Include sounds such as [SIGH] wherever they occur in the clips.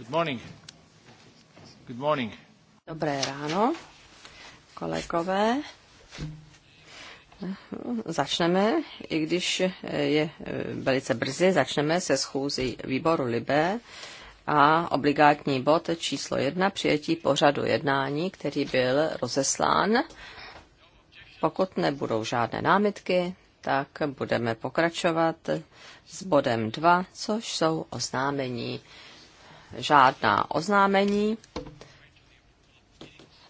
Good morning. Good morning. Dobré ráno, kolegové. Začneme, i když je velice brzy, začneme se schůzí výboru Libé a obligátní bod číslo jedna přijetí pořadu jednání, který byl rozeslán. Pokud nebudou žádné námitky, tak budeme pokračovat s bodem 2, což jsou oznámení žádná oznámení,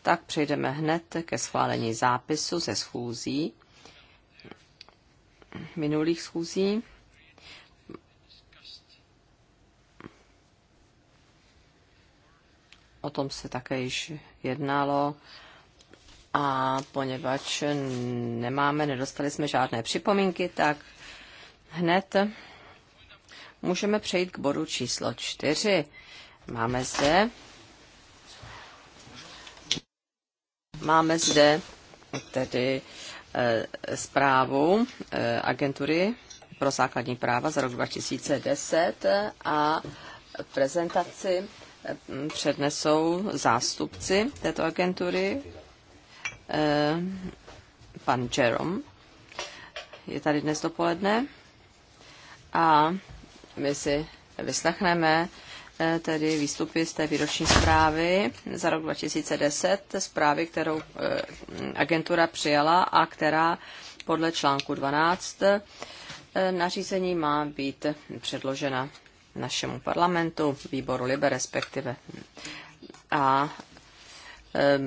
tak přejdeme hned ke schválení zápisu ze schůzí, minulých schůzí. O tom se také již jednalo a poněvadž nemáme, nedostali jsme žádné připomínky, tak hned můžeme přejít k bodu číslo čtyři, Máme zde máme zde tedy eh, zprávu eh, agentury pro základní práva za rok 2010 a prezentaci eh, přednesou zástupci této agentury, pan Jerome je tady dnes dopoledne a my si vyslechneme E, tedy výstupy z té výroční zprávy za rok 2010, zprávy, kterou e, agentura přijala a která podle článku 12 e, nařízení má být předložena našemu parlamentu, výboru Libe respektive. A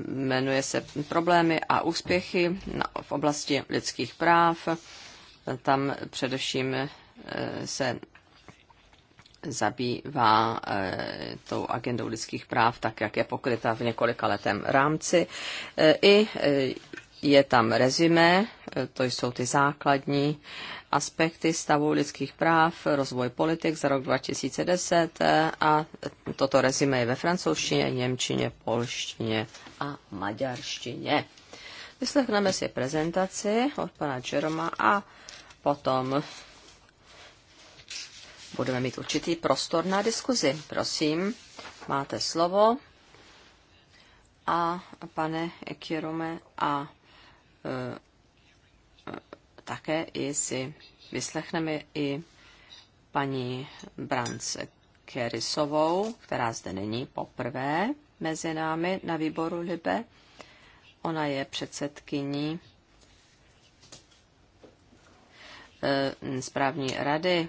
jmenuje se problémy a úspěchy v oblasti lidských práv. Tam především se zabývá e, tou agendou lidských práv, tak jak je pokryta v několika letem rámci. E, I e, je tam rezime, to jsou ty základní aspekty stavu lidských práv, rozvoj politik za rok 2010 a toto rezime je ve francouzštině, němčině, polštině a maďarštině. Vyslechneme si prezentaci od pana Čeroma a potom budeme mít určitý prostor na diskuzi. Prosím, máte slovo. A pane Ekirome, a e, e, také i si vyslechneme i paní Brance Kerisovou, která zde není poprvé mezi námi na výboru Libe. Ona je předsedkyní e, správní rady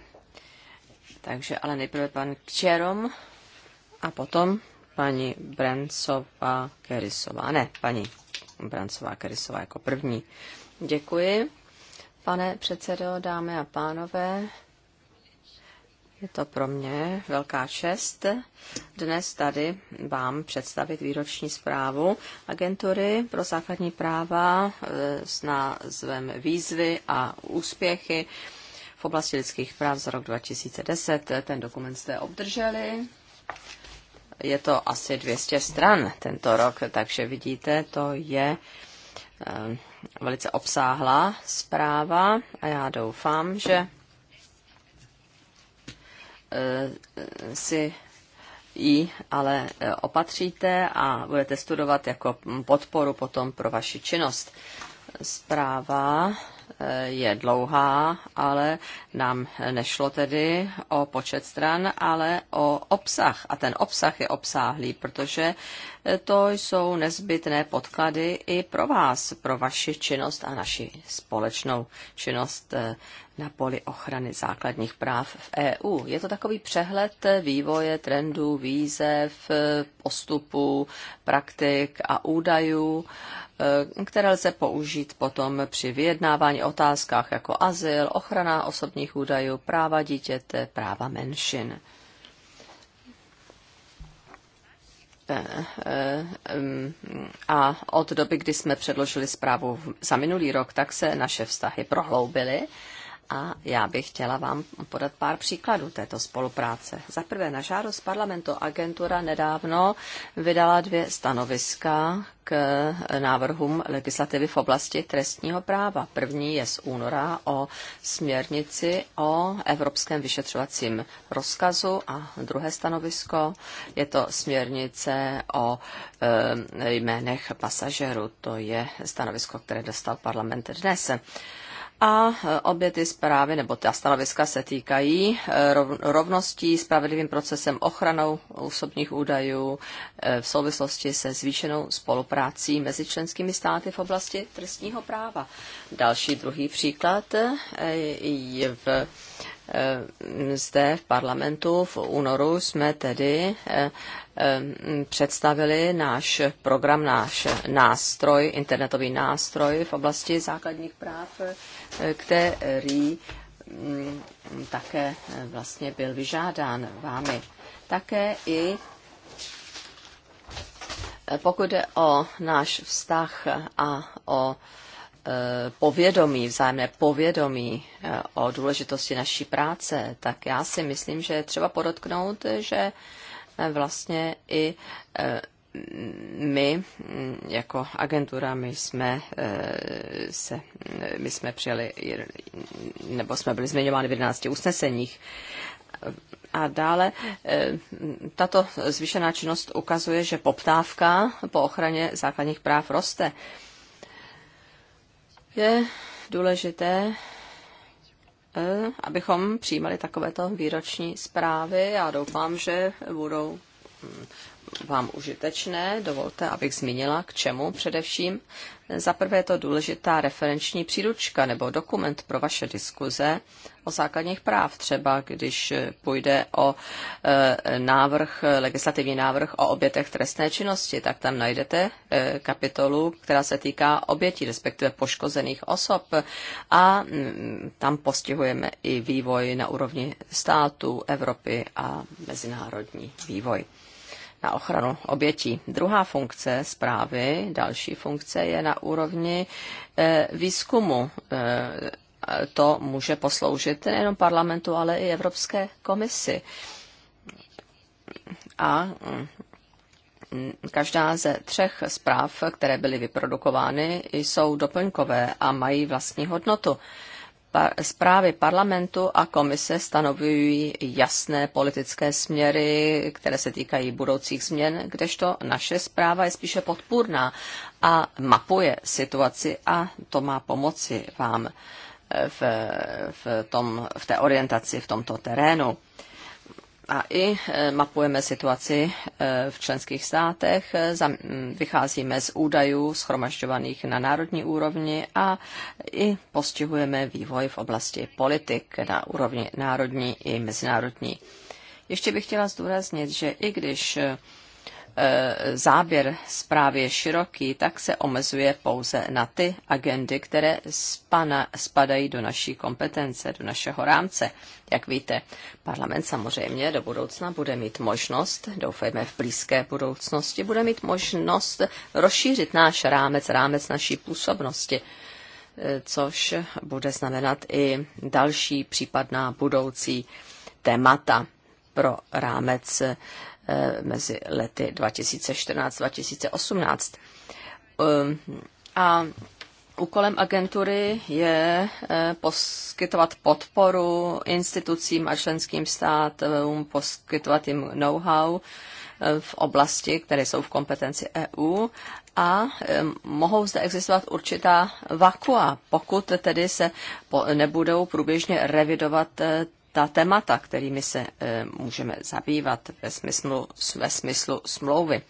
takže ale nejprve pan Kčerom a potom paní Brancová Kerisová. Ne, paní Brancová Kerisová jako první. Děkuji. Pane předsedo, dámy a pánové, je to pro mě velká čest dnes tady vám představit výroční zprávu Agentury pro základní práva e, s názvem Výzvy a úspěchy oblasti lidských práv za rok 2010. Ten dokument jste obdrželi. Je to asi 200 stran tento rok, takže vidíte, to je eh, velice obsáhlá zpráva a já doufám, že eh, si ji ale eh, opatříte a budete studovat jako podporu potom pro vaši činnost. Zpráva je dlouhá, ale nám nešlo tedy o počet stran, ale o obsah. A ten obsah je obsáhlý, protože to jsou nezbytné podklady i pro vás, pro vaši činnost a naši společnou činnost eh, na poli ochrany základních práv v EU. Je to takový přehled vývoje, trendů, výzev, eh, postupů, praktik a údajů, eh, které lze použít potom při vyjednávání otázkách jako azyl, ochrana osobních údajů, práva dítěte, práva menšin. Eh, eh, mm, a od doby, kdy jsme předložili zprávu za minulý rok, tak se naše vztahy prohloubily a já bych chtěla vám podat pár příkladů této spolupráce. Za prvé, na žádost parlamentu agentura nedávno vydala dvě stanoviska k návrhům legislativy v oblasti trestního práva. První je z února o směrnici o evropském vyšetřovacím rozkazu a druhé stanovisko je to směrnice o e, jménech pasažerů. To je stanovisko, které dostal parlament dnes. E, a e, obě ty zprávy nebo ta stanoviska se týkají e, rovností, spravedlivým procesem, ochranou osobních údajů e, v souvislosti se zvýšenou spoluprácí mezi členskými státy v oblasti trestního práva. Další druhý příklad je v zde v parlamentu v únoru jsme tedy představili náš program, náš nástroj, internetový nástroj v oblasti základních práv, který mm, také eh, vlastně byl vyžádán vámi. Také i eh, pokud jde o náš vztah a o eh, povědomí, vzájemné povědomí o důležitosti naší práce, tak já si myslím, že je třeba podotknout, že vlastně i my mm, jako agentura, my jsme eh, se, my jsme přijali, nebo jsme byli zmiňováni v 11 usneseních. A dále eh, tato zvýšená činnost ukazuje, že poptávka po ochraně základních práv roste. Je důležité, eh, abychom přijímali takovéto výroční zprávy a doufám, že budou mm, vám užitečné. Dovolte, abych zmínila, k čemu především. Za prvé je to důležitá referenční příručka nebo dokument pro vaše diskuze o základních práv, třeba když půjde o e, návrh, legislativní návrh o obětech trestné činnosti, tak tam najdete e, kapitolu, která se týká obětí, respektive poškozených osob a mm, tam postihujeme i vývoj na úrovni států, Evropy a mezinárodní vývoj na ochranu obětí. Druhá funkce zprávy, další funkce je na úrovni eh, výzkumu. Eh, to může posloužit nejenom parlamentu, ale i Evropské komisi. A mm, každá ze třech zpráv, které byly vyprodukovány, jsou doplňkové a mají vlastní hodnotu par- zprávy parlamentu a komise stanovují jasné politické směry, které se týkají budoucích změn, kdežto naše zpráva je spíše podpůrná a mapuje situaci a to má pomoci vám v, v, tom, v té orientaci v tomto terénu a i e, mapujeme situaci e, v členských státech, e, vycházíme z údajů schromažďovaných na národní úrovni a i postihujeme vývoj v oblasti politik na úrovni národní i mezinárodní. Ještě bych chtěla zdůraznit, že i když E, záběr zprávy je široký, tak se omezuje pouze na ty agendy, které spana, spadají do naší kompetence, do našeho rámce. Jak víte, parlament samozřejmě do budoucna bude mít možnost, doufejme v blízké budoucnosti, bude mít možnost rozšířit náš rámec, rámec naší působnosti e, což bude znamenat i další případná budoucí témata pro rámec Eh, mezi lety 2014-2018. Ehm, a Úkolem agentury je eh, poskytovat podporu institucím a členským státům, poskytovat jim know-how eh, v oblasti, které jsou v kompetenci EU a ehm, mohou zde existovat určitá vakua, pokud tedy se nebudou průběžně revidovat ta témata, kterými se eh, můžeme zabývat ve smyslu, ve smyslu smlouvy.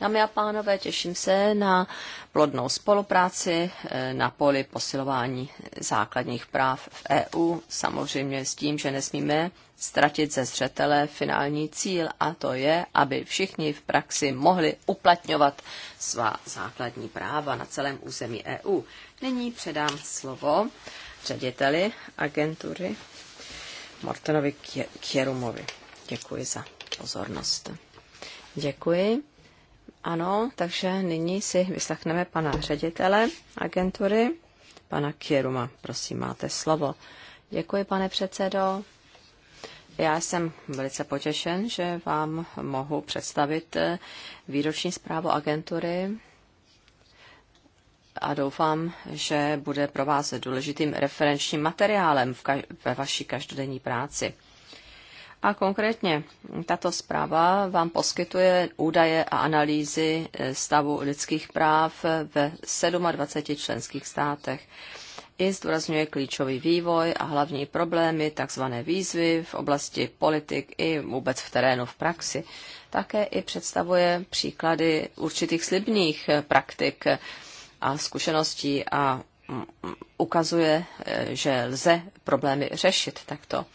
Dámy a pánové, těším se na plodnou spolupráci eh, na poli posilování základních práv v EU, samozřejmě s tím, že nesmíme ztratit ze zřetele finální cíl a to je, aby všichni v praxi mohli uplatňovat svá základní práva na celém území EU. Nyní předám slovo řediteli agentury Martinovi Kjerumovi. Děkuji za pozornost. Děkuji. Ano, takže nyní si vyslechneme pana ředitele agentury, pana Kieruma. Prosím, máte slovo. Děkuji, pane předsedo. Já jsem velice potěšen, že vám mohu představit výroční zprávu agentury a doufám, že bude pro vás důležitým referenčním materiálem v ve vaší každodenní práci. A konkrétně tato zpráva vám poskytuje údaje a analýzy eh, stavu lidských práv ve 27 členských státech. I zdůrazňuje klíčový vývoj a hlavní problémy, takzvané výzvy v oblasti politik i vůbec v terénu v praxi. Také i představuje příklady určitých slibných eh, praktik, a zkušeností a mm, ukazuje, e, že lze problémy řešit takto.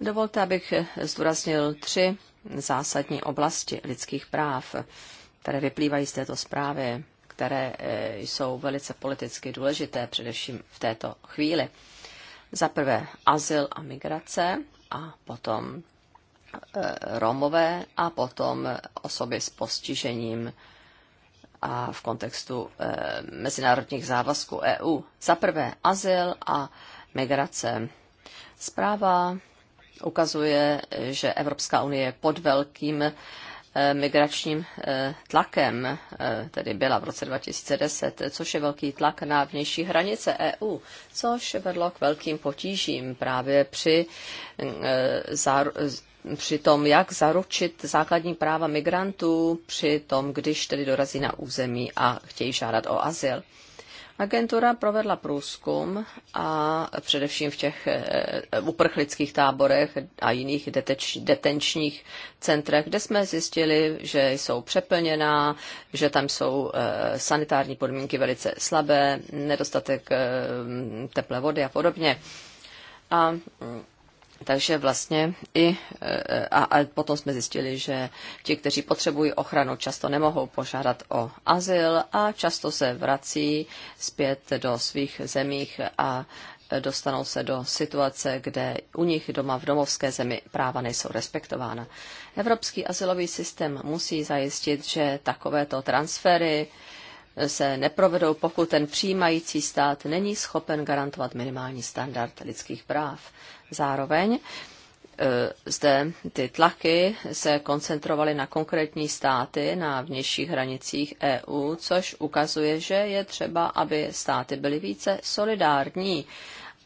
Dovolte, abych zdůraznil tři zásadní oblasti lidských práv, které vyplývají z této zprávy, které e, jsou velice politicky důležité, především v této chvíli. Za prvé azyl a migrace a potom e, Romové a potom osoby s postižením a v kontextu eh, mezinárodních závazků EU. Za prvé azyl a migrace. Zpráva ukazuje, že Evropská unie je pod velkým eh, migračním eh, tlakem, tedy byla v roce 2010, což je velký tlak na vnější hranice EU, což vedlo k velkým potížím právě při při tom, jak zaručit základní práva migrantů při tom, když tedy dorazí na území a chtějí žádat o azyl. Agentura provedla průzkum a především v těch eh, uprchlických táborech a jiných deteč, detenčních centrech, kde jsme zjistili, že jsou přeplněná, že tam jsou eh, sanitární podmínky velice slabé, nedostatek eh, teplé vody a podobně. A mm, takže vlastně i, e, a, a potom jsme zjistili, že ti, kteří potřebují ochranu, často nemohou požádat o azyl a často se vrací zpět do svých zemích a dostanou se do situace, kde u nich doma v domovské zemi práva nejsou respektována. Evropský asilový systém musí zajistit, že takovéto transfery se neprovedou, pokud ten přijímající stát není schopen garantovat minimální standard lidských práv. Zároveň e, zde ty tlaky se koncentrovaly na konkrétní státy na vnějších hranicích EU, což ukazuje, že je třeba, aby státy byly více solidární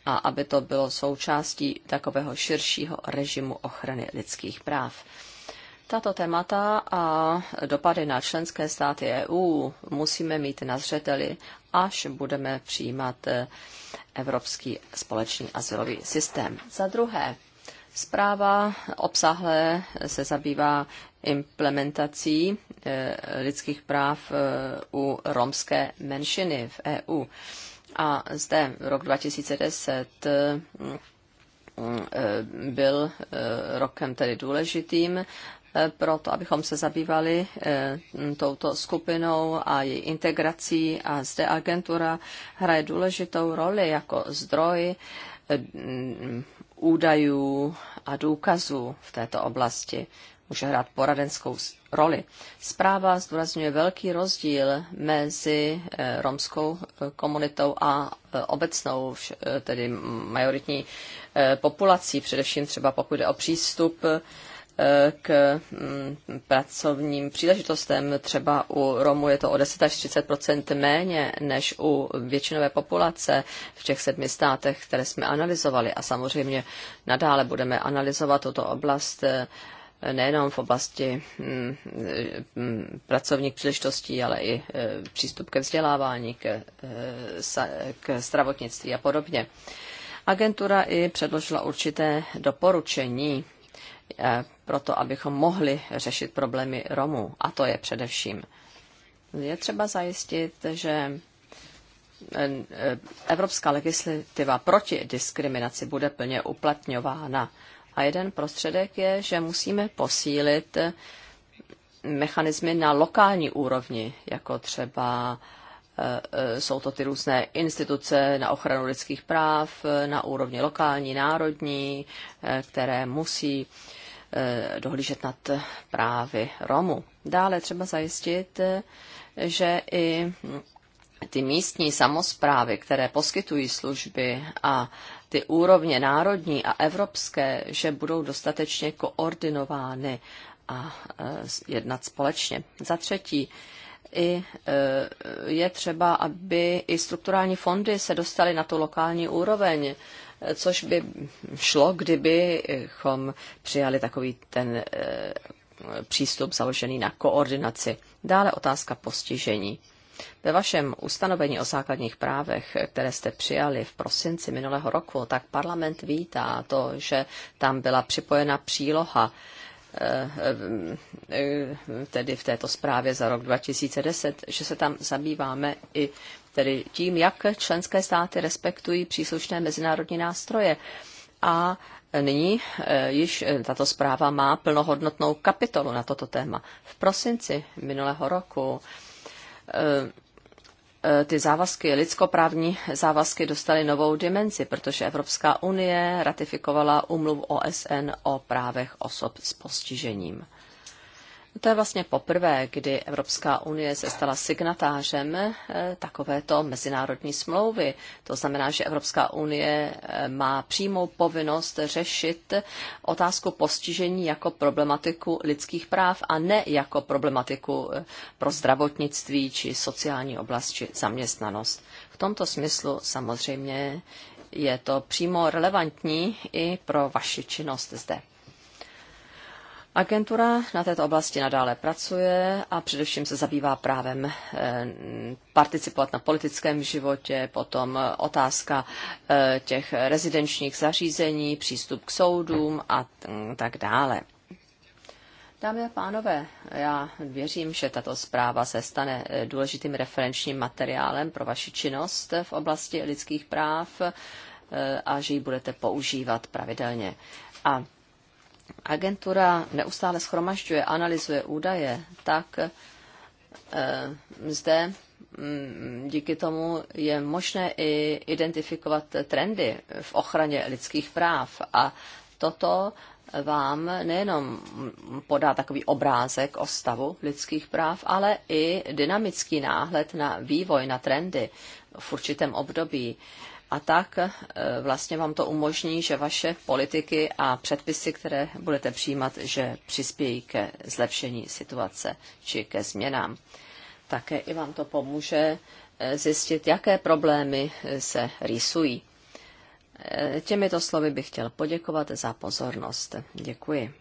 a aby to bylo součástí takového širšího režimu ochrany lidských práv. Tato témata a dopady na členské státy EU musíme mít na zřeteli, až budeme přijímat e, evropský společný asilový systém. Za druhé, zpráva obsahle se zabývá implementací e, lidských práv e, u romské menšiny v EU. A zde rok 2010 byl rokem tedy důležitým Eh, proto abychom se zabývali eh, touto skupinou a její integrací. A zde agentura hraje důležitou roli jako zdroj eh, údajů a důkazů v této oblasti. Může hrát poradenskou roli. Zpráva zdůrazňuje velký rozdíl mezi romskou komunitou a obecnou, tedy majoritní populací, především třeba pokud jde o přístup k mm, pracovním příležitostem. Třeba u Romů je to o 10 až 30 méně než u většinové populace v těch sedmi státech, které jsme analyzovali. A samozřejmě nadále budeme analyzovat tuto oblast eh, nejenom v oblasti mm, mm, pracovních příležitostí, ale i eh, přístup ke vzdělávání, eh, k, zdravotnictví a podobně. Agentura i předložila určité doporučení Eh, proto, abychom mohli řešit problémy Romů. A to je především. Je třeba zajistit, že eh, eh, evropská legislativa proti diskriminaci bude plně uplatňována. A jeden prostředek je, že musíme posílit mechanismy na lokální úrovni, jako třeba jsou to ty různé instituce na ochranu lidských práv na úrovni lokální, národní, které musí Eh, dohlížet nad právy Romů. Dále třeba zajistit, eh, že i ty místní samozprávy, které poskytují služby a ty úrovně národní a evropské, že budou dostatečně koordinovány a eh, jednat společně. Za třetí, i je třeba, aby i strukturální fondy se dostaly na tu lokální úroveň, což by šlo, kdybychom přijali takový ten eh, přístup založený na koordinaci. Dále otázka postižení. Ve vašem ustanovení o základních právech, které jste přijali v prosinci minulého roku, tak parlament vítá to, že tam byla připojena příloha eh, eh, tedy v této zprávě za rok 2010, že se tam zabýváme i tedy tím, jak členské státy respektují příslušné mezinárodní nástroje. A nyní eh, již eh, tato zpráva má plnohodnotnou kapitolu na toto téma. V prosinci minulého roku eh, ty závazky, lidskoprávní závazky dostaly novou dimenzi, protože Evropská unie ratifikovala umluv OSN o právech osob s postižením. To je vlastně poprvé, kdy Evropská unie se stala signatářem eh, takovéto mezinárodní smlouvy. To znamená, že Evropská unie eh, má přímou povinnost řešit otázku postižení jako problematiku lidských práv a ne jako problematiku eh, pro zdravotnictví či sociální oblast či zaměstnanost. V tomto smyslu samozřejmě je to přímo relevantní i pro vaši činnost zde. Agentura na této oblasti nadále pracuje a především se zabývá právem eh, participovat na politickém životě, potom otázka eh, těch rezidenčních zařízení, přístup k soudům a tak dále. Dámy a pánové, já věřím, že tato zpráva se stane eh, důležitým referenčním materiálem pro vaši činnost v oblasti lidských práv a že ji budete používat pravidelně. A agentura neustále schromažďuje, analyzuje údaje, tak eh, zde mm, díky tomu je možné i identifikovat trendy v ochraně lidských práv. A toto vám nejenom podá takový obrázek o stavu lidských práv, ale i dynamický náhled na vývoj, na trendy v určitém období a tak e, vlastně vám to umožní, že vaše politiky a předpisy, které budete přijímat, že přispějí ke zlepšení situace či ke změnám. Také i vám to pomůže e, zjistit, jaké problémy e, se rýsují. Těmito slovy bych chtěl poděkovat za pozornost. Děkuji.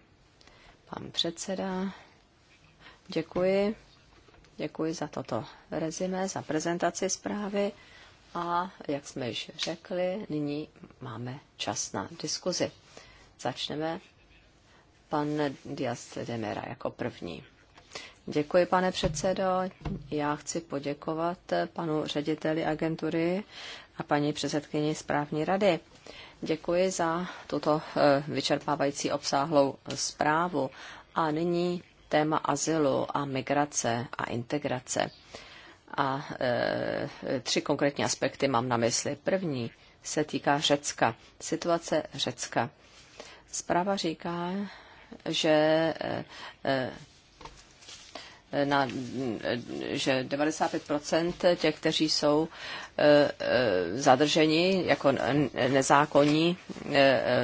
Pan předseda, děkuji. Děkuji za toto rezime, za prezentaci zprávy. A jak jsme již řekli, nyní máme čas na diskuzi. Začneme pan Dias Demera jako první. Děkuji, pane předsedo. Já chci poděkovat panu řediteli agentury a paní předsedkyni správní rady. Děkuji za tuto eh, vyčerpávající obsáhlou zprávu. A nyní téma azylu a migrace a integrace. A e, tři konkrétní aspekty mám na mysli. První se týká Řecka. Situace Řecka. Zpráva říká, že e, e, na, že 95% těch, kteří jsou zadrženi jako nezákonní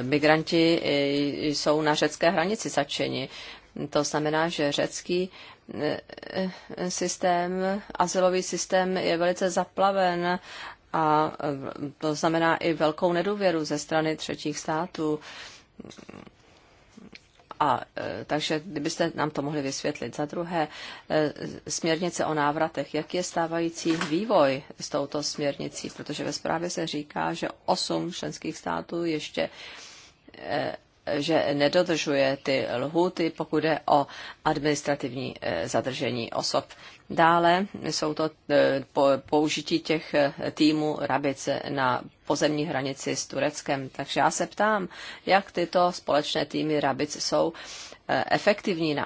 migranti, jsou na řecké hranici začeni. To znamená, že řecký eh, systém, asilový systém je velice zaplaven a eh, to znamená i velkou nedůvěru ze strany třetích států. A eh, takže kdybyste nám to mohli vysvětlit. Za druhé, směrnice o návratech. Jak je stávající vývoj s touto směrnicí? Protože ve zprávě se říká, že osm členských států ještě že nedodržuje ty lhuty, pokud je o administrativní eh, zadržení osob. Dále jsou to eh, použití těch eh, týmů Rabice na pozemní hranici s Tureckem. Takže já se ptám, jak tyto společné týmy Rabic jsou efektivní na,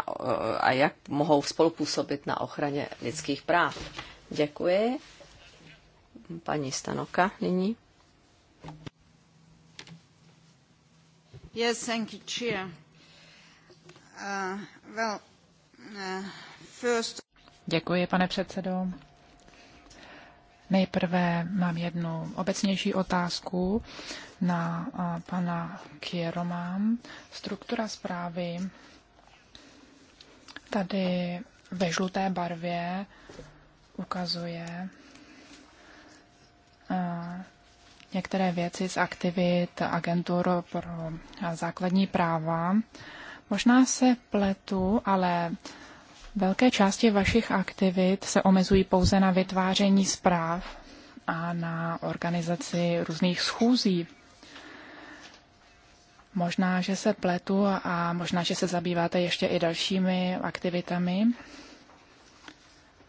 a jak mohou spolupůsobit na ochraně lidských práv. Děkuji. Paní Stanoka nyní. Yes, thank you, Chair. Uh, well, uh, first... Děkuji, pane předsedo. Nejprve mám jednu obecnější otázku na uh, pana Kieroma. Struktura zprávy tady ve žluté barvě ukazuje uh, některé věci z aktivit agentur pro základní práva. Možná se pletu, ale velké části vašich aktivit se omezují pouze na vytváření zpráv a na organizaci různých schůzí. Možná, že se pletu a možná, že se zabýváte ještě i dalšími aktivitami,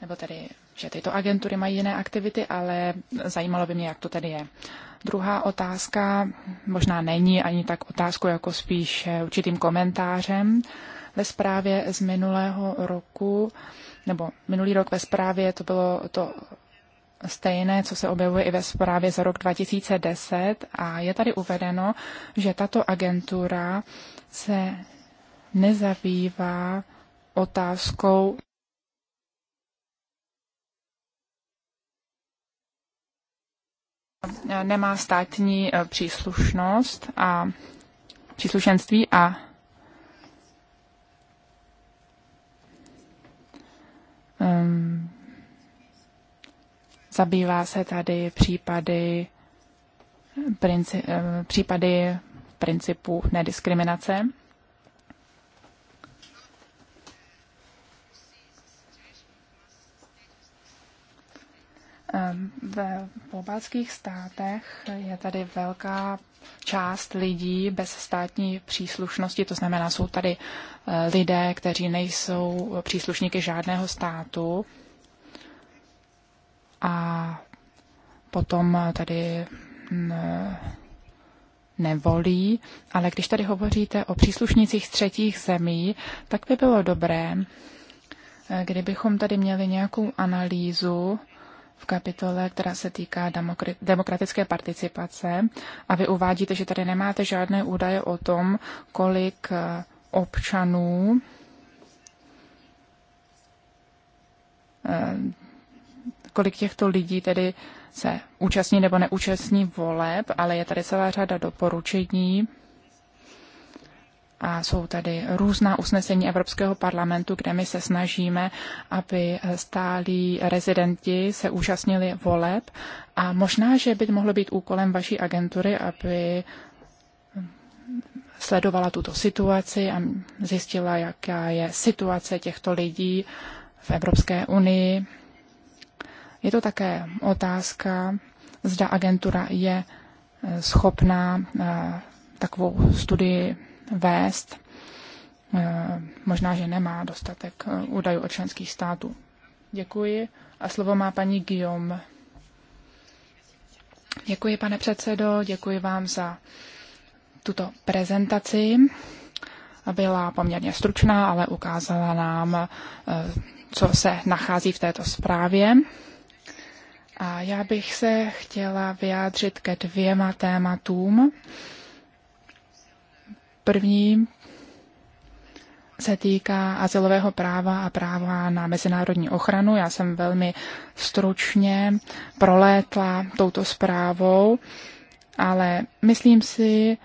nebo tedy, že tyto agentury mají jiné aktivity, ale zajímalo by mě, jak to tedy je. Druhá otázka možná není ani tak otázku, jako spíš určitým komentářem. Ve zprávě z minulého roku, nebo minulý rok ve zprávě to bylo to stejné, co se objevuje i ve zprávě za rok 2010 a je tady uvedeno, že tato agentura se nezabývá otázkou nemá státní eh, příslušnost a příslušenství a um, zabývá se tady případy, princi, eh, případy principu nediskriminace. Ehm, v pobaltských státech je tady velká část lidí bez státní příslušnosti, to znamená, jsou tady eh, lidé, kteří nejsou příslušníky žádného státu. A potom tady mm, nevolí, ale když tady hovoříte o příslušnících z třetích zemí, tak by bylo dobré, eh, kdybychom tady měli nějakou analýzu v kapitole, která se týká demokratické participace a vy uvádíte, že tady nemáte žádné údaje o tom, kolik eh, občanů eh, kolik těchto lidí tedy se účastní nebo neúčastní voleb, ale je tady celá řada doporučení a jsou tady různá usnesení Evropského parlamentu, kde my se snažíme, aby stálí rezidenti se účastnili voleb a možná, že by mohlo být úkolem vaší agentury, aby sledovala tuto situaci a zjistila, jaká je situace těchto lidí v Evropské unii. Je to také otázka, zda agentura je schopná eh, takovou studii vést. E, možná, že nemá dostatek e, údajů od členských států. Děkuji. A slovo má paní Guillaume. Děkuji, pane předsedo, děkuji vám za tuto prezentaci. Byla poměrně stručná, ale ukázala nám, e, co se nachází v této zprávě. A já bych se chtěla vyjádřit ke dvěma tématům, První se týká asilového práva a práva na mezinárodní ochranu. Já jsem velmi stručně prolétla touto zprávou, ale myslím si,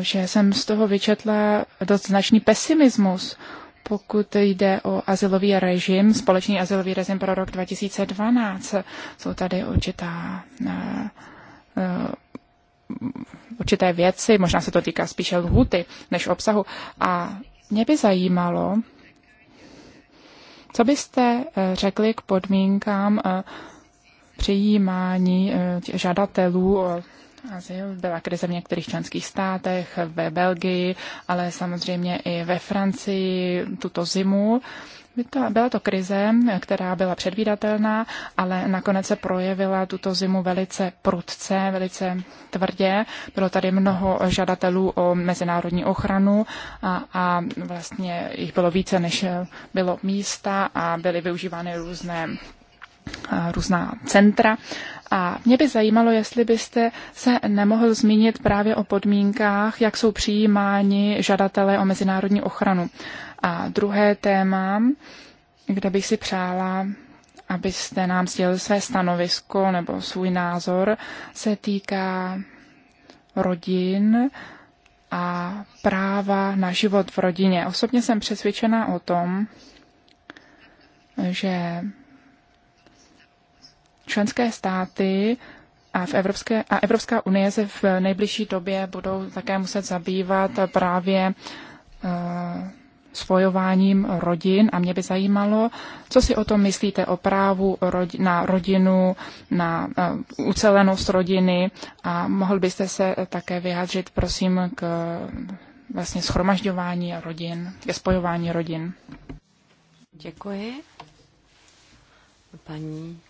že jsem z toho vyčetla dost značný pesimismus, pokud jde o asilový režim, společný asilový režim pro rok 2012. Jsou tady určitá eh, eh, určité věci, možná se to týká spíše lhuty než obsahu. A mě by zajímalo, co byste eh, řekli k podmínkám eh, přijímání eh, žadatelů o azyl? Byla krize v některých členských státech, ve Belgii, ale samozřejmě i ve Francii tuto zimu. Byla to krize, která byla předvídatelná, ale nakonec se projevila tuto zimu velice prudce, velice tvrdě. Bylo tady mnoho žadatelů o mezinárodní ochranu a, a vlastně jich bylo více, než bylo místa a byly využívány různé různá centra. A mě by zajímalo, jestli byste se nemohl zmínit právě o podmínkách, jak jsou přijímáni žadatelé o mezinárodní ochranu. A druhé téma, kde bych si přála, abyste nám sdělili své stanovisko nebo svůj názor, se týká rodin a práva na život v rodině. Osobně jsem přesvědčená o tom, že členské státy a, v Evropské, a Evropská unie se v nejbližší době budou také muset zabývat právě uh, Spojováním rodin a mě by zajímalo, co si o tom myslíte o právu na rodinu, na eh, ucelenost rodiny a mohl byste se také vyjádřit, prosím, k vlastně schromažďování rodin, ke spojování rodin. Děkuji. Paní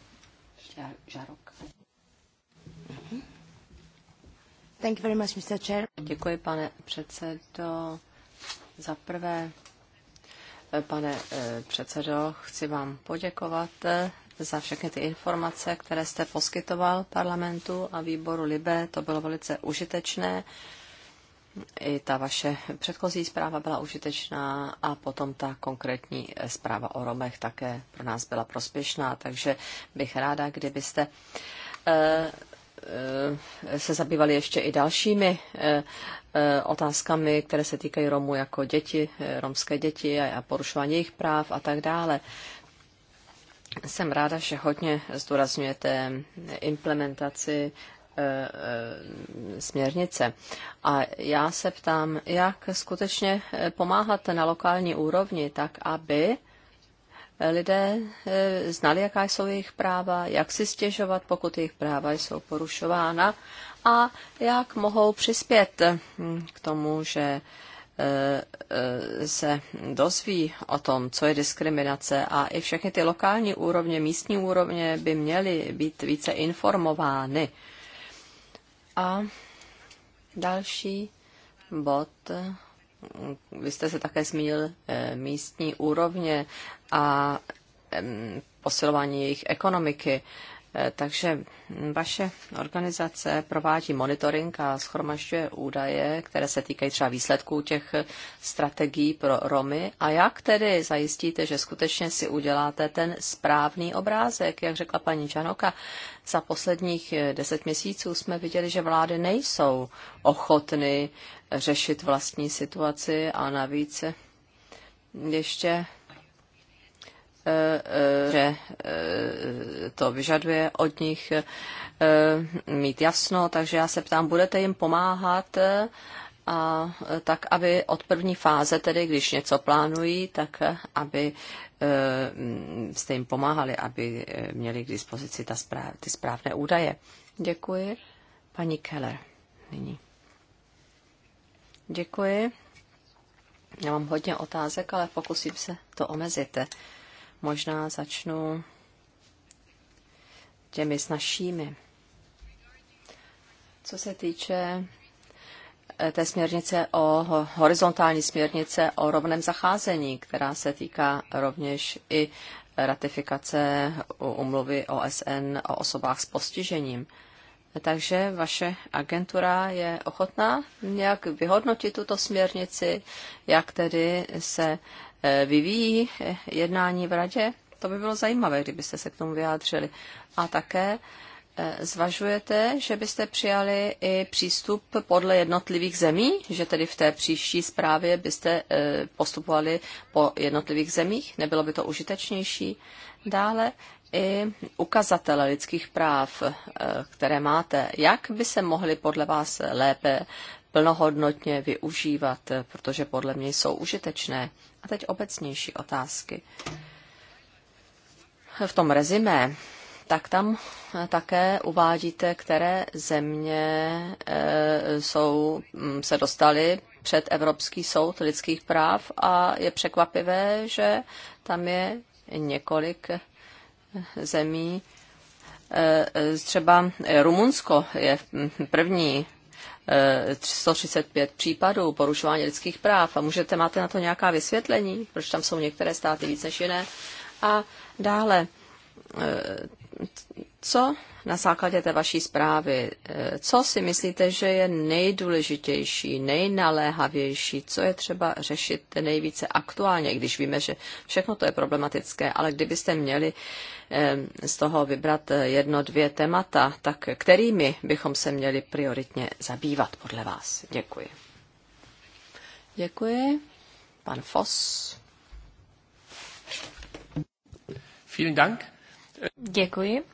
Žarok. Mhm. Thank you very much, Mr. Chair. Děkuji, pane předsedo. Za prvé pane eh, předsedo, chci vám poděkovat eh, za všechny ty informace, které jste poskytoval parlamentu a výboru Libe. To bylo velice užitečné. I ta vaše předchozí zpráva byla užitečná a potom ta konkrétní eh, zpráva o Romech také pro nás byla prospěšná, takže bych ráda, kdybyste Eh, se zabývali ještě i dalšími eh, eh, otázkami, které se týkají Romů jako děti, romské děti a porušování jejich práv a tak dále. Jsem ráda, že hodně zdůrazňujete implementaci směrnice. A já se ptám, jak skutečně pomáhat na lokální úrovni, tak aby lidé eh, znali, jaká jsou jejich práva, jak si stěžovat, pokud jejich práva jsou porušována a jak mohou přispět hm, k tomu, že eh, eh, se dozví o tom, co je diskriminace a i všechny ty lokální úrovně, místní úrovně by měly být více informovány. A další bod vy jste se také zmínil eh, místní úrovně a posilování jejich ekonomiky. Eh, takže vaše organizace provádí monitoring a schromažďuje údaje, které se týkají třeba výsledků těch strategií pro Romy. A jak tedy zajistíte, že skutečně si uděláte ten správný obrázek? Jak řekla paní Čanoka, za posledních eh, deset měsíců jsme viděli, že vlády nejsou ochotny řešit vlastní situaci a navíc ještě že eh, to vyžaduje od nich eh, mít jasno, takže já se ptám, budete jim pomáhat eh, a tak, aby od první fáze, tedy když něco plánují, tak aby jste jim pomáhali, aby měli k dispozici ta správ, ty správné údaje. Děkuji. Paní Keller nyní. Děkuji. Já mám hodně otázek, ale pokusím se to omezit. Možná začnu těmi snažšími. Co se týče eh, té směrnice o horizontální směrnice o rovném zacházení, která se týká rovněž i ratifikace umluvy OSN o osobách s postižením. Takže vaše agentura je ochotná nějak vyhodnotit tuto směrnici, jak tedy se Eh, vyvíjí eh, jednání v radě? To by bylo zajímavé, kdybyste se k tomu vyjádřili. A také eh, zvažujete, že byste přijali i přístup podle jednotlivých zemí, že tedy v té příští zprávě byste postupovali po jednotlivých zemích? Nebylo by to užitečnější? Dále i ukazatele lidských práv, které máte, jak by se mohly podle vás lépe plnohodnotně využívat, protože podle mě jsou užitečné. A teď obecnější otázky. V tom rezimé, tak tam eh, také uvádíte, které země eh, jsou, mm, se dostaly před Evropský soud lidských práv a je překvapivé, že tam je několik eh, zemí, třeba Rumunsko je mm, první 135 případů porušování lidských práv. A můžete, máte na to nějaká vysvětlení, proč tam jsou některé státy víc než jiné? A dále co na základě té vaší zprávy, eh, co si myslíte, že je nejdůležitější, nejnaléhavější, co je třeba řešit nejvíce aktuálně, když víme, že všechno to je problematické, ale kdybyste měli eh, z toho vybrat eh, jedno, dvě témata, tak kterými bychom se měli prioritně zabývat podle vás? Děkuji. Děkuji. Pan Foss. Vielen Dank. Děkuji.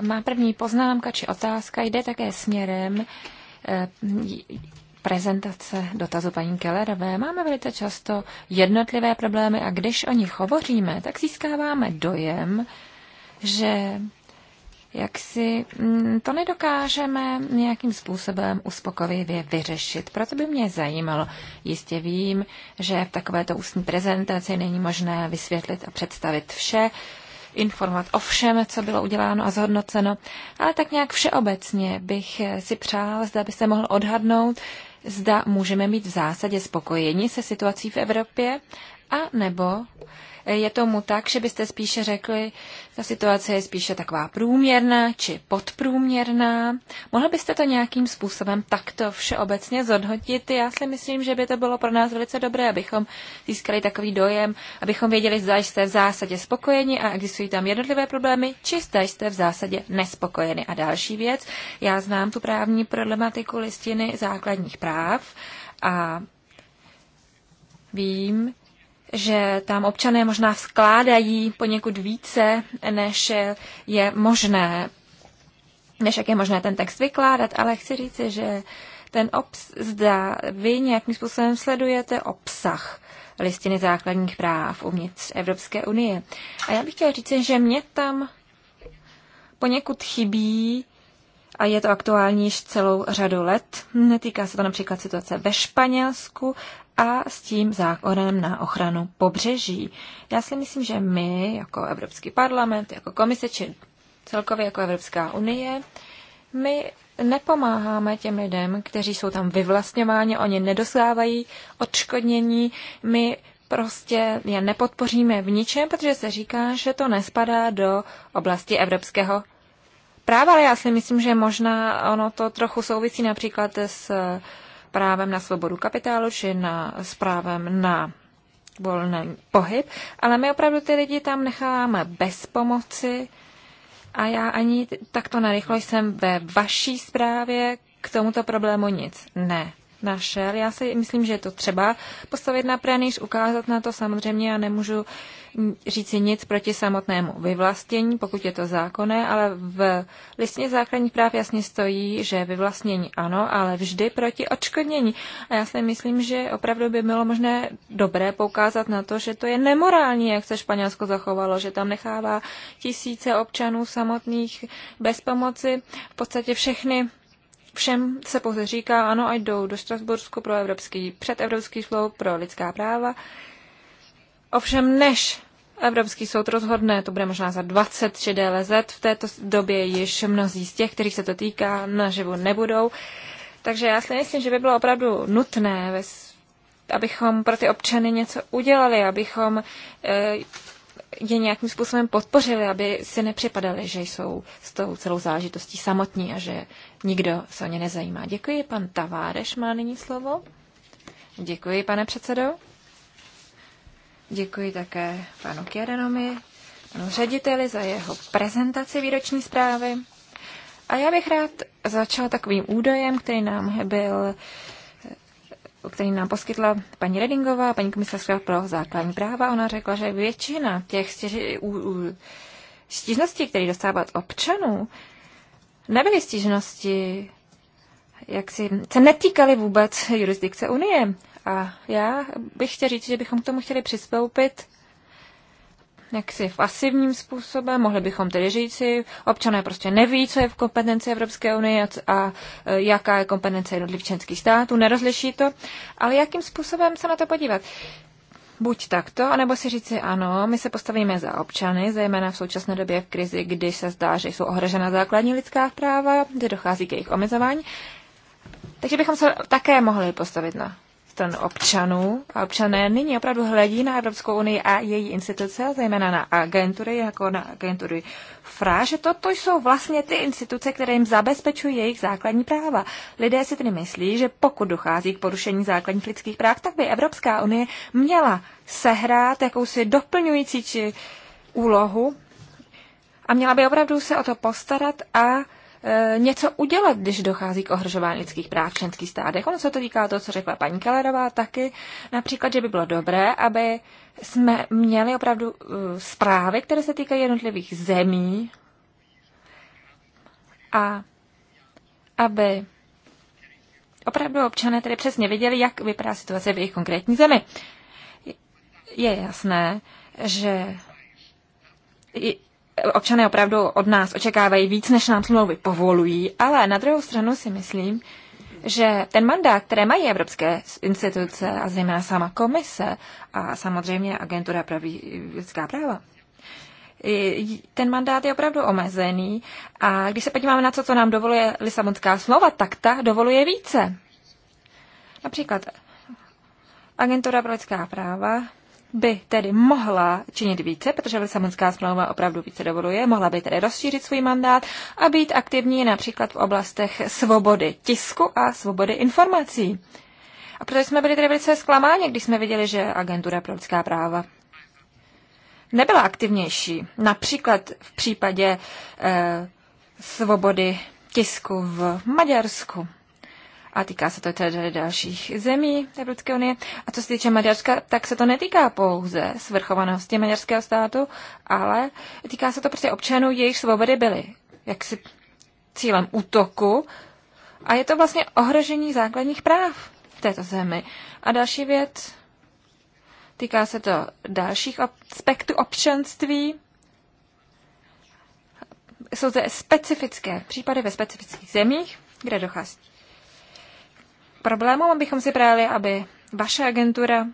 Má první poznámka či otázka jde také směrem eh, prezentace dotazu paní Kellerové. Máme velice často jednotlivé problémy a když o nich hovoříme, tak získáváme dojem, že jak si mm, to nedokážeme nějakým způsobem uspokojivě vyřešit. Proto by mě zajímalo, jistě vím, že v takovéto ústní prezentaci není možné vysvětlit a představit vše, informovat o všem, co bylo uděláno a zhodnoceno, ale tak nějak všeobecně bych si přál, zda by se mohl odhadnout, zda můžeme mít v zásadě spokojení se situací v Evropě, a nebo je tomu tak, že byste spíše řekli, ta situace je spíše taková průměrná či podprůměrná. Mohl byste to nějakým způsobem takto všeobecně zhodnotit? Já si myslím, že by to bylo pro nás velice dobré, abychom získali takový dojem, abychom věděli, zda jste v zásadě spokojeni a existují tam jednotlivé problémy, či zda jste v zásadě nespokojeni. A další věc, já znám tu právní problematiku listiny základních práv a vím, že tam občané možná vkládají poněkud více, než je možné, než jak je možné ten text vykládat, ale chci říct, že ten obs, zda vy nějakým způsobem sledujete obsah listiny základních práv uvnitř Evropské unie. A já bych chtěla říct, že mě tam poněkud chybí a je to aktuální již celou řadu let. Týká se to například situace ve Španělsku a s tím zákonem na ochranu pobřeží. Já si myslím, že my, jako Evropský parlament, jako komise, či celkově jako Evropská unie, my nepomáháme těm lidem, kteří jsou tam vyvlastňováni, oni nedosávají odškodnění, my prostě je nepodpoříme v ničem, protože se říká, že to nespadá do oblasti evropského práva, ale já si myslím, že možná ono to trochu souvisí například s právem na svobodu kapitálu či na, s právem na volný pohyb, ale my opravdu ty lidi tam necháváme bez pomoci a já ani takto narychlo jsem ve vaší zprávě k tomuto problému nic ne našel. Já si myslím, že je to třeba postavit na pranýř, ukázat na to samozřejmě. Já nemůžu říci nic proti samotnému vyvlastnění, pokud je to zákonné, ale v listině základních práv jasně stojí, že vyvlastnění ano, ale vždy proti odškodnění. A já si myslím, že opravdu by bylo možné dobré poukázat na to, že to je nemorální, jak se Španělsko zachovalo, že tam nechává tisíce občanů samotných bez pomoci, v podstatě všechny Všem se pouze říká, ano, ať jdou do Štrasbursku pro evropský, před Evropský soud pro lidská práva. Ovšem, než Evropský soud rozhodne, to bude možná za 20 či déle let, v této době již mnozí z těch, kterých se to týká, naživu nebudou. Takže já si myslím, že by bylo opravdu nutné, abychom pro ty občany něco udělali, abychom eh, je nějakým způsobem podpořili, aby si nepřipadali, že jsou s tou celou záležitostí samotní a že nikdo se o ně nezajímá. Děkuji, pan Taváreš má nyní slovo. Děkuji, pane předsedo. Děkuji také panu Kjerenomi, panu řediteli za jeho prezentaci výroční zprávy. A já bych rád začal takovým údajem, který nám byl který nám poskytla paní Redingová, paní komisařka pro základní práva. Ona řekla, že většina těch stěži, u, u, stížností, které dostává občanů, nebyly stížnosti, jak si, se netýkaly vůbec jurisdikce Unie. A já bych chtěl říct, že bychom k tomu chtěli přistoupit jaksi v pasivním způsobem, mohli bychom tedy říci, občané prostě neví, co je v kompetenci Evropské unie a e, jaká je kompetence jednotlivých členských států, nerozliší to, ale jakým způsobem se na to podívat? Buď takto, anebo si říci ano, my se postavíme za občany, zejména v současné době v krizi, kdy se zdá, že jsou ohrožena základní lidská práva, kdy dochází k jejich omezování. Takže bychom se také mohli postavit na stran občanů a občané nyní opravdu hledí na Evropskou unii a její instituce, zejména na agentury, jako na agentury FRA, že toto jsou vlastně ty instituce, které jim zabezpečují jejich základní práva. Lidé si tedy myslí, že pokud dochází k porušení základních lidských práv, tak by Evropská unie měla sehrát jakousi doplňující či úlohu a měla by opravdu se o to postarat a Eh, něco udělat, když dochází k ohrožování lidských práv v členských státech. Ono se to týká toho, co řekla paní Kellerová, taky například, že by bylo dobré, aby jsme měli opravdu eh, zprávy, které se týkají jednotlivých zemí a aby opravdu občané tedy přesně věděli, jak vypadá situace v jejich konkrétní zemi. Je jasné, že občané opravdu od nás očekávají víc, než nám smlouvy povolují, ale na druhou stranu si myslím, že ten mandát, které mají evropské instituce a zejména sama komise a samozřejmě agentura pro lidská práva, ten mandát je opravdu omezený a když se podíváme na to, co nám dovoluje Lisabonská smlouva, tak ta dovoluje více. Například agentura pro lidská práva by tedy mohla činit více, protože Lisabonská smlouva opravdu více dovoluje, mohla by tedy rozšířit svůj mandát a být aktivní například v oblastech svobody tisku a svobody informací. A protože jsme byli tedy velice zklamáni, když jsme viděli, že agentura pro lidská práva nebyla aktivnější. Například v případě eh, svobody tisku v Maďarsku a týká se to tedy dalších zemí Evropské unie. A co se týče Maďarska, tak se to netýká pouze svrchovanosti maďarského státu, ale týká se to prostě občanů, jejich svobody byly jaksi cílem útoku a je to vlastně ohrožení základních práv v této zemi. A další věc, týká se to dalších aspektů občanství, jsou zde specifické případy ve specifických zemích, kde dochází problémům, abychom si přáli, aby vaše agentura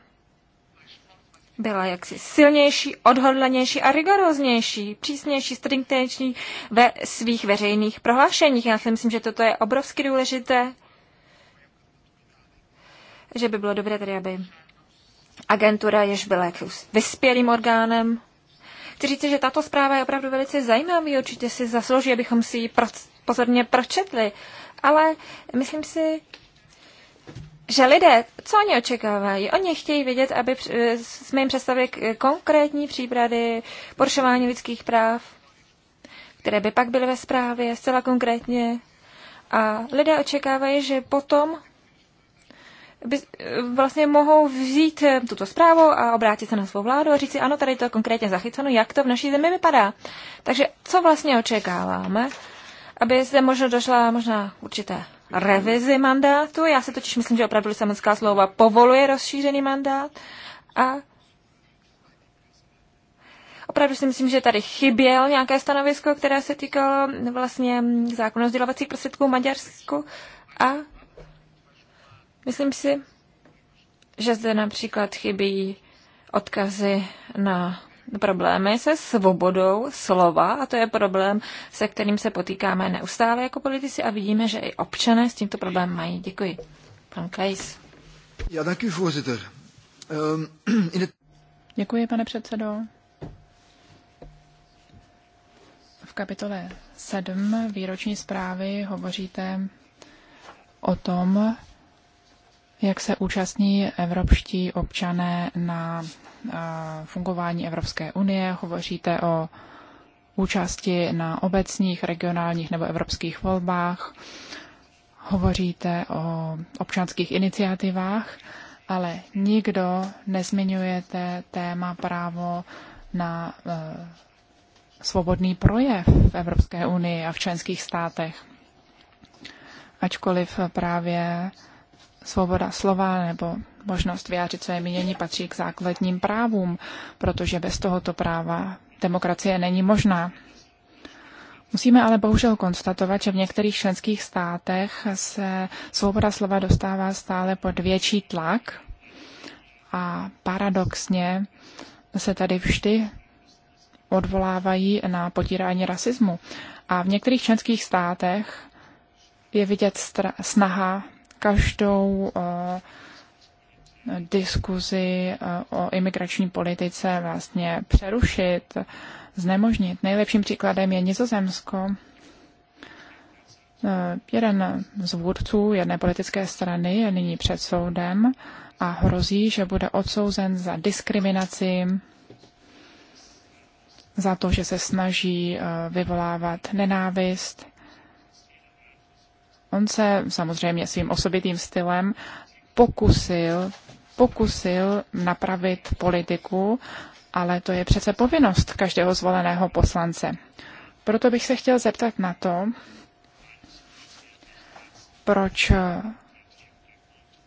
byla jaksi silnější, odhodlanější a rigoróznější, přísnější, striktnější ve svých veřejných prohlášeních. Já si myslím, že toto je obrovsky důležité, že by bylo dobré tedy, aby agentura, jež byla jaksi vyspělým orgánem, chci říct, že tato zpráva je opravdu velice zajímavý, určitě si zaslouží, abychom si ji pozorně pročetli, ale myslím si, že lidé, co oni očekávají? Oni chtějí vědět, aby eh, jsme jim představili konkrétní příbrady porušování lidských práv, které by pak byly ve zprávě zcela konkrétně. A lidé očekávají, že potom by, eh, vlastně mohou vzít eh, tuto zprávu a obrátit se na svou vládu a říct si, ano, tady to je konkrétně zachyceno, jak to v naší zemi vypadá. Takže co vlastně očekáváme? Aby zde možná došla možná určité revizi mandátu. Já si totiž myslím, že opravdu Lisabonská slova povoluje rozšířený mandát a opravdu si myslím, že tady chyběl nějaké stanovisko, které se týkalo vlastně zákonu o sdělovacích prostředků v Maďarsku a myslím si, že zde například chybí odkazy na problémy se svobodou slova a to je problém, se kterým se potýkáme neustále jako politici a vidíme, že i občané s tímto problém mají. Děkuji. Pan Klejs. Ja, dank Um, Děkuji, pane předsedo. V kapitole 7 výroční zprávy hovoříte o tom, jak se účastní evropští občané na fungování Evropské unie, hovoříte o účasti na obecních, regionálních nebo evropských volbách, hovoříte o občanských iniciativách, ale nikdo nezmiňujete téma právo na e, svobodný projev v Evropské unii a v členských státech. Ačkoliv právě svoboda slova nebo možnost vyjádřit své mínění patří k základním právům, protože bez tohoto práva demokracie není možná. Musíme ale bohužel konstatovat, že v některých členských státech se svoboda slova dostává stále pod větší tlak a paradoxně se tady vždy odvolávají na potírání rasismu. A v některých členských státech je vidět snaha každou uh, diskuzi eh, o imigrační politice vlastně přerušit, znemožnit. Nejlepším příkladem je Nizozemsko. Eh, jeden z vůdců jedné politické strany je nyní před soudem a hrozí, že bude odsouzen za diskriminaci, za to, že se snaží eh, vyvolávat nenávist. On se samozřejmě svým osobitým stylem pokusil pokusil napravit politiku, ale to je přece povinnost každého zvoleného poslance. Proto bych se chtěl zeptat na to, proč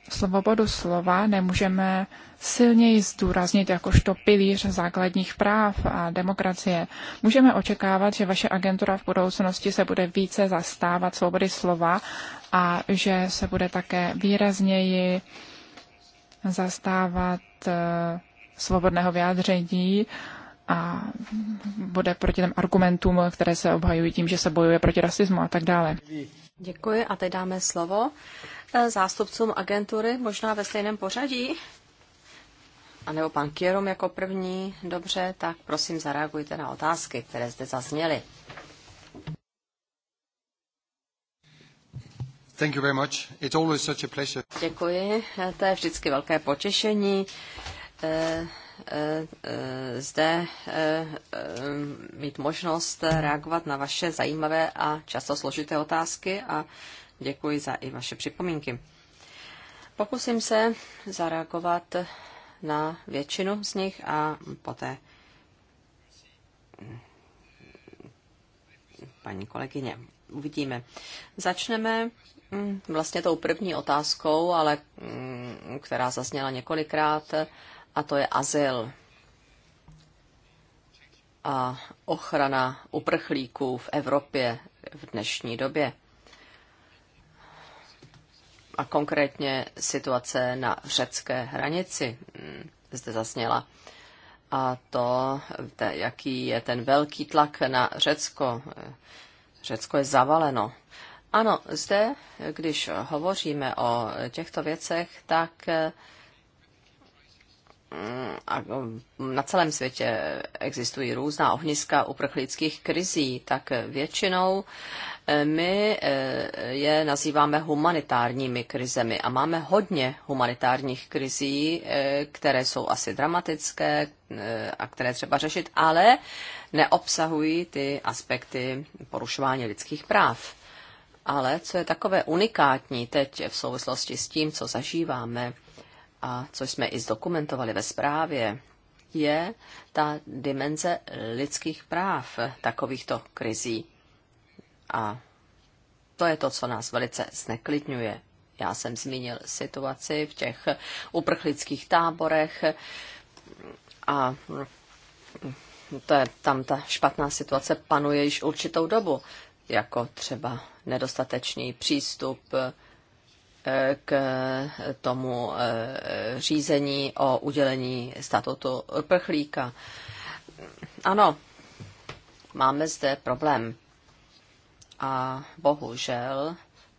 svobodu slova nemůžeme silněji zdůraznit jakožto pilíř základních práv a demokracie. Můžeme očekávat, že vaše agentura v budoucnosti se bude více zastávat svobody slova a že se bude také výrazněji zastávat eh, svobodného vyjádření a bude proti těm argumentům, které se obhajují tím, že se bojuje proti rasismu a tak dále. Děkuji a teď dáme slovo eh, zástupcům agentury, možná ve stejném pořadí. A nebo pan Kierum jako první. Dobře, tak prosím zareagujte na otázky, které zde zazněly. Thank you very much. It's always such a pleasure. Děkuji, to je vždycky velké potěšení eh, eh, eh, zde mít možnost reagovat na vaše zajímavé a často složité otázky a děkuji za i vaše připomínky. Pokusím se zareagovat na většinu z nich a poté paní kolegyně. Uvidíme. Začneme Mm, vlastně tou první otázkou, ale mm, která zazněla několikrát, a to je azyl a ochrana uprchlíků v Evropě v dnešní době. A konkrétně situace na řecké hranici mm, zde zazněla. A to, jaký je ten velký tlak na Řecko. Řecko je zavaleno ano, zde, když hovoříme o těchto věcech, tak mm, a na celém světě existují různá ohniska uprchlických krizí, tak většinou eh, my eh, je nazýváme humanitárními krizemi a máme hodně humanitárních krizí, eh, které jsou asi dramatické a které třeba řešit, ale neobsahují ty aspekty porušování lidských práv ale co je takové unikátní teď v souvislosti s tím, co zažíváme a co jsme i zdokumentovali ve zprávě, je ta dimenze lidských práv takovýchto krizí. A to je to, co nás velice zneklidňuje. Já jsem zmínil situaci v těch uprchlických táborech a to je, tam ta špatná situace panuje již určitou dobu jako třeba nedostatečný přístup eh, k tomu eh, řízení o udělení statutu prchlíka. Ano, máme zde problém. A bohužel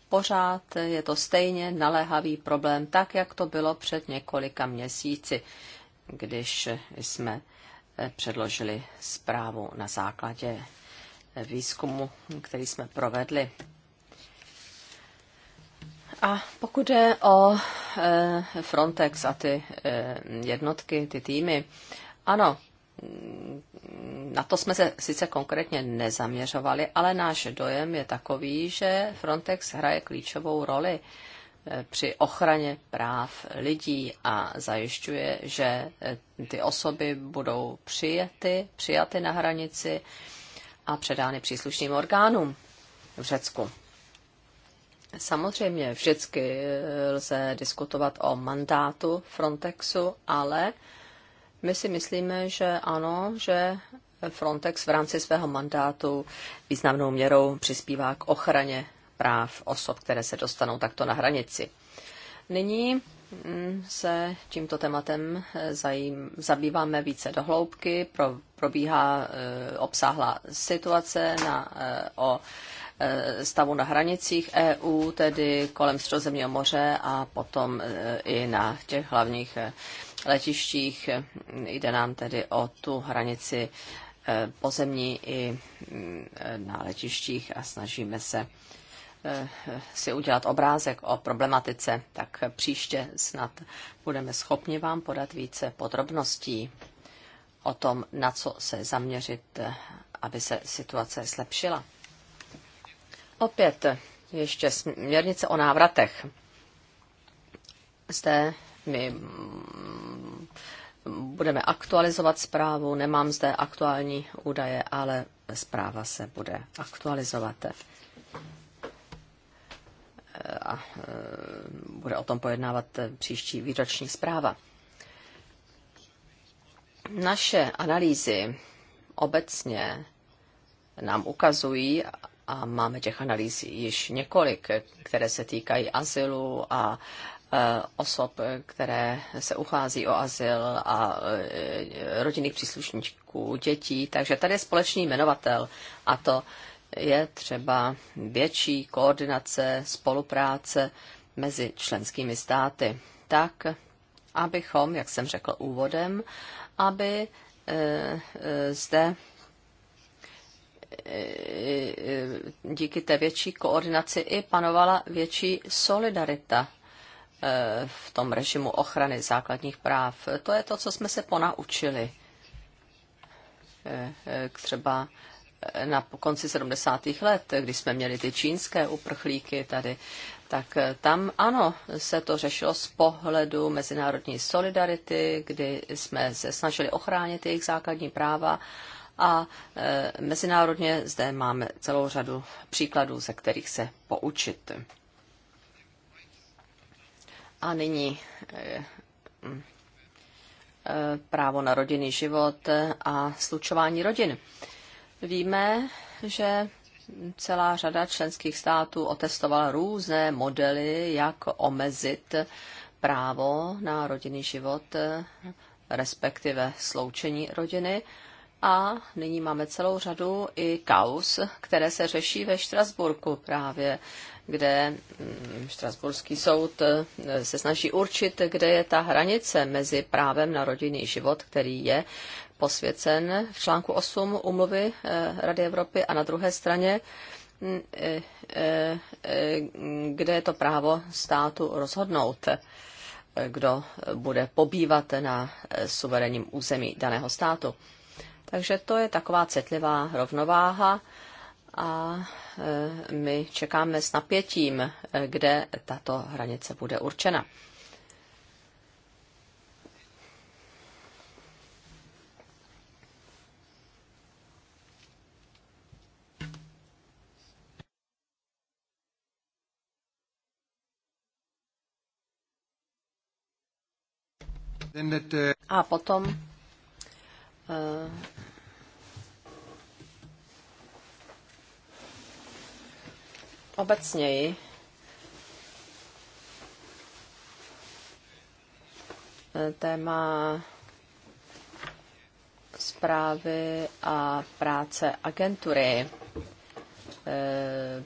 pořád je to stejně naléhavý problém, tak jak to bylo před několika měsíci, když jsme eh, předložili zprávu na základě výzkumu, který jsme provedli. A pokud jde o e, Frontex a ty e, jednotky, ty týmy, ano, mm, na to jsme se sice konkrétně nezaměřovali, ale náš dojem je takový, že Frontex hraje klíčovou roli e, při ochraně práv lidí a zajišťuje, že ty osoby budou přijaty, přijaty na hranici, a předány příslušným orgánům v Řecku. Samozřejmě vždycky lze diskutovat o mandátu Frontexu, ale my si myslíme, že ano, že Frontex v rámci svého mandátu významnou měrou přispívá k ochraně práv osob, které se dostanou takto na hranici. Nyní se tímto tématem eh, zajím, zabýváme více dohloubky, pro, probíhá e, obsáhlá situace na, e, o e, stavu na hranicích EU, tedy kolem Středozemního moře a potom e, i na těch hlavních e, letištích. Jde nám tedy o tu hranici e, pozemní i e, na letištích a snažíme se e, Eh, si udělat obrázek o problematice, tak příště snad budeme schopni vám podat více podrobností o tom, na co se zaměřit, eh, aby se situace zlepšila. Opět ještě směrnice o návratech. Zde my mm, budeme aktualizovat zprávu, nemám zde aktuální údaje, ale zpráva se bude aktualizovat. Eh, a eh, bude o tom pojednávat eh, příští výroční zpráva. Naše analýzy obecně nám ukazují, a máme těch analýz již několik, které se týkají azylu a osob, které se uchází o azyl a rodinných příslušníků, dětí. Takže tady je společný jmenovatel a to je třeba větší koordinace, spolupráce mezi členskými státy. Tak, abychom, jak jsem řekl úvodem, aby e, e, zde e, díky té větší koordinaci i panovala větší solidarita v tom režimu ochrany základních práv. To je to, co jsme se ponaučili třeba na konci 70. let, kdy jsme měli ty čínské uprchlíky tady, tak tam ano, se to řešilo z pohledu mezinárodní solidarity, kdy jsme se snažili ochránit jejich základní práva a e, mezinárodně zde máme celou řadu příkladů, ze kterých se poučit. A nyní e, mm, e, právo na rodinný život a slučování rodin. E, Víme, že celá řada členských států otestovala různé modely, jak omezit právo na rodinný život, respektive sloučení rodiny. A nyní máme celou řadu i kaus, které se řeší ve Štrasburku právě, kde mm, Štrasburský soud eh, se snaží určit, kde je ta hranice mezi právem na rodinný život, který je posvěcen v článku 8 umluvy eh, Rady Evropy a na druhé straně mm, eh, eh, kde je to právo státu rozhodnout, kdo bude pobývat na suverénním území daného státu. Takže to je taková citlivá rovnováha a my čekáme s napětím, kde tato hranice bude určena. A potom uh, obecněji eh, téma zprávy a práce agentury eh,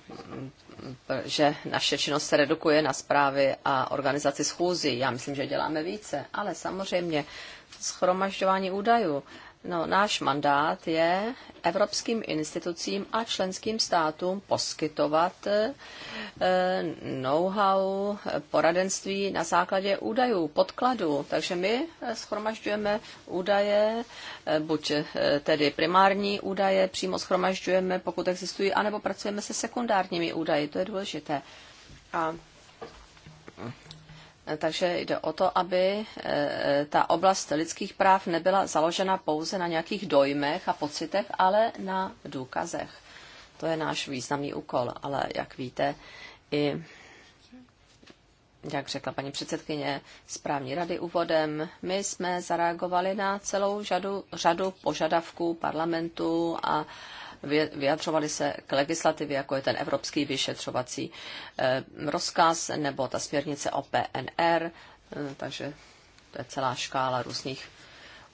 že naše činnost se redukuje na zprávy a organizaci schůzí. Já myslím, že děláme více, ale samozřejmě schromažďování údajů No, náš mandát je evropským institucím a členským státům poskytovat eh, know-how, poradenství na základě údajů, podkladů. Takže my eh, schromažďujeme údaje, eh, buď tedy primární údaje přímo schromažďujeme, pokud existují, anebo pracujeme se sekundárními údaji. To je důležité. A takže jde o to, aby e, ta oblast lidských práv nebyla založena pouze na nějakých dojmech a pocitech, ale na důkazech. To je náš významný úkol, ale jak víte, i jak řekla paní předsedkyně správní rady úvodem, my jsme zareagovali na celou řadu, řadu požadavků parlamentu a vyjadřovali se k legislativě, jako je ten Evropský vyšetřovací eh, rozkaz nebo ta směrnice o PNR, eh, takže to je celá škála různých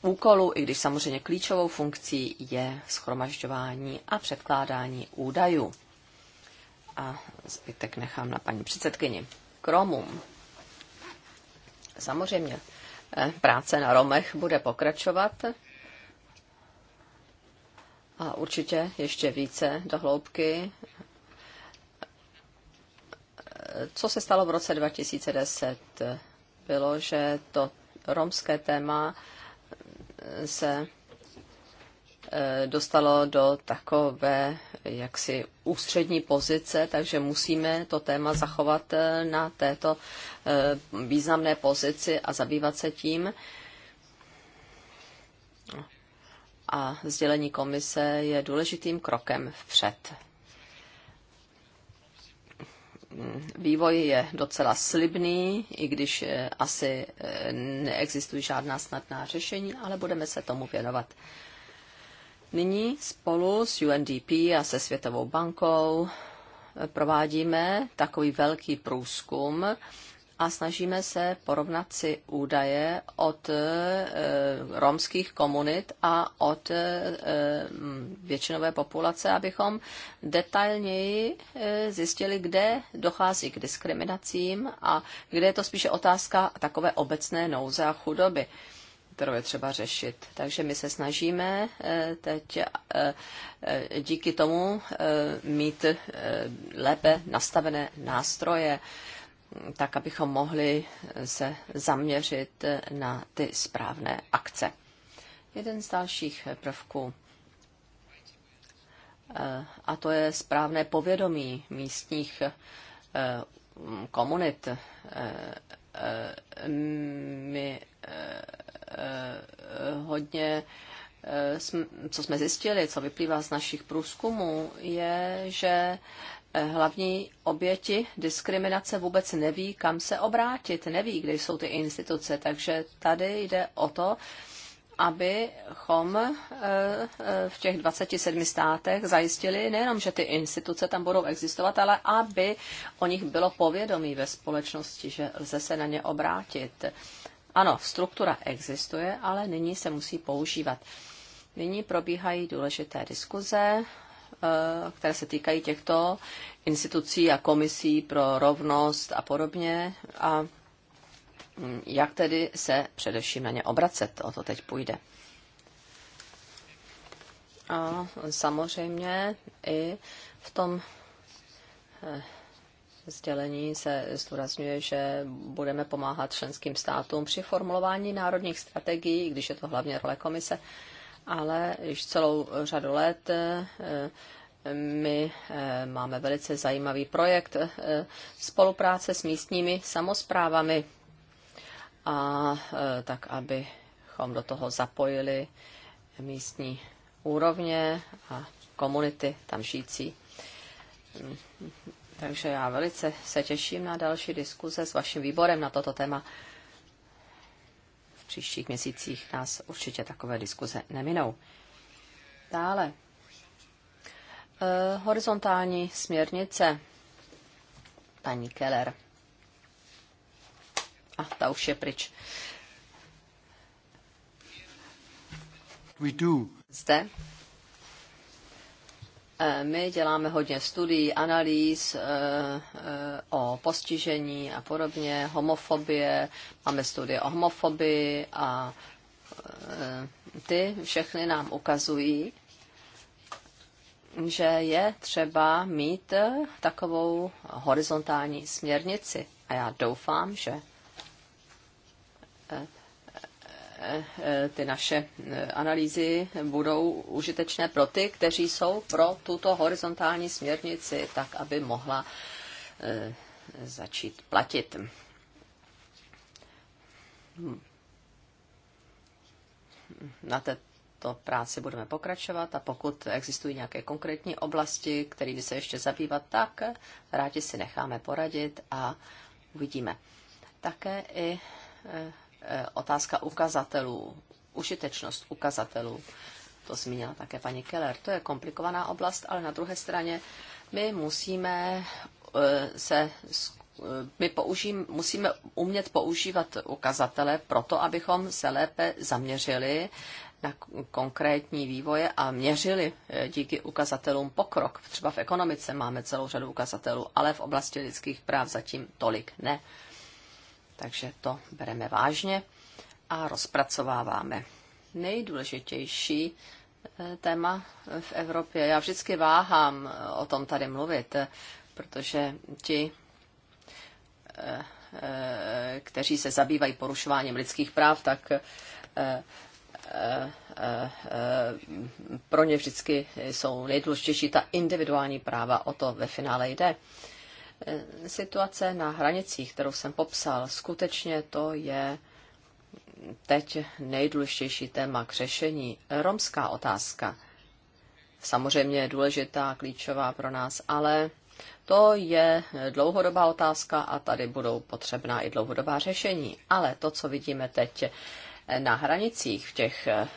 úkolů, i když samozřejmě klíčovou funkcí je schromažďování a předkládání údajů. A zbytek nechám na paní předsedkyni. Kromům. Samozřejmě eh, práce na Romech bude pokračovat a určitě ještě více do hloubky. Co se stalo v roce 2010? Bylo, že to romské téma se eh, dostalo do takové jaksi ústřední pozice, takže musíme to téma zachovat eh, na této eh, významné pozici a zabývat se tím. a sdělení komise je důležitým krokem vpřed. Vývoj je docela slibný, i když eh, asi eh, neexistují žádná snadná řešení, ale budeme se tomu věnovat. Nyní spolu s UNDP a se Světovou bankou eh, provádíme takový velký průzkum, a snažíme se porovnat si údaje od eh, romských komunit a od eh, mm, většinové populace, abychom detailněji eh, zjistili, kde dochází k diskriminacím a kde je to spíše otázka takové obecné nouze a chudoby kterou je třeba řešit. Takže my se snažíme teď díky tomu mít lépe nastavené nástroje tak abychom mohli se zaměřit na ty správné akce. Jeden z dalších prvků, eh, a to je správné povědomí místních eh, komunit. Eh, my hodně, co jsme zjistili, co vyplývá z našich průzkumů, je, že hlavní oběti diskriminace vůbec neví, kam se obrátit, neví, kde jsou ty instituce. Takže tady jde o to, abychom eh, eh, v těch 27 státech zajistili nejenom, že ty instituce tam budou existovat, ale aby o nich bylo povědomí ve společnosti, že lze se na ně obrátit. Ano, struktura existuje, ale nyní se musí používat. Nyní probíhají důležité diskuze Eh, které se týkají těchto institucí a komisí pro rovnost a podobně. A mm, jak tedy se především na ně obracet? O to teď půjde. A samozřejmě i v tom eh, sdělení se zdůrazňuje, že budeme pomáhat členským státům při formulování národních strategií, když je to hlavně role komise, ale již celou řadu let eh, eh, my eh, máme velice zajímavý projekt spolupráce s místními samozprávami, a tak, abychom do toho zapojili místní úrovně a komunity tam žijící. Mm, takže já velice se těším na další diskuze s vaším výborem na toto téma příštích měsících nás určitě takové diskuze neminou. Dále. E, horizontální směrnice. Paní Keller. A ta už je pryč. Zde Eh, my děláme hodně studií, analýz eh, eh, o postižení a podobně, homofobie, máme studie o homofobii a ty všechny nám ukazují, že je třeba mít takovou horizontální směrnici. A já doufám, že ty naše eh, analýzy budou užitečné pro ty, kteří jsou pro tuto horizontální směrnici, tak aby mohla eh, začít platit. Na této práci budeme pokračovat a pokud existují nějaké konkrétní oblasti, kterými se ještě zabývat, tak rádi si necháme poradit a uvidíme. Také i eh, Eh, otázka ukazatelů, užitečnost ukazatelů. To zmínila také paní Keller. To je komplikovaná oblast, ale na druhé straně my musíme eh, se eh, my použím, musíme umět používat ukazatele proto, abychom se lépe zaměřili na konkrétní vývoje a měřili díky ukazatelům pokrok. Třeba v ekonomice máme celou řadu ukazatelů, ale v oblasti lidských práv zatím tolik ne takže to bereme vážně a rozpracováváme. Nejdůležitější eh, téma v Evropě. Já vždycky váhám eh, o tom tady mluvit, eh, protože ti, kteří se zabývají porušováním lidských práv, tak pro ně vždycky jsou nejdůležitější ta individuální práva, o to ve finále jde. Eh, situace na hranicích, kterou jsem popsal, skutečně to je teď nejdůležitější téma k řešení. Romská otázka. Samozřejmě je důležitá, klíčová pro nás, ale to je dlouhodobá otázka a tady budou potřebná i dlouhodobá řešení. Ale to, co vidíme teď, na hranicích, v těch eh,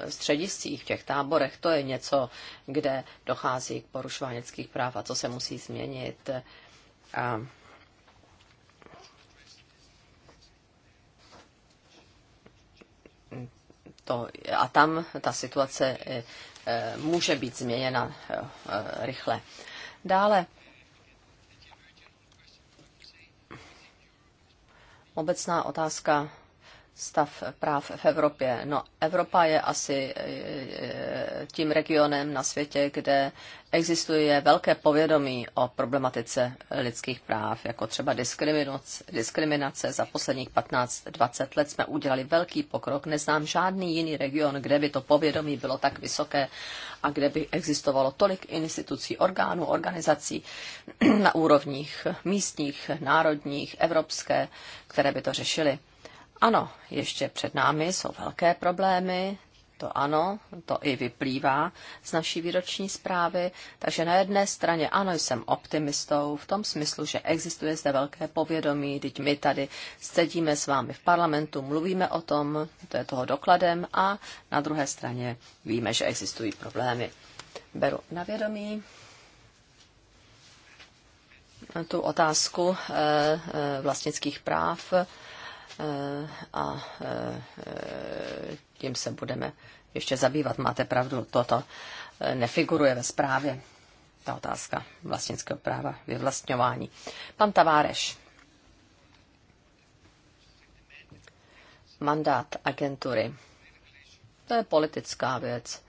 eh, střediscích, v těch táborech, to je něco, kde dochází k porušování lidských práv a co se musí změnit. A to, a tam ta situace eh, může být změněna rychle. Dále obecná otázka stav práv v Evropě. No, Evropa je asi e, e, tím regionem na světě, kde existuje velké povědomí o problematice lidských práv, jako třeba diskriminace. Za posledních 15-20 let jsme udělali velký pokrok. Neznám žádný jiný region, kde by to povědomí bylo tak vysoké a kde by existovalo tolik institucí, orgánů, organizací [CLEARS THROAT] na úrovních místních, národních, evropské, které by to řešily. Ano, ještě před námi jsou velké problémy, to ano, to i vyplývá z naší výroční zprávy. Takže na jedné straně ano, jsem optimistou v tom smyslu, že existuje zde velké povědomí, teď my tady sedíme s vámi v parlamentu, mluvíme o tom, to je toho dokladem a na druhé straně víme, že existují problémy. Beru na vědomí tu otázku eh, eh, vlastnických práv Eh, a eh, tím se budeme ještě zabývat. Máte pravdu, toto eh, nefiguruje ve zprávě, ta otázka vlastnického práva, vyvlastňování. Pan Taváreš. Mandát agentury. To je politická věc.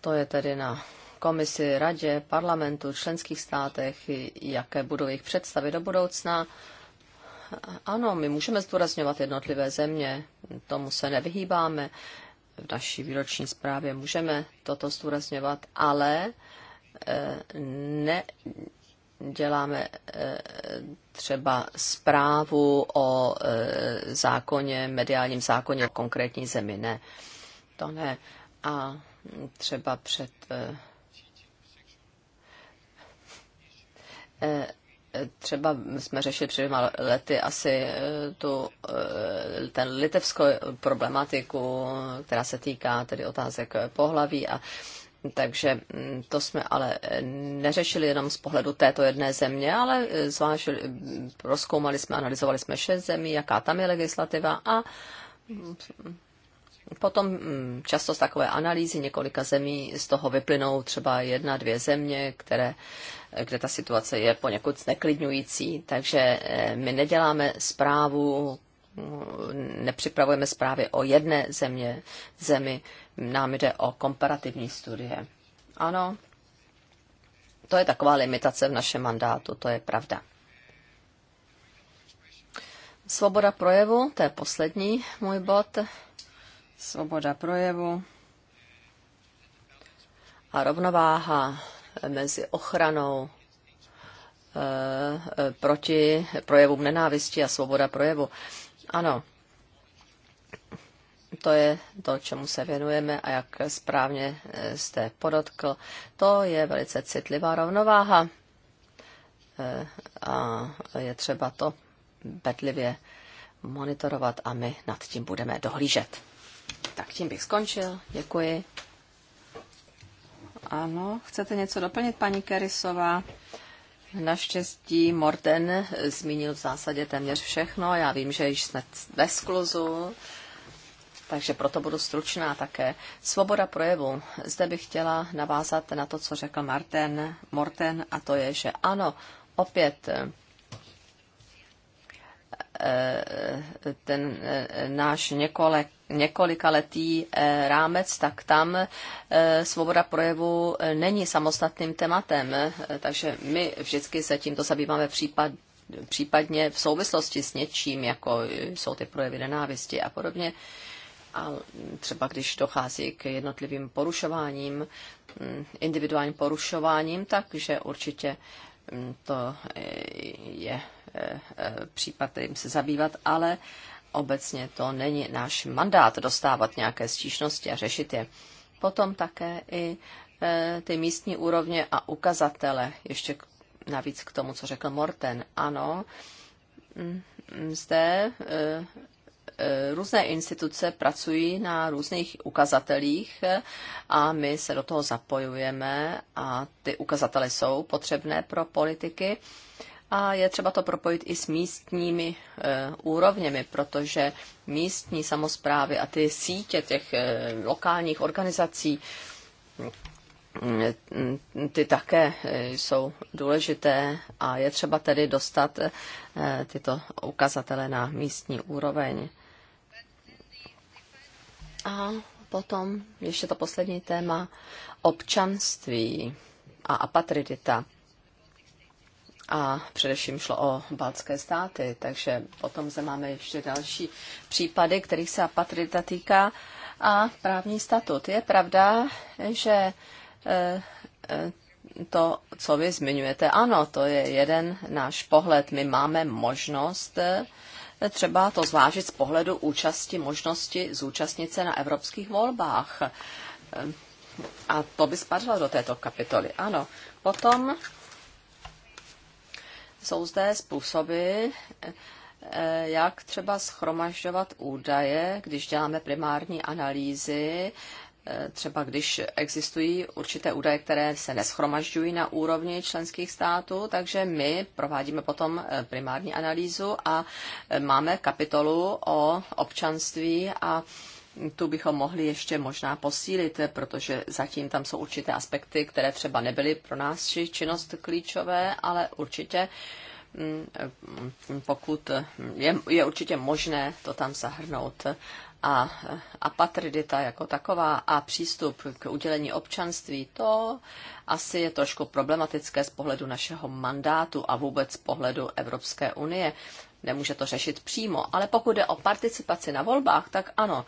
To je tedy na komisi, radě, parlamentu, členských státech, jaké budou jejich představy do budoucna ano, my můžeme zdůrazňovat jednotlivé země, tomu se nevyhýbáme, v naší výroční zprávě můžeme toto zdůrazňovat, ale eh, ne, děláme eh, třeba zprávu o eh, zákoně, mediálním zákoně o konkrétní zemi. Ne, to ne. A třeba před třeba jsme řešili před dvěma lety asi eh, tu, eh, ten litevskou problematiku, která se týká tedy otázek eh, pohlaví a takže mm, to jsme ale neřešili jenom z pohledu této jedné země, ale zvážili, mm, proskoumali jsme, analyzovali jsme šest zemí, jaká tam je legislativa a mm, Potom mm, často z takové analýzy několika zemí z toho vyplynou třeba jedna, dvě země, které, kde ta situace je poněkud zneklidňující. Takže eh, my neděláme zprávu, mm, nepřipravujeme zprávy o jedné země, zemi, nám jde o komparativní studie. Ano, to je taková limitace v našem mandátu, to je pravda. Svoboda projevu, to je poslední můj bod svoboda projevu a rovnováha mezi ochranou eh, eh, proti projevům nenávisti a svoboda projevu. Ano, to je to, čemu se věnujeme a jak správně eh, jste podotkl. To je velice citlivá rovnováha a je třeba to bedlivě monitorovat a my nad tím budeme dohlížet. Tak tím bych skončil. Děkuji. Ano, chcete něco doplnit, paní Kerisová? Naštěstí Morten zmínil v zásadě téměř všechno. Já vím, že již jsme ve skluzu, takže proto budu stručná také. Svoboda projevu. Zde bych chtěla navázat na to, co řekl Martin, Morten, a to je, že ano, opět ten eh, náš několik, několikaletý eh, rámec, tak tam eh, svoboda projevu není samostatným tématem, takže my vždycky se tímto zabýváme případ, případně v souvislosti s něčím, jako jsou ty projevy nenávisti a podobně. A třeba když dochází k jednotlivým porušováním, mm, individuálním porušováním, takže určitě Mm, to eh, je eh, eh, případ, kterým se zabývat, ale obecně to není náš mandát dostávat nějaké stížnosti a řešit je. Potom také i ty místní úrovně a ukazatele, ještě navíc k tomu, co řekl Morten. Ano, mm, zde E, různé instituce pracují na různých ukazatelích a my se do toho zapojujeme a ty ukazatele jsou potřebné pro politiky. A je třeba to propojit i s místními e, úrovněmi, protože místní samozprávy a ty sítě těch e, lokálních organizací, mm, ty také e, jsou důležité a je třeba tedy dostat e, tyto ukazatele na místní úroveň. A potom ještě to poslední téma občanství a apatridita. A především šlo o baltské státy, takže potom zde máme ještě další případy, kterých se apatridita týká. A právní statut. Je pravda, že eh, eh, to, co vy zmiňujete, ano, to je jeden náš pohled. My máme možnost eh, třeba to zvážit z pohledu účasti, možnosti zúčastnit se na evropských volbách. A to by spadlo do této kapitoly. Ano. Potom jsou zde způsoby, eh, jak třeba schromažďovat údaje, když děláme primární analýzy třeba když existují určité údaje, které se neschromažďují na úrovni členských států, takže my provádíme potom eh, primární analýzu a eh, máme kapitolu o občanství a tu bychom mohli ještě možná posílit, protože zatím tam jsou určité aspekty, které třeba nebyly pro nás či činnost klíčové, ale určitě mm, eh, pokud je, je určitě možné to tam zahrnout a apatridita jako taková a přístup k udělení občanství, to asi je trošku problematické z pohledu našeho mandátu a vůbec z pohledu Evropské unie. Nemůže to řešit přímo, ale pokud jde o participaci na volbách, tak ano,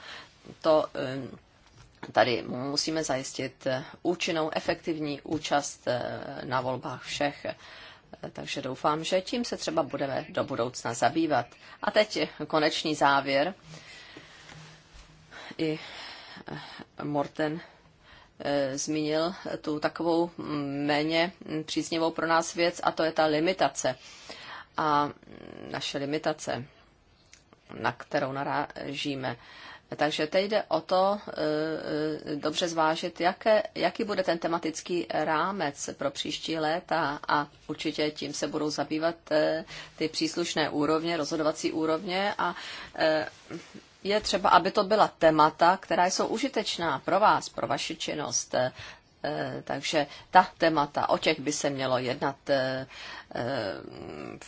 to eh, tady musíme zajistit účinnou, efektivní účast eh, na volbách všech. Eh, takže doufám, že tím se třeba budeme do budoucna zabývat. A teď konečný závěr i Morten eh, zmínil tu takovou méně příznivou pro nás věc, a to je ta limitace. A naše limitace, na kterou narážíme. Takže teď jde o to eh, eh, dobře zvážit, jaké, jaký bude ten tematický rámec pro příští léta a určitě tím se budou zabývat ty příslušné úrovně, rozhodovací úrovně a je třeba, aby to byla témata, která jsou užitečná pro vás, pro vaši činnost. Eh, takže ta témata, o těch by se mělo jednat eh, eh,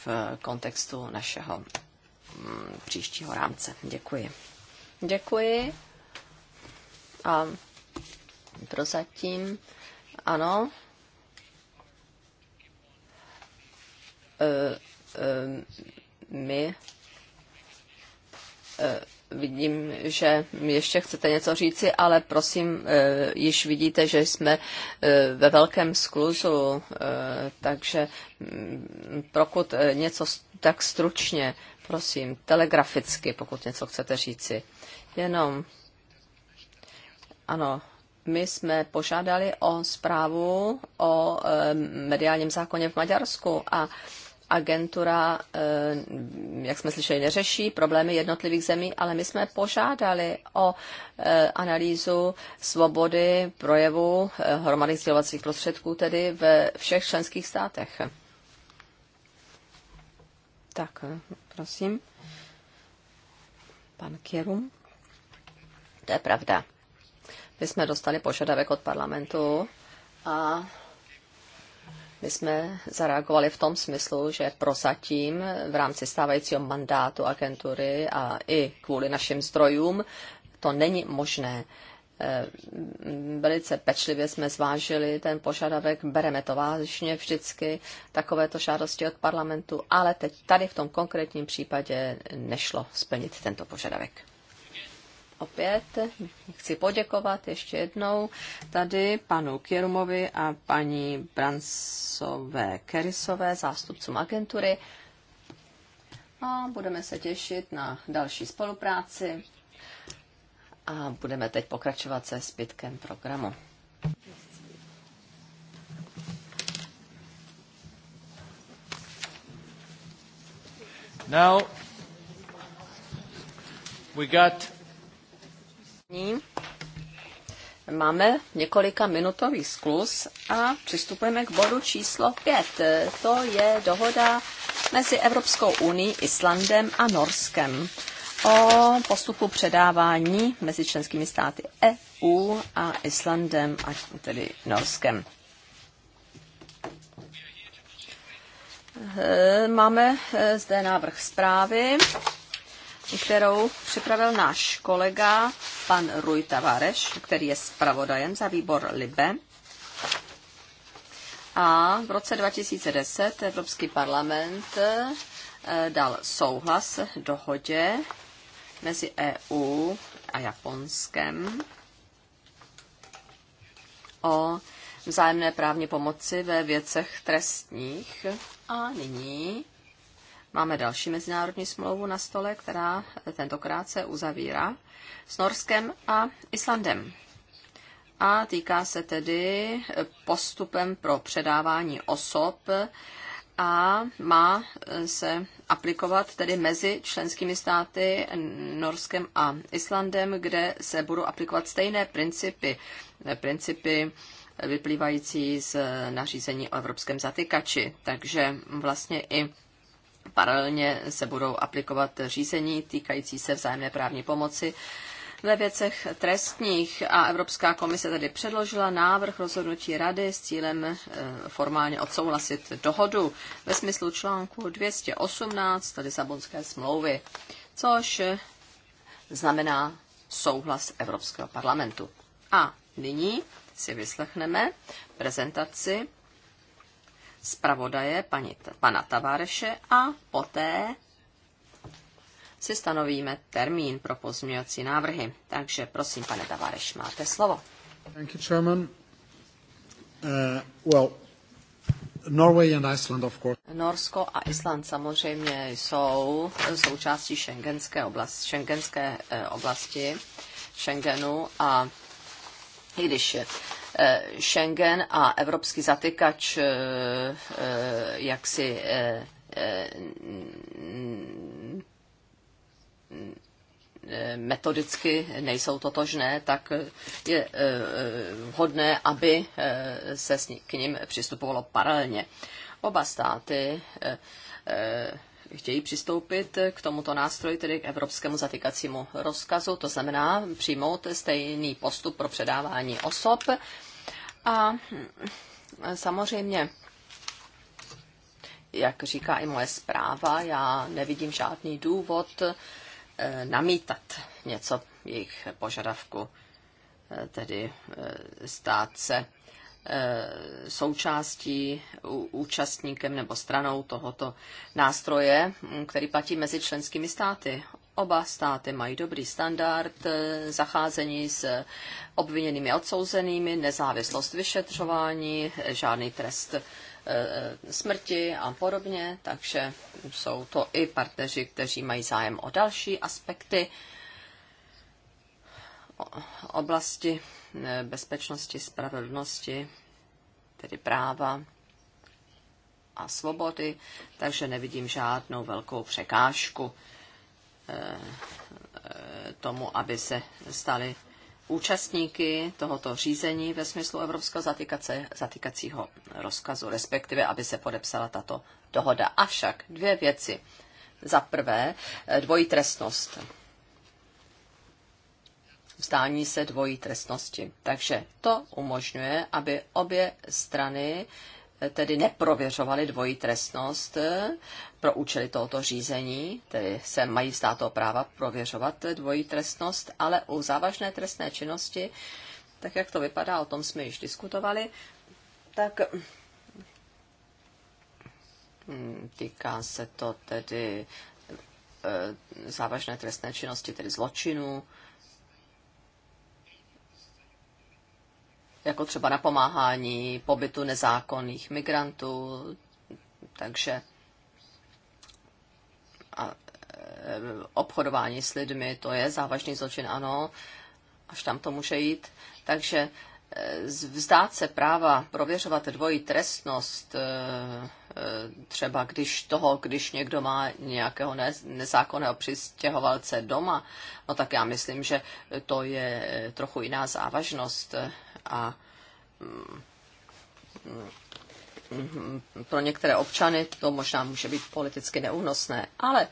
v kontextu našeho mm, příštího rámce. Děkuji. Děkuji. A prozatím, ano. my vidím, že ještě chcete něco říci, ale prosím, eh, již vidíte, že jsme eh, ve velkém skluzu, eh, takže mm, pokud něco tak stručně, prosím, telegraficky, pokud něco chcete říci. Jenom, ano, my jsme požádali o zprávu o mediálním zákoně v Maďarsku a agentura, eh, jak jsme slyšeli, neřeší problémy jednotlivých zemí, ale my jsme požádali o eh, analýzu svobody projevu eh, hromadných sdělovacích prostředků, tedy ve všech členských státech. Tak, prosím. Pan Kierum. To je pravda. My jsme dostali požadavek od parlamentu a my jsme zareagovali v tom smyslu, že prozatím v rámci stávajícího mandátu agentury a i kvůli našim zdrojům to není možné. E, velice pečlivě jsme zvážili ten požadavek, bereme to vážně vždycky, takovéto žádosti od parlamentu, ale teď tady v tom konkrétním případě nešlo splnit tento požadavek opět chci poděkovat ještě jednou tady panu Kirumovi a paní Bransové Kerisové, zástupcům agentury. A budeme se těšit na další spolupráci a budeme teď pokračovat se zbytkem programu. Now we got Máme několika minutový sklus a přistupujeme k bodu číslo 5. To je dohoda mezi Evropskou unii, Islandem a Norskem o postupu předávání mezi členskými státy EU a Islandem a tedy Norskem. Máme eh, zde návrh zprávy kterou připravil náš kolega pan Ruj Tavareš, který je zpravodajem za výbor Libe. A v roce 2010 Evropský parlament eh, dal souhlas dohodě mezi EU a Japonskem o vzájemné právní pomoci ve věcech trestních. A nyní Máme další mezinárodní smlouvu na stole, která tentokrát se uzavírá s Norskem a Islandem. A týká se tedy postupem pro předávání osob a má se aplikovat tedy mezi členskými státy Norskem a Islandem, kde se budou aplikovat stejné principy. Principy vyplývající z nařízení o evropském zatykači. Takže vlastně i Paralelně se budou aplikovat řízení týkající se vzájemné právní pomoci ve věcech trestních a Evropská komise tedy předložila návrh rozhodnutí rady s cílem eh, formálně odsouhlasit dohodu ve smyslu článku 218 Sabonské smlouvy, což eh, znamená souhlas Evropského parlamentu. A nyní si vyslechneme prezentaci zpravodaje paní, pana Tavareše a poté si stanovíme termín pro pozměňovací návrhy. Takže prosím, pane Tavareš, máte slovo. Thank you, Chairman. Uh, well, Norway and Iceland, of course. Norsko a Island samozřejmě jsou součástí šengenské oblasti, šengenské eh, oblasti Schengenu a i když Eh, Schengen a evropský zatykač eh, eh, jaksi metodicky nejsou totožné, tak je vhodné, aby se k ním přistupovalo paralelně. Oba státy chtějí přistoupit k tomuto nástroji, tedy k evropskému zatýkacímu rozkazu, to znamená přijmout stejný postup pro předávání osob. A hm, samozřejmě, jak říká i moje zpráva, já nevidím žádný důvod eh, namítat něco jejich požadavku, eh, tedy eh, stát se Eh, součástí, účastníkem nebo stranou tohoto nástroje, mm, který platí mezi členskými státy. Oba státy mají dobrý standard eh, zacházení s obviněnými odsouzenými, nezávislost vyšetřování, žádný trest eh, smrti a podobně, takže jsou to i partneři, kteří mají zájem o další aspekty oblasti eh, bezpečnosti, spravedlnosti, tedy práva a svobody, takže nevidím žádnou velkou překážku eh, eh, tomu, aby se stali účastníky tohoto řízení ve smyslu evropského zatýkace, zatýkacího rozkazu, respektive aby se podepsala tato dohoda. Avšak dvě věci. Za prvé, dvojí trestnost vzdání se dvojí trestnosti. Takže to umožňuje, aby obě strany eh, tedy neprověřovaly dvojí trestnost eh, pro účely tohoto řízení, tedy se mají vzdát toho práva prověřovat dvojí trestnost, ale u závažné trestné činnosti, tak jak to vypadá, o tom jsme již diskutovali, tak hm, týká se to tedy eh, závažné trestné činnosti, tedy zločinu, jako třeba napomáhání pobytu nezákonných migrantů, takže a, e, obchodování s lidmi, to je závažný zločin, ano, až tam to může jít. Takže e, vzdát se práva prověřovat dvojí trestnost, e, třeba když toho, když někdo má nějakého nezákonného přistěhovalce doma, no tak já myslím, že to je trochu jiná závažnost a mm, pro některé občany to možná může být politicky neúnosné, ale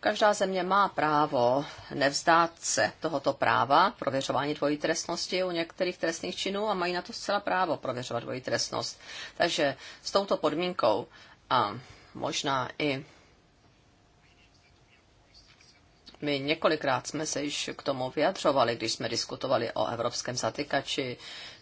každá země má právo nevzdát se tohoto práva prověřování dvojí trestnosti u některých trestných činů a mají na to zcela právo prověřovat dvojí trestnost. Takže s touto podmínkou a možná i my několikrát jsme se již k tomu vyjadřovali, když jsme diskutovali o evropském zatykači,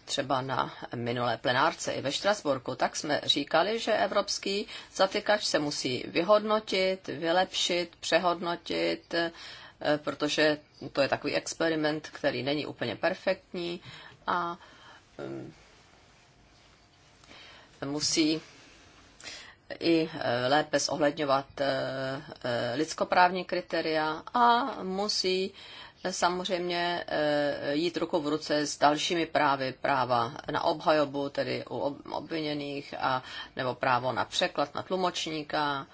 třeba na minulé plenárce i ve Štrasburku, tak jsme říkali, že evropský zatykač se musí vyhodnotit, vylepšit, přehodnotit, eh, protože to je takový experiment, který není úplně perfektní a eh, musí i eh, lépe zohledňovat lidskoprávní kritéria a musí samozřejmě eh, jít ruku v ruce s dalšími právy, práva na obhajobu, tedy u obviněných, a, nebo právo na překlad, na tlumočníka,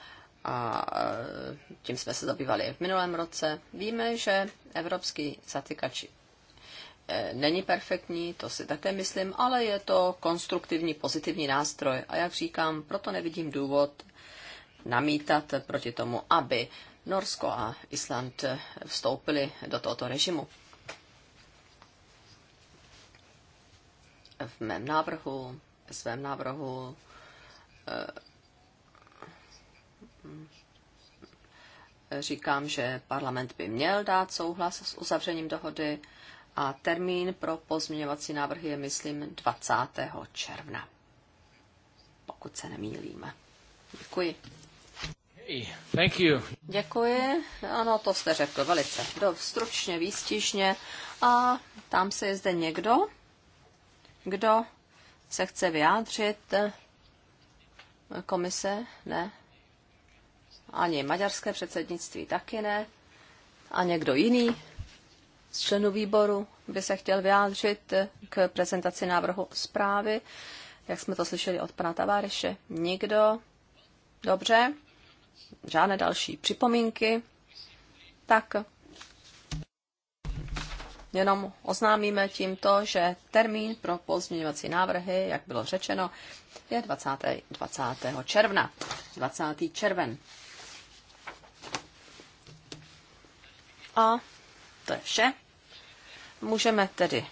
a eh, tím jsme se zabývali v minulém roce. Víme, že evropský zatykač eh, není perfektní, to si také myslím, ale je to konstruktivní, pozitivní nástroj. A jak říkám, proto nevidím důvod namítat proti tomu, aby Norsko a Island eh, vstoupili do tohoto režimu. V mém návrhu, svém návrhu eh, hm, říkám, že parlament by měl dát souhlas s uzavřením dohody a termín pro pozměňovací návrhy je, myslím, 20. června, pokud se nemýlím. Děkuji. Děkuji. Ano, to jste řekl velice do, stručně, výstižně. A tam se je zde někdo, kdo se chce vyjádřit. Komise? Ne. Ani maďarské předsednictví taky ne. A někdo jiný z členů výboru by se chtěl vyjádřit k prezentaci návrhu zprávy, jak jsme to slyšeli od pana Tavareše. Nikdo? Dobře žádné další připomínky, tak jenom oznámíme tímto, že termín pro pozměňovací návrhy, jak bylo řečeno, je 20. 20. června. 20. červen. A to je vše. Můžeme tedy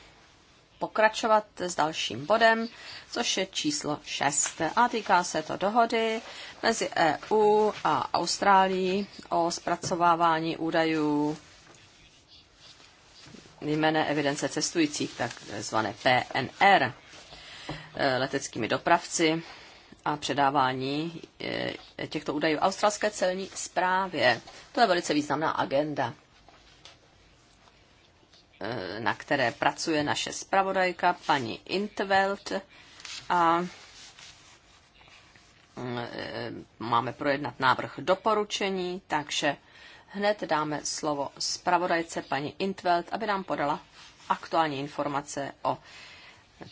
pokračovat s dalším bodem, což je číslo 6. A týká se to dohody mezi EU a Austrálií o zpracovávání údajů jméne evidence cestujících, takzvané PNR, e, leteckými dopravci a předávání e, těchto údajů australské celní zprávě. To je velice významná agenda Eh, na které pracuje naše zpravodajka, paní Intveld. A eh, máme projednat návrh doporučení, takže hned dáme slovo zpravodajce paní Intveld, aby nám podala aktuální informace o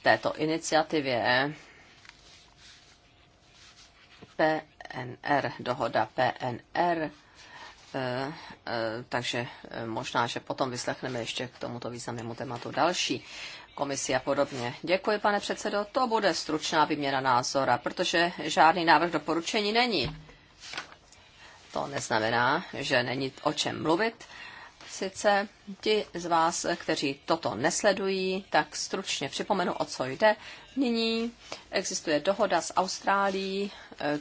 této iniciativě PNR, dohoda PNR Eh, eh, takže eh, možná, že potom vyslechneme ještě k tomuto významnému tématu další komisi a podobně. Děkuji, pane předsedo. To bude stručná vyměna názora, protože žádný návrh doporučení není. To neznamená, že není o čem mluvit. Sice ti z vás, kteří toto nesledují, tak stručně připomenu, o co jde. Nyní existuje dohoda s Austrálií,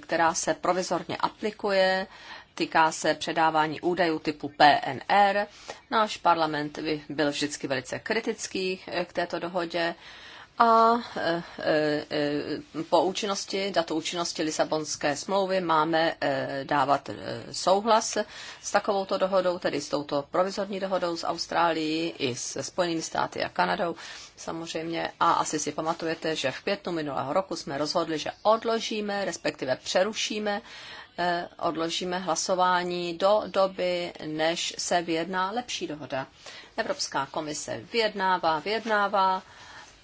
která se provizorně aplikuje týká se předávání údajů typu PNR. Náš parlament byl vždycky velice kritický eh, k této dohodě a eh, eh, po účinnosti, datu účinnosti Lisabonské smlouvy máme dávat souhlas s takovouto dohodou, tedy s touto provizorní dohodou s Austrálií i s Spojenými státy a Kanadou samozřejmě. A asi si pamatujete, že v květnu minulého roku jsme rozhodli, že odložíme, respektive přerušíme Eh, odložíme hlasování do doby, než se vyjedná lepší dohoda. Evropská komise vyjednává, vyjednává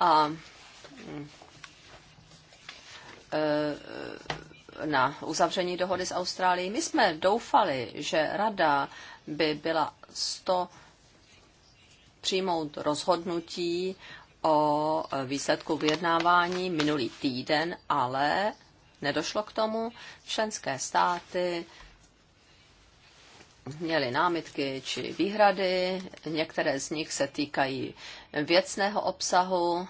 a mm, eh, na uzavření dohody s Austrálií. My jsme doufali, že rada by byla 100 přijmout rozhodnutí o výsledku vyjednávání minulý týden, ale nedošlo k tomu. Členské státy měly námitky či výhrady, některé z nich se týkají věcného obsahu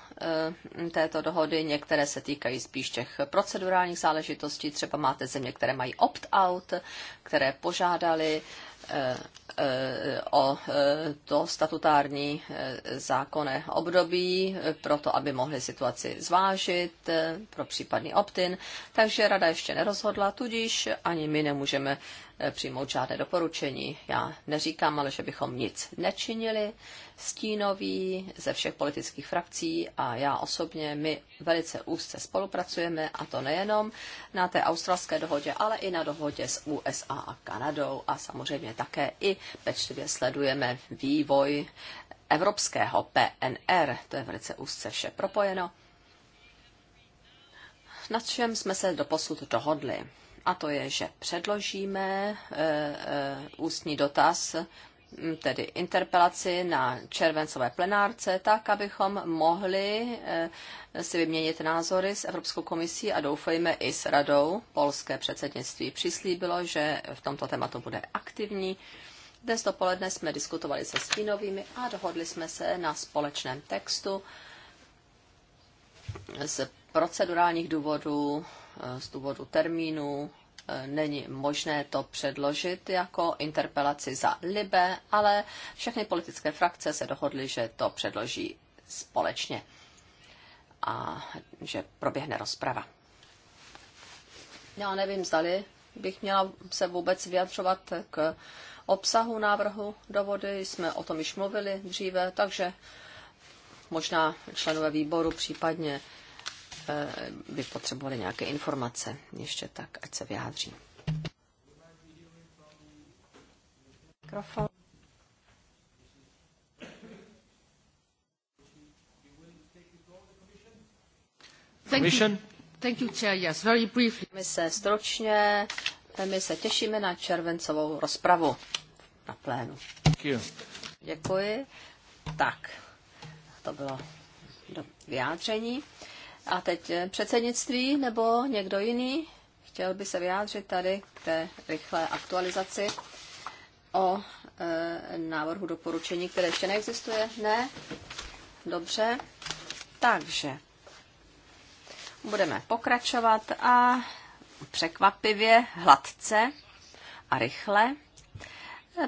eh, této dohody, některé se týkají spíš těch procedurálních záležitostí. Třeba máte země, které mají opt-out, které požádali eh, Eh, o eh, to statutární eh, zákonné období, proto aby mohli situaci zvážit pro případný optin. Takže rada ještě nerozhodla, tudíž ani my nemůžeme přijmout žádné doporučení. Já neříkám ale, že bychom nic nečinili. Stínoví ze všech politických frakcí a já osobně, my velice úzce spolupracujeme a to nejenom na té australské dohodě, ale i na dohodě s USA a Kanadou a samozřejmě také i pečlivě sledujeme vývoj evropského PNR. To je velice úzce vše propojeno. Na čem jsme se doposud dohodli? a to je, že předložíme eh, eh, ústní dotaz, hm, tedy interpelaci na červencové plenárce, tak, abychom mohli eh, si vyměnit názory s Evropskou komisí a doufejme i s radou. Polské předsednictví přislíbilo, že v tomto tématu bude aktivní. Dnes dopoledne jsme diskutovali se Stínovými a dohodli jsme se na společném textu s procedurálních důvodů, eh, z důvodu termínu, eh, není možné to předložit jako interpelaci za Libe, ale všechny politické frakce se dohodly, že to předloží společně a že proběhne rozprava. Já nevím, zdali bych měla se vůbec vyjadřovat k obsahu návrhu dovody. Jsme o tom již mluvili dříve, takže možná členové výboru případně Eh, by potřebovali nějaké informace ještě tak, ať se vyjádří. Mikrofon. you. Thank you, Chair. Yes, very briefly. My se stručně, eh, my se těšíme na červencovou rozpravu na plénu. Thank you. Děkuji. Tak, to bylo do vyjádření. A teď eh, předsednictví nebo někdo jiný chtěl by se vyjádřit tady k té rychlé aktualizaci o e, návrhu doporučení, které ještě neexistuje? Ne? Dobře. Takže budeme pokračovat a překvapivě, hladce a rychle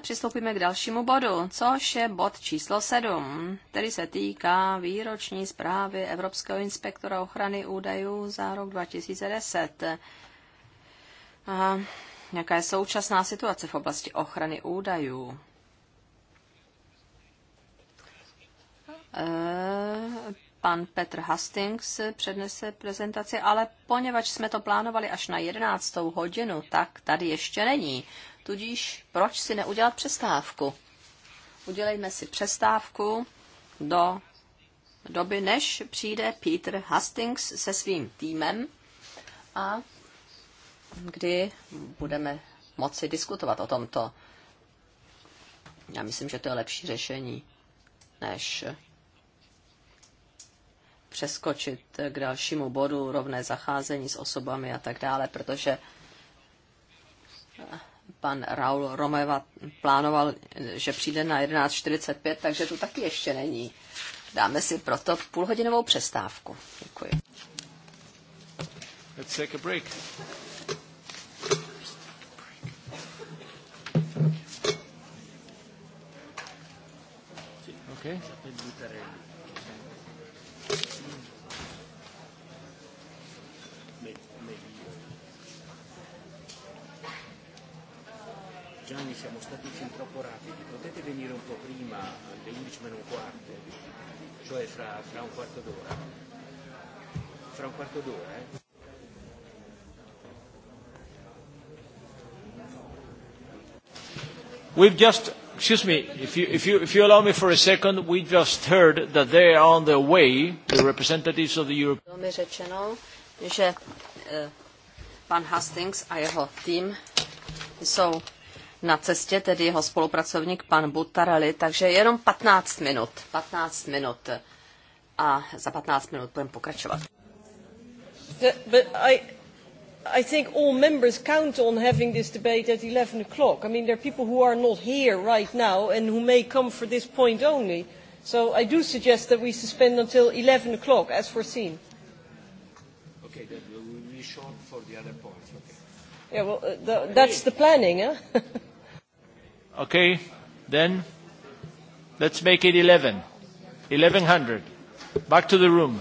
Přistoupíme k dalšímu bodu, což je bod číslo 7, který se týká výroční zprávy Evropského inspektora ochrany údajů za rok 2010. A jaká je současná situace v oblasti ochrany údajů? E, pan Petr Hastings přednese prezentaci, ale poněvadž jsme to plánovali až na 11. hodinu, tak tady ještě není. Tudíž proč si neudělat přestávku? Udělejme si přestávku do doby, než přijde Peter Hastings se svým týmem a kdy budeme moci diskutovat o tomto. Já myslím, že to je lepší řešení, než přeskočit k dalšímu bodu rovné zacházení s osobami a tak dále, protože pan Raul Romeva plánoval, že přijde na 11.45, takže tu taky ještě není. Dáme si proto půlhodinovou přestávku. Děkuji. Let's take a break. Okay. Gianni siamo stati fin troppo rapidi, potete venire un po' prima, alle 11 meno un quarto, cioè fra, fra un quarto d'ora? Fra un quarto d'ora, eh? We've just, excuse me, if you, if, you, if you allow me for a second, we just heard that they are on their way, the representatives of the European... řečeno, že eh, pan Hastings a jeho tým jsou na cestě, tedy jeho spolupracovník pan Butarelli, takže jenom 15 minut, 15 minut a za 15 minut budeme pokračovat. But I, I think all members count on having this debate at 11 o'clock. I mean, there are people who are not here right now and who may come for this point only. So I do suggest that we suspend until 11 o'clock, as foreseen. Okay, that will be short for the other points. Okay. Yeah, well, uh, the, that's the planning, huh? [LAUGHS] Okay, then let's make it 11. 1100. Back to the room.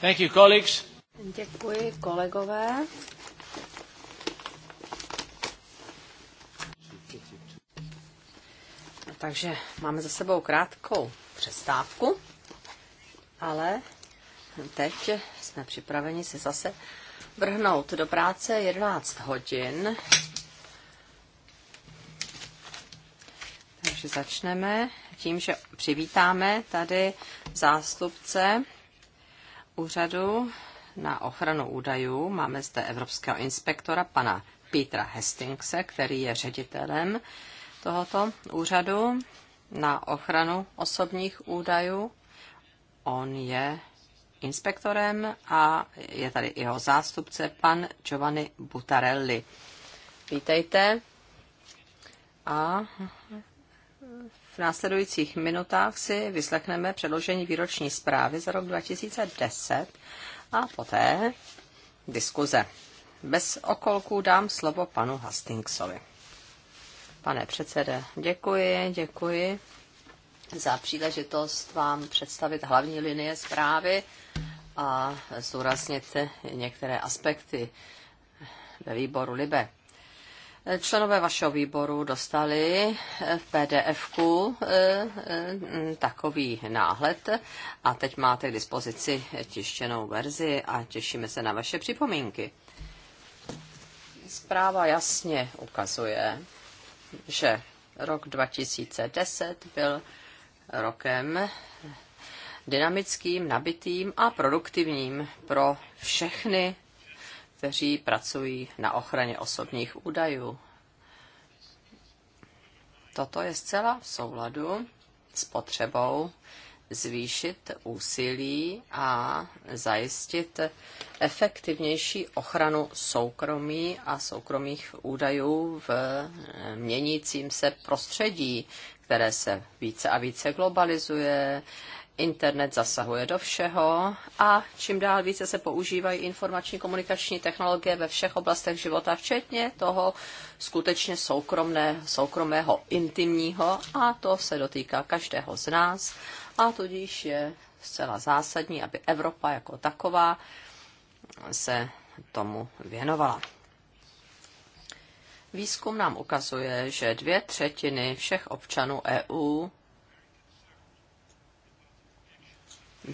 Thank you, colleagues. Děkuji, kolegové. No, takže máme za sebou krátkou přestávku, ale teď jsme připraveni se zase vrhnout do práce 11 hodin. Takže začneme tím, že přivítáme tady zástupce úřadu na ochranu údajů. Máme zde evropského inspektora, pana Petra Hestingse, který je ředitelem tohoto úřadu na ochranu osobních údajů. On je inspektorem a je tady jeho zástupce, pan Giovanni Butarelli. Vítejte. A v následujících minutách si vyslechneme předložení výroční zprávy za rok 2010 a poté diskuze. Bez okolků dám slovo panu Hastingsovi. Pane předsede, děkuji, děkuji za příležitost vám představit hlavní linie zprávy a zdůraznit některé aspekty ve výboru LIBE. Členové vašeho výboru dostali v pdf e, e, takový náhled a teď máte k dispozici tištěnou verzi a těšíme se na vaše připomínky. Zpráva jasně ukazuje, že rok 2010 byl rokem dynamickým, nabitým a produktivním pro všechny kteří pracují na ochraně osobních údajů. Toto je zcela v souladu s potřebou zvýšit úsilí a zajistit efektivnější ochranu soukromí a soukromých údajů v měnícím se prostředí, které se více a více globalizuje, internet zasahuje do všeho a čím dál více se používají informační komunikační technologie ve všech oblastech života, včetně toho skutečně soukromné, soukromého, intimního a to se dotýká každého z nás a tudíž je zcela zásadní, aby Evropa jako taková se tomu věnovala. Výzkum nám ukazuje, že dvě třetiny všech občanů EU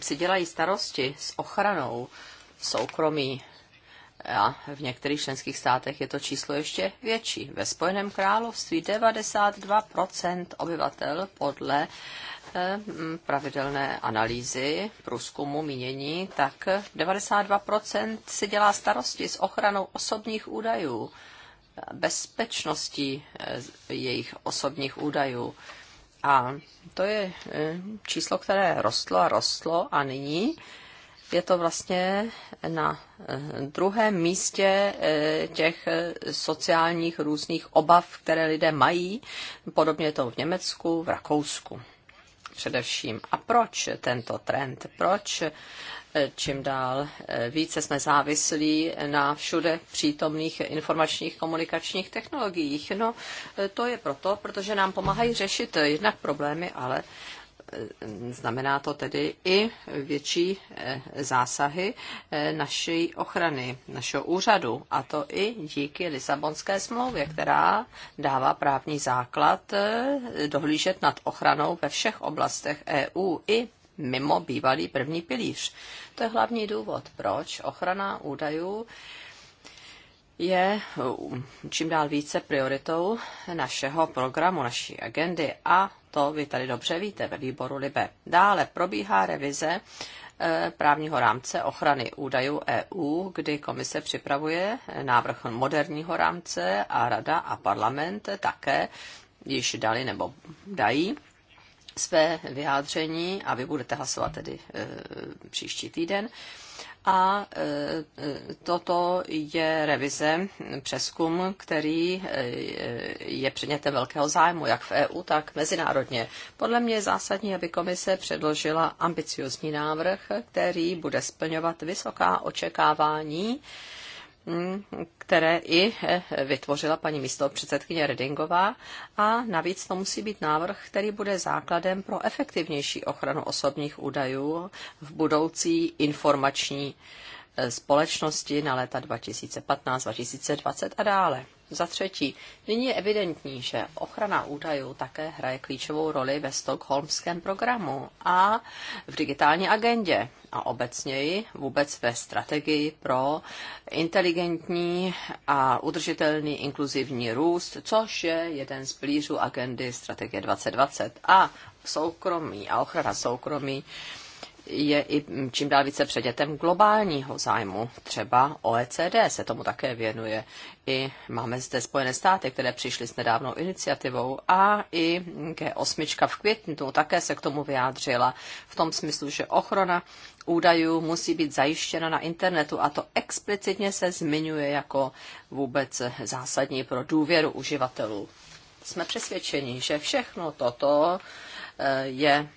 si dělají starosti s ochranou soukromí. A v některých členských státech je to číslo ještě větší. Ve Spojeném království 92% obyvatel podle eh, pravidelné analýzy, průzkumu, mínění, tak 92% si dělá starosti s ochranou osobních údajů, bezpečností eh, jejich osobních údajů. A to je e, číslo, které rostlo a rostlo a nyní je to vlastně na e, druhém místě e, těch sociálních různých obav, které lidé mají. Podobně je to v Německu, v Rakousku především. A proč tento trend? Proč čím dál eh, více jsme závislí na všude přítomných informačních komunikačních technologiích. No, eh, to je proto, protože nám pomáhají řešit jednak problémy, ale eh, znamená to tedy i větší zásahy naší ochrany, našeho úřadu. A to i díky Lisabonské smlouvě, která dává právní základ dohlížet nad ochranou ve všech oblastech EU i mimo bývalý první pilíř. To je hlavní důvod, proč ochrana údajů je eh, čím dál více prioritou našeho programu, naší agendy a to vy tady dobře víte ve výboru LIBE. Dále probíhá revize eh, právního rámce ochrany údajů EU, kdy komise připravuje návrh moderního rámce a rada a parlament také již dali nebo dají své vyjádření a vy budete hlasovat tedy e, příští týden. A e, toto je revize, hm, přeskum, který e, je předmětem velkého zájmu, jak v EU, tak mezinárodně. Podle mě je zásadní, aby komise předložila ambiciozní návrh, který bude splňovat vysoká očekávání e, které i eh, vytvořila paní místo předsedkyně Redingová. A navíc to musí být návrh, který bude základem pro efektivnější ochranu osobních údajů v budoucí informační eh, společnosti na léta 2015, 2020 a dále. Za třetí, nyní je evidentní, že ochrana údajů také hraje klíčovou roli ve stockholmském programu a v digitální agendě a obecněji vůbec ve strategii pro inteligentní a udržitelný inkluzivní růst, což je jeden z blížů agendy strategie 2020 a soukromí a ochrana soukromí je i čím dál více předětem globálního zájmu. Třeba OECD se tomu také věnuje. I máme zde Spojené státy, které přišly s nedávnou iniciativou a i G8 v květnu také se k tomu vyjádřila v tom smyslu, že ochrana údajů musí být zajištěna na internetu a to explicitně se zmiňuje jako vůbec zásadní pro důvěru uživatelů. Jsme přesvědčeni, že všechno toto eh, je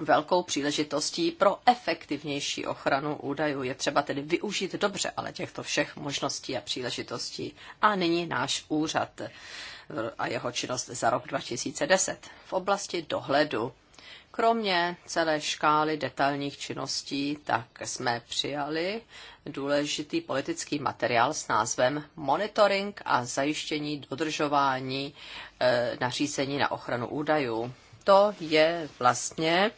velkou příležitostí pro efektivnější ochranu údajů. Je třeba tedy využít dobře ale těchto všech možností a příležitostí. A nyní náš úřad a jeho činnost za rok 2010 v oblasti dohledu. Kromě celé škály detailních činností, tak jsme přijali důležitý politický materiál s názvem Monitoring a zajištění dodržování e, nařízení na ochranu údajů to je vlastně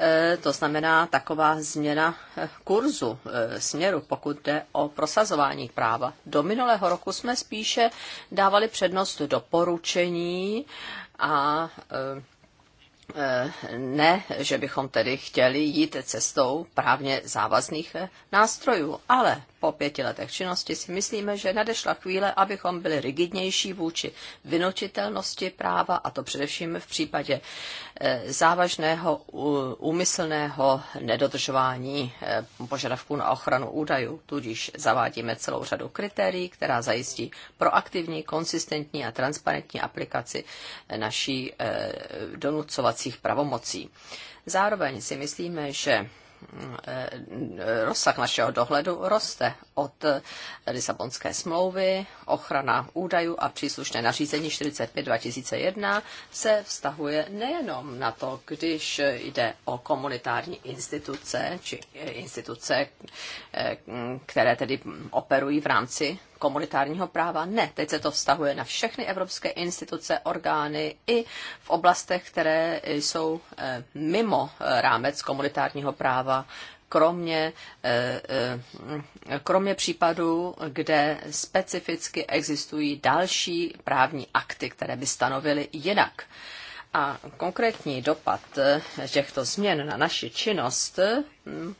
eh, to znamená taková změna eh, kurzu, eh, směru, pokud jde o prosazování práva. Do minulého roku jsme spíše dávali přednost doporučení a ne, že bychom tedy chtěli jít cestou právně závazných nástrojů, ale po pěti letech činnosti si myslíme, že nadešla chvíle, abychom byli rigidnější vůči vynutitelnosti práva, a to především v případě eh, závažného úmyslného nedodržování eh, požadavků na ochranu údajů. Tudíž zavádíme celou řadu kritérií, která zajistí proaktivní, konsistentní a transparentní aplikaci eh, naší donucovacích pravomocí. Zároveň si myslíme, že Eh, rozsah našeho dohledu roste od Lisabonské smlouvy, ochrana údajů a příslušné nařízení 45-2001 se vztahuje nejenom na to, když jde o komunitární instituce či eh, instituce, eh, které tedy operují v rámci komunitárního práva. Ne, teď se to vztahuje na všechny evropské instituce, orgány i v oblastech, které jsou eh, mimo eh, rámec komunitárního práva, kromě, eh, kromě případů, kde specificky existují další právní akty, které by stanovily jinak. A konkrétní dopad těchto změn na naši činnost hm,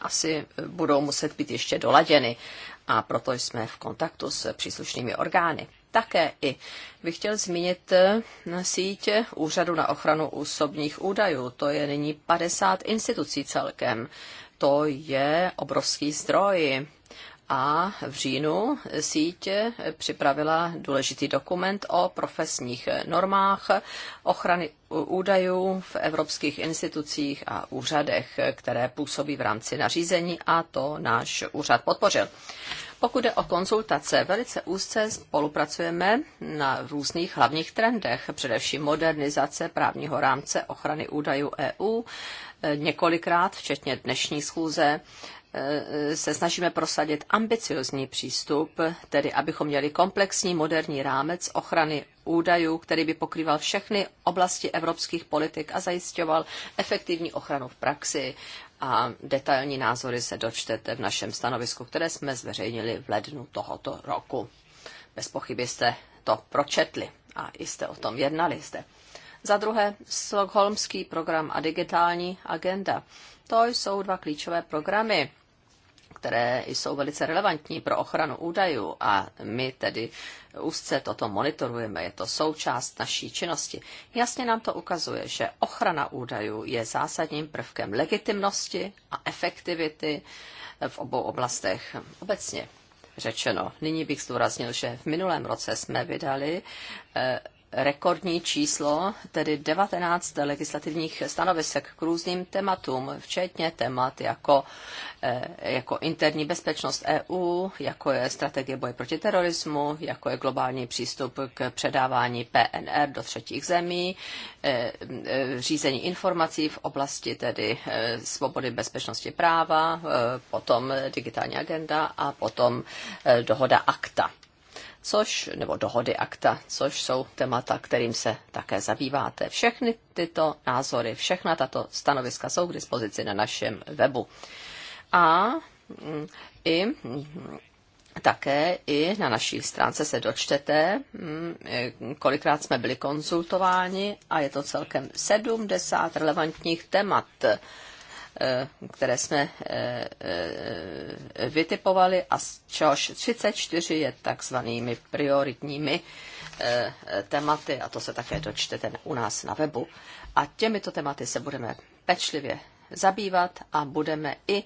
asi budou muset být ještě doladěny a proto jsme v kontaktu s příslušnými orgány. Také i bych chtěl zmínit eh, síť Úřadu na ochranu osobních údajů. To je nyní 50 institucí celkem. To je obrovský zdroj a v říjnu sítě připravila důležitý dokument o profesních normách ochrany údajů v evropských institucích a úřadech, které působí v rámci nařízení a to náš úřad podpořil. Pokud jde o konzultace, velice úzce spolupracujeme na různých hlavních trendech, především modernizace právního rámce ochrany údajů EU, několikrát, včetně dnešní schůze, se snažíme prosadit ambiciozní přístup, tedy abychom měli komplexní moderní rámec ochrany údajů, který by pokrýval všechny oblasti evropských politik a zajišťoval efektivní ochranu v praxi. A detailní názory se dočtete v našem stanovisku, které jsme zveřejnili v lednu tohoto roku. Bez pochyby jste to pročetli a jste o tom jednali zde. Za druhé, Stockholmský program a digitální agenda. To jsou dva klíčové programy, které jsou velice relevantní pro ochranu údajů a my tedy úzce toto monitorujeme, je to součást naší činnosti. Jasně nám to ukazuje, že ochrana údajů je zásadním prvkem legitimnosti a efektivity v obou oblastech obecně řečeno. Nyní bych zdůraznil, že v minulém roce jsme vydali eh, rekordní číslo, tedy 19 legislativních stanovisek k různým tématům, včetně témat jako, eh, jako interní bezpečnost EU, jako je strategie boje proti terorismu, jako je globální přístup k předávání PNR do třetích zemí, eh, eh, řízení informací v oblasti tedy svobody bezpečnosti práva, potom digitální agenda a potom dohoda akta což, nebo dohody akta, což jsou témata, kterým se také zabýváte. Všechny tyto názory, všechna tato stanoviska jsou k dispozici na našem webu. A mm, i mm, také i na naší stránce se dočtete, mm, kolikrát jsme byli konzultováni a je to celkem 70 relevantních témat Eh, které jsme eh, eh, vytipovali a z čehož 34 je takzvanými prioritními tematy a to se také dočtete u nás na webu. A těmito tematy se budeme pečlivě zabývat a budeme i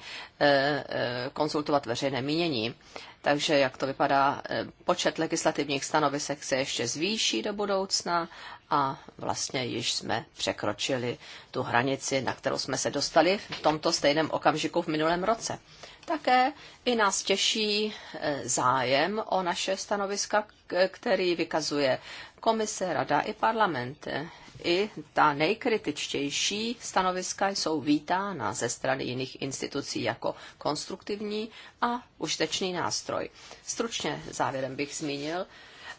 konzultovat veřejné mínění. Takže jak to vypadá, počet legislativních stanovisek se ještě zvýší do budoucna a vlastně již jsme překročili tu hranici, na kterou jsme se dostali v tomto stejném okamžiku v minulém roce. Také i nás těší e, zájem o naše stanoviska, který vykazuje komise, rada i parlament. E, I ta nejkritičtější stanoviska jsou vítána ze strany jiných institucí jako konstruktivní a užtečný nástroj. Stručně závěrem bych zmínil,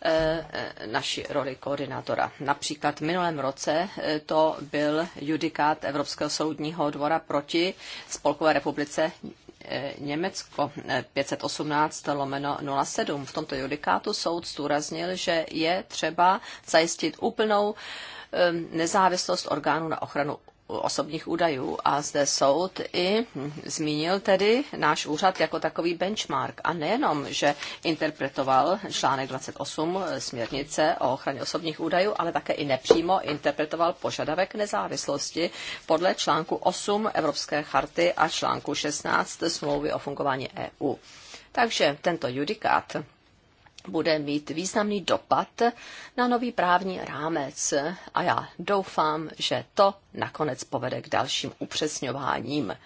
Eh, eh, naši roli koordinátora. Například v minulém roce eh, to byl judikát Evropského soudního dvora proti Spolkové republice Německo 518 lomeno 07. V tomto judikátu soud zdůraznil, že je třeba zajistit úplnou nezávislost orgánů na ochranu osobních údajů. A zde soud i zmínil tedy náš úřad jako takový benchmark. A nejenom, že interpretoval článek 28 směrnice o ochraně osobních údajů, ale také i nepřímo interpretoval požadavek nezávislosti podle článku 8 Evropské charty a článku 16 smlouvy o fungování EU. Takže tento judikát bude mít významný dopad na nový právní rámec a já doufám, že to nakonec povede k dalším upřesňováním.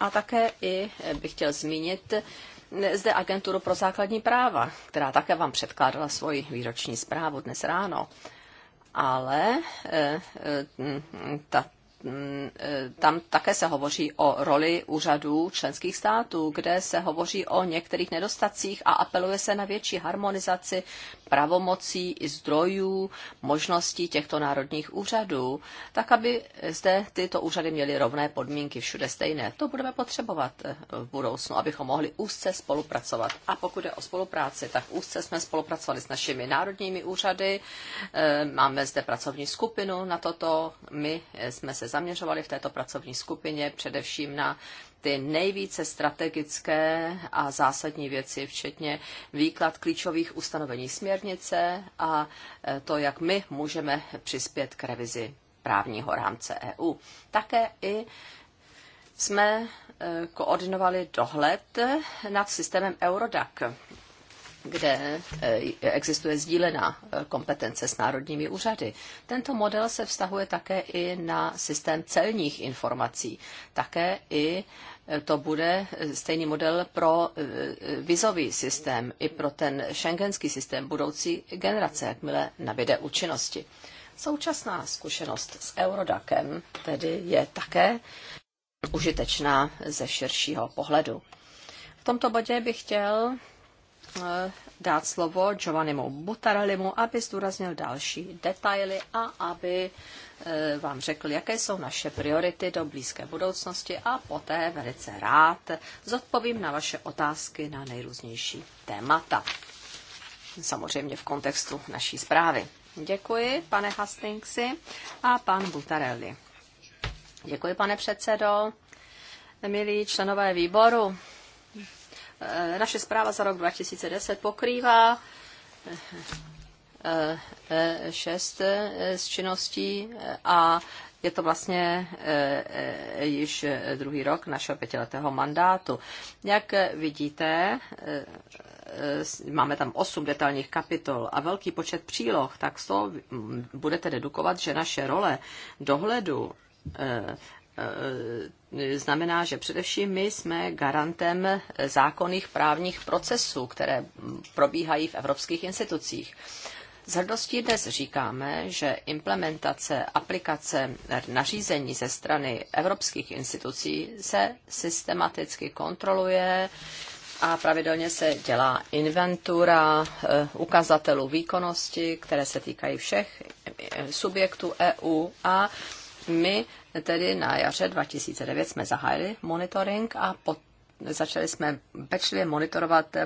A také i bych chtěl zmínit zde agenturu pro základní práva, která také vám předkládala svoji výroční zprávu dnes ráno. Ale eh, eh, ta, tam také se hovoří o roli úřadů členských států, kde se hovoří o některých nedostacích a apeluje se na větší harmonizaci pravomocí i zdrojů, možností těchto národních úřadů, tak aby zde tyto úřady měly rovné podmínky, všude stejné. To budeme potřebovat eh, v budoucnu, abychom mohli úzce spolupracovat. A pokud je o spolupráci, tak úzce jsme spolupracovali s našimi národními úřady, eh, máme zde pracovní skupinu na toto, my eh, jsme se zaměřovali v této pracovní skupině především na ty nejvíce strategické a zásadní věci, včetně výklad klíčových ustanovení směrnice a e, to, jak my můžeme přispět k revizi právního rámce EU. Také i jsme e, koordinovali dohled nad systémem Eurodac kde eh, existuje sdílená eh, kompetence s národními úřady. Tento model se vztahuje také i na systém celních informací. Také i eh, to bude stejný model pro vizový systém, i pro ten šengenský systém budoucí generace, jakmile nabíde účinnosti. Současná zkušenost s Eurodakem tedy je také užitečná ze širšího pohledu. V tomto bodě bych chtěl Eh, dát slovo Giovannimu Butarelimu, aby zdůraznil další detaily a aby eh, vám řekl, jaké jsou naše priority do blízké budoucnosti a poté velice rád zodpovím na vaše otázky na nejrůznější témata. Samozřejmě v kontextu naší zprávy. Děkuji, pane Hastingsi a pan Butarelli. Děkuji, pane předsedo, milí členové výboru. Eh, naše zpráva za rok 2010 pokrývá eh, eh, šest z činností a je to vlastně již druhý rok našeho pětiletého mandátu. Jak vidíte, máme tam osm detailních kapitol a velký počet příloh, tak z toho budete dedukovat, že naše role dohledu Eh, znamená, že především my jsme garantem zákonných právních procesů, které probíhají v evropských institucích. Z hrdostí dnes říkáme, že implementace, aplikace nařízení ze strany evropských institucí se systematicky kontroluje a pravidelně se dělá inventura eh, ukazatelů výkonnosti, které se týkají všech subjektů EU a my tedy na jaře 2009 jsme zahájili monitoring a pot, začali jsme pečlivě monitorovat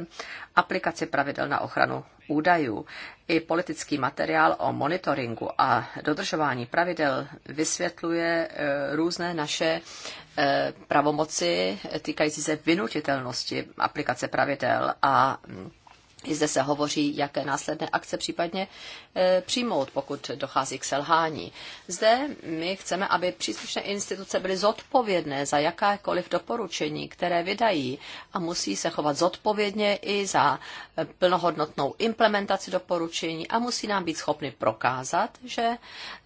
aplikaci pravidel na ochranu údajů. I politický materiál o monitoringu a dodržování pravidel vysvětluje e, různé naše e, pravomoci týkající se vynutitelnosti aplikace pravidel a i zde se hovoří, jaké následné akce případně e, přijmout, pokud dochází k selhání. Zde my chceme, aby příslušné instituce byly zodpovědné za jakákoliv doporučení, které vydají a musí se chovat zodpovědně i za plnohodnotnou implementaci doporučení a musí nám být schopny prokázat, že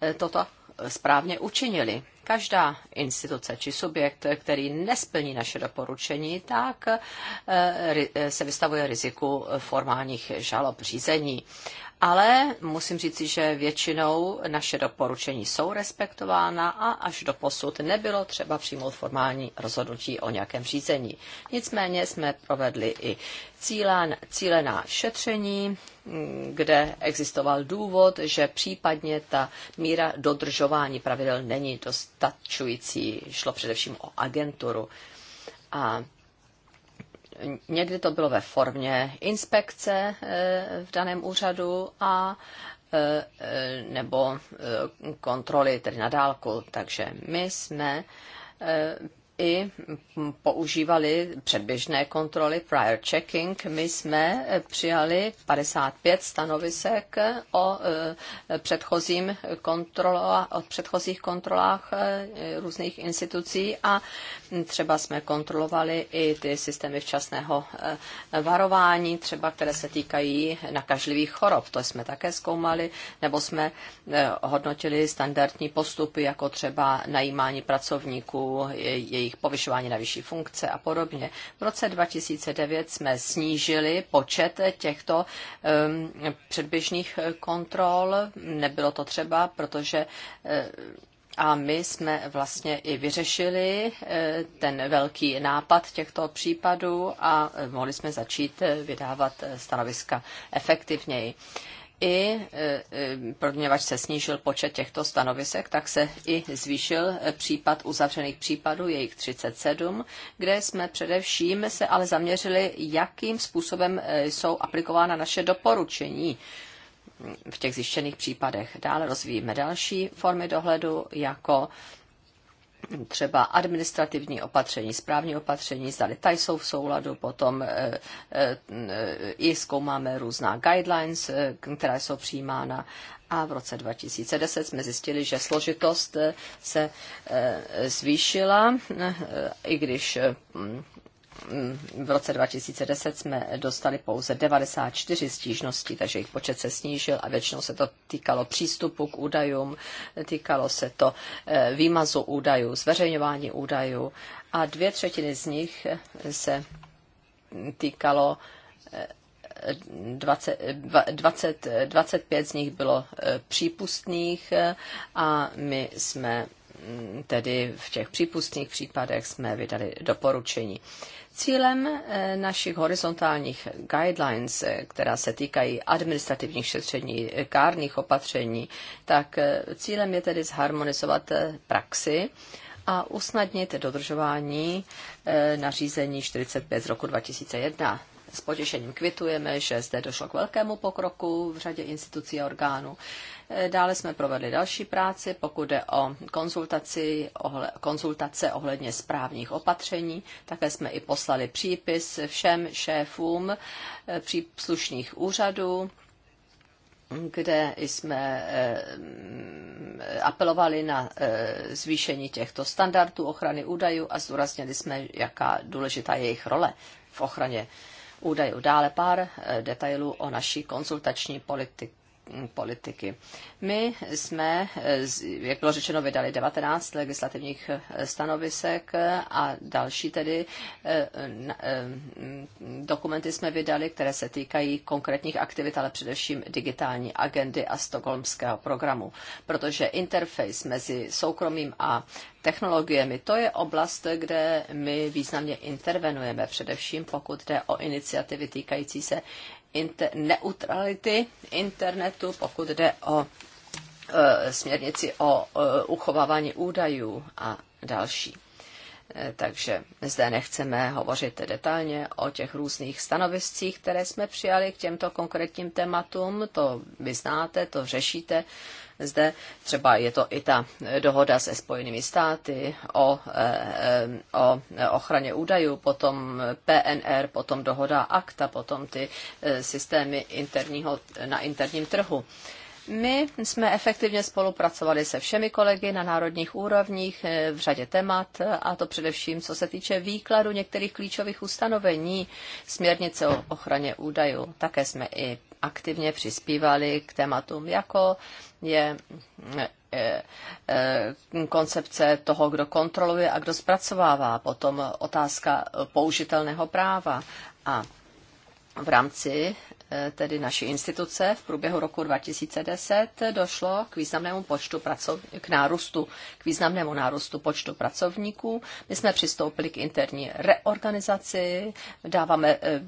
e, toto správně učinili. Každá instituce či subjekt, který nesplní naše doporučení, tak eh, eh, se vystavuje riziku formálních žalob řízení ale musím říci, že většinou naše doporučení jsou respektována a až do posud nebylo třeba přijmout formální rozhodnutí o nějakém řízení. Nicméně jsme provedli i cílená šetření, kde existoval důvod, že případně ta míra dodržování pravidel není dostačující. Šlo především o agenturu. A Někdy to bylo ve formě inspekce eh, v daném úřadu a eh, eh, nebo kontroly tedy na dálku. Takže my jsme i používali předběžné kontroly, prior checking. My jsme přijali 55 stanovisek o předchozím kontrola, o předchozích kontrolách různých institucí a Třeba jsme kontrolovali i ty systémy včasného eh, varování, třeba které se týkají nakažlivých chorob. To jsme také zkoumali, nebo jsme eh, hodnotili standardní postupy, jako třeba najímání pracovníků, jejich povyšování na vyšší funkce a podobně. V roce 2009 jsme snížili počet těchto ehm, předběžných kontrol. Nebylo to třeba, protože eh, a my jsme vlastně i vyřešili eh, ten velký nápad těchto případů a eh, mohli jsme začít eh, vydávat stanoviska efektivněji. I poněvadž se snížil počet těchto stanovisek, tak se i zvýšil případ uzavřených případů, jejich 37, kde jsme především se ale zaměřili, jakým způsobem jsou aplikována naše doporučení v těch zjištěných případech. Dále rozvíjíme další formy dohledu, jako třeba administrativní opatření, správní opatření, zda ta jsou v souladu, potom eh, eh, i zkoumáme různá guidelines, eh, která jsou přijímána a v roce 2010 jsme zjistili, že složitost se zvýšila, i když v roce 2010 jsme dostali pouze 94 stížností, takže jejich počet se snížil a většinou se to týkalo přístupu k údajům, týkalo se to eh, výmazu údajů, zveřejňování údajů a dvě třetiny z nich se týkalo 20, 20, 25 z nich bylo eh, přípustných eh, a my jsme mm, tedy v těch přípustných případech jsme vydali doporučení. Cílem eh, našich horizontálních guidelines, eh, která se týkají administrativních šetření, eh, kárných opatření, tak cílem je tedy zharmonizovat praxi a usnadnit dodržování nařízení 45 z roku 2001. S potěšením kvitujeme, že zde došlo k velkému pokroku v řadě institucí a orgánů Dále jsme provedli další práci, pokud jde o konzultaci, ohle, konzultace ohledně správních opatření. Také jsme i poslali přípis všem šéfům eh, příslušných úřadů kde jsme eh, apelovali na eh, zvýšení těchto standardů ochrany údajů a zdůraznili jsme, jaká důležitá je jejich role v ochraně údajů. Dále pár detailů o naší konsultační politice politiky. My jsme, jak bylo řečeno, vydali 19 legislativních eh, stanovisek a další tedy eh, eh, dokumenty jsme vydali, které se týkají konkrétních aktivit, ale především digitální agendy a stokholmského programu. Protože interface mezi soukromým a technologiemi. To je oblast, kde my významně intervenujeme, především pokud jde o iniciativy týkající se inter- neutrality internetu, pokud jde o e, směrnici o e, uchovávání údajů a další. E, takže zde nechceme hovořit detailně o těch různých stanoviscích, které jsme přijali k těmto konkrétním tématům. To vy znáte, to řešíte zde třeba je to i ta dohoda se Spojenými státy o, eh, o eh, ochraně údajů, potom PNR, potom dohoda akta, potom ty eh, systémy interního, na interním trhu. My jsme efektivně spolupracovali se všemi kolegy na národních úrovních v řadě temat, a to především co se týče výkladu některých klíčových ustanovení směrnice o ochraně údajů. Také jsme i aktivně přispívali k tématům, jako je eh, eh, koncepce toho, kdo kontroluje a kdo zpracovává, potom otázka použitelného práva a v rámci Eh, tedy naší instituce v průběhu roku 2010 došlo k významnému počtu pracov, k nárůstu, k významnému nárůstu počtu pracovníků. My jsme přistoupili k interní reorganizaci, dáváme eh,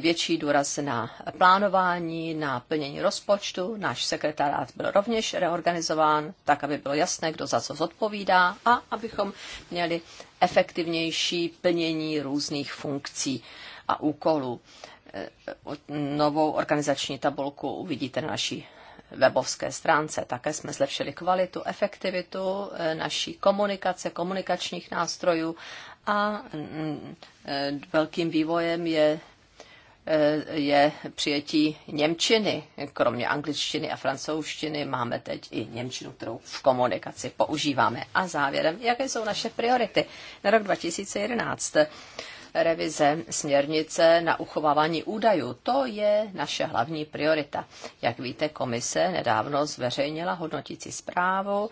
větší důraz na plánování, na plnění rozpočtu. Náš sekretariát byl rovněž reorganizován, tak, aby bylo jasné, kdo za co zodpovídá a abychom měli efektivnější plnění různých funkcí a úkolů novou organizační tabulku uvidíte na naší webovské stránce. Také jsme zlepšili kvalitu, efektivitu eh, naší komunikace, komunikačních nástrojů a mm, eh, velkým vývojem je eh, je přijetí Němčiny. Kromě angličtiny a francouzštiny máme teď i Němčinu, kterou v komunikaci používáme. A závěrem, jaké jsou naše priority na rok 2011? revize směrnice na uchovávání údajů. To je naše hlavní priorita. Jak víte, komise nedávno zveřejnila hodnotící zprávu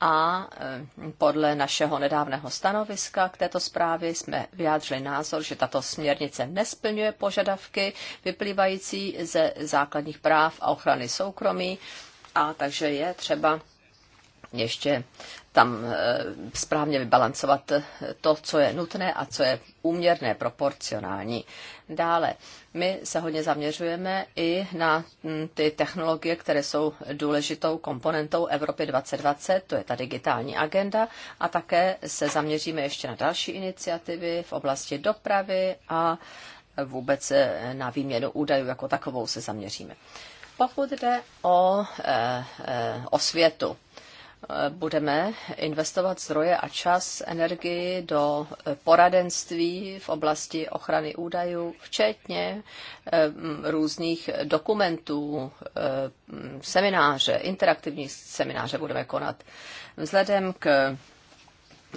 a eh, podle našeho nedávného stanoviska k této zprávě jsme vyjádřili názor, že tato směrnice nesplňuje požadavky vyplývající ze základních práv a ochrany soukromí a takže je třeba ještě tam eh, správně vybalancovat to, co je nutné a co je úměrné, proporcionální. Dále, my se hodně zaměřujeme i na mm, ty technologie, které jsou důležitou komponentou Evropy 2020, to je ta digitální agenda, a také se zaměříme ještě na další iniciativy v oblasti dopravy a vůbec eh, na výměnu údajů jako takovou se zaměříme. Pokud jde o e, eh, e, osvětu, budeme investovat zdroje a čas, energii do poradenství v oblasti ochrany údajů, včetně eh, různých dokumentů, eh, semináře, interaktivní semináře budeme konat. Vzhledem k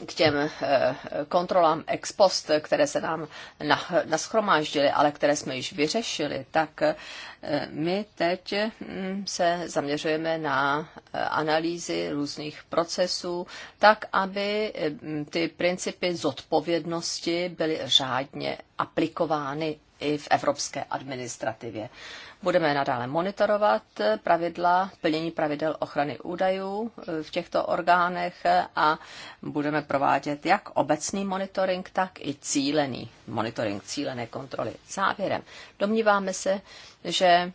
k těm eh, kontrolám ex post, které se nám naschromáždily, ale které jsme již vyřešili, tak eh, my teď hm, se zaměřujeme na eh, analýzy různých procesů, tak aby hm, ty principy zodpovědnosti byly řádně aplikovány i v evropské administrativě. Budeme nadále monitorovat pravidla, plnění pravidel ochrany údajů eh, v těchto orgánech eh, a budeme provádět jak obecný monitoring, tak i cílený monitoring, cílené kontroly. Závěrem, domníváme se, že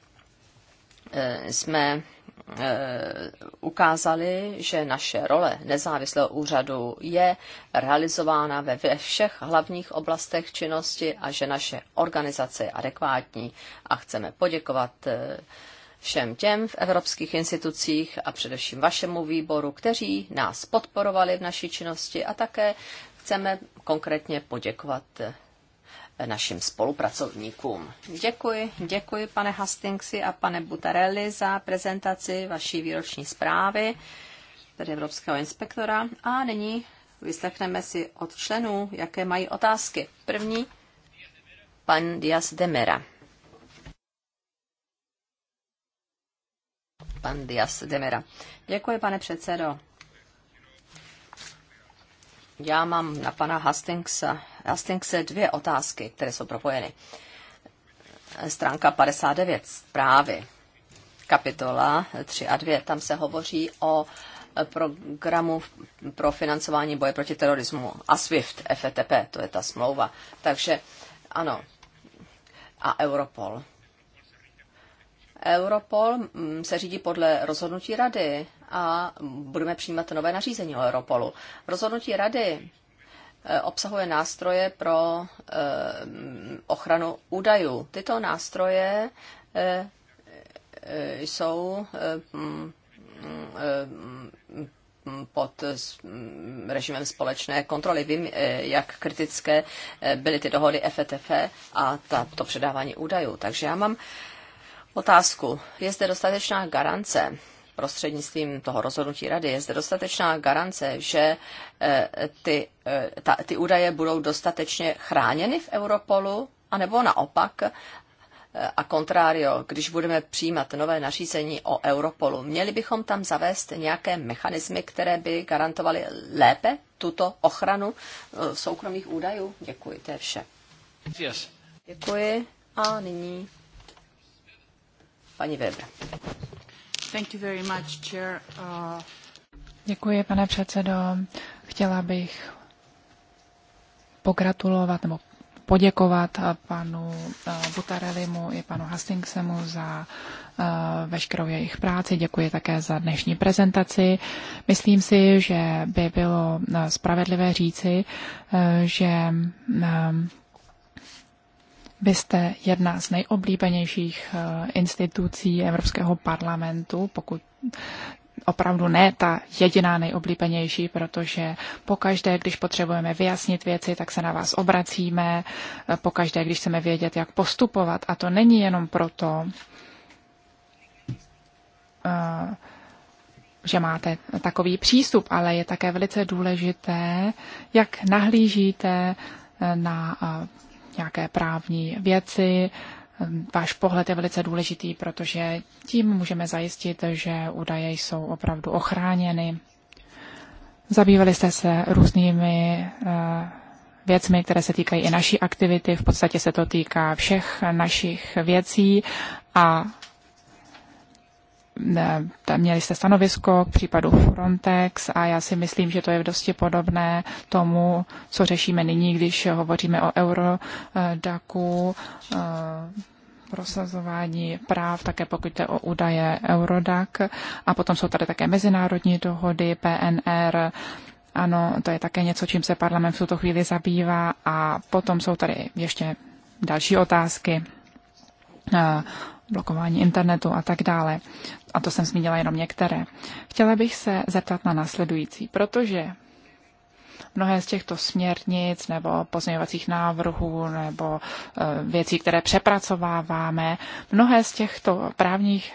eh, jsme Eh, ukázali, že naše role nezávislého úřadu je realizována ve všech hlavních oblastech činnosti a že naše organizace je adekvátní. A chceme poděkovat eh, všem těm v evropských institucích a především vašemu výboru, kteří nás podporovali v naší činnosti a také chceme konkrétně poděkovat eh, našim spolupracovníkům. Děkuji, děkuji pane Hastingsi a pane Butarelli za prezentaci vaší výroční zprávy, tedy Evropského inspektora. A nyní vyslechneme si od členů, jaké mají otázky. První, pan Diaz Demera. Pan Diaz Demera. Děkuji, pane předsedo. Já mám na pana Hastingsa, Hastingse dvě otázky, které jsou propojeny. Stránka 59 zprávy, kapitola 3 a 2, tam se hovoří o programu pro financování boje proti terorismu a SWIFT, FETP, to je ta smlouva. Takže ano, a Europol. Europol mm, se řídí podle rozhodnutí rady a budeme přijímat nové nařízení o Europolu. Rozhodnutí rady eh, obsahuje nástroje pro eh, ochranu údajů. Tyto nástroje eh, jsou mm, mm, pod mm, režimem společné kontroly. Vím, jak kritické byly ty dohody FETF a ta, to předávání údajů. Takže já mám otázku. Je zde dostatečná garance prostřednictvím toho rozhodnutí rady, je zde dostatečná garance, že eh, ty, eh, ta, ty údaje budou dostatečně chráněny v Europolu, anebo naopak eh, a kontrário, když budeme přijímat nové nařízení o Europolu, měli bychom tam zavést nějaké mechanismy, které by garantovaly lépe tuto ochranu soukromých údajů? Děkuji, to je vše. Yes. Děkuji a nyní paní Weber. Uh, Děkuji, pane předsedo. Chtěla bych pogratulovat nebo poděkovat panu eh, Butarelimu i panu Hastingsemu za eh, veškerou jejich práci. Děkuji také za dnešní prezentaci. Myslím si, že by bylo eh, spravedlivé říci, že vy jste jedna z nejoblíbenějších eh, institucí Evropského parlamentu, pokud opravdu ne ta jediná nejoblíbenější, protože pokaždé, když potřebujeme vyjasnit věci, tak se na vás obracíme, eh, pokaždé, když chceme vědět, jak postupovat. A to není jenom proto, eh, že máte takový přístup, ale je také velice důležité, jak nahlížíte na nějaké právní věci. Ehm, váš pohled je velice důležitý, protože tím můžeme zajistit, že údaje jsou opravdu ochráněny. Zabývali jste se různými eh, věcmi, které se týkají i naší aktivity. V podstatě se to týká všech našich věcí a měli jste stanovisko k případu Frontex a já si myslím, že to je dosti podobné tomu, co řešíme nyní, když hovoříme o Eurodaku, eh, prosazování práv, také pokud jde o údaje Eurodac. A potom jsou tady také mezinárodní dohody, PNR, ano, to je také něco, čím se parlament v tuto chvíli zabývá. A potom jsou tady ještě další otázky blokování internetu a tak dále. A to jsem zmínila jenom některé. Chtěla bych se zeptat na následující, protože mnohé z těchto směrnic nebo pozměňovacích návrhů nebo e, věcí, které přepracováváme, mnohé z těchto právních,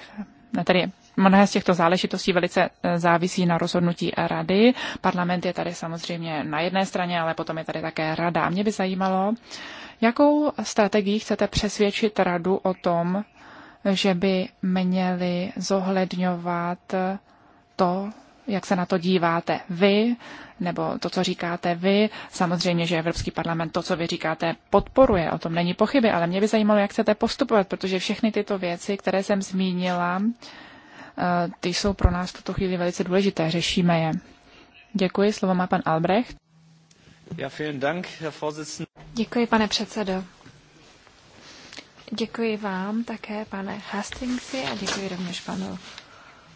tedy Mnohé z těchto záležitostí velice e, závisí na rozhodnutí rady. Parlament je tady samozřejmě na jedné straně, ale potom je tady také rada. Mě by zajímalo, Jakou strategii chcete přesvědčit radu o tom, že by měli zohledňovat to, jak se na to díváte vy, nebo to, co říkáte vy. Samozřejmě, že Evropský parlament to, co vy říkáte, podporuje, o tom není pochyby, ale mě by zajímalo, jak chcete postupovat, protože všechny tyto věci, které jsem zmínila, eh, ty jsou pro nás v tuto chvíli velice důležité, řešíme je. Děkuji, slovo má pan Albrecht. Děkuji, pane předsedo. Děkuji vám také, pane Hastingsi, a děkuji rovněž panu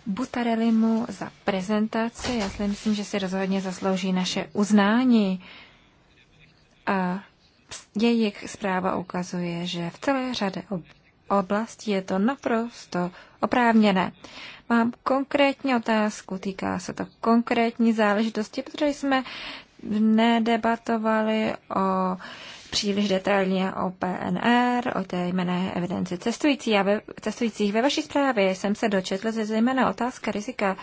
Butarelimu za prezentaci. Já si myslím, že si rozhodně zaslouží naše uznání. A jejich zpráva ukazuje, že v celé řadě oblastí je to naprosto oprávněné. Mám konkrétní otázku, týká se to konkrétní záležitosti, protože jsme nedebatovali o příliš detailně o PNR, o té jmené evidenci cestující. Já ve, cestujících ve vaší zprávě jsem se dočetl, že zejména otázka rizika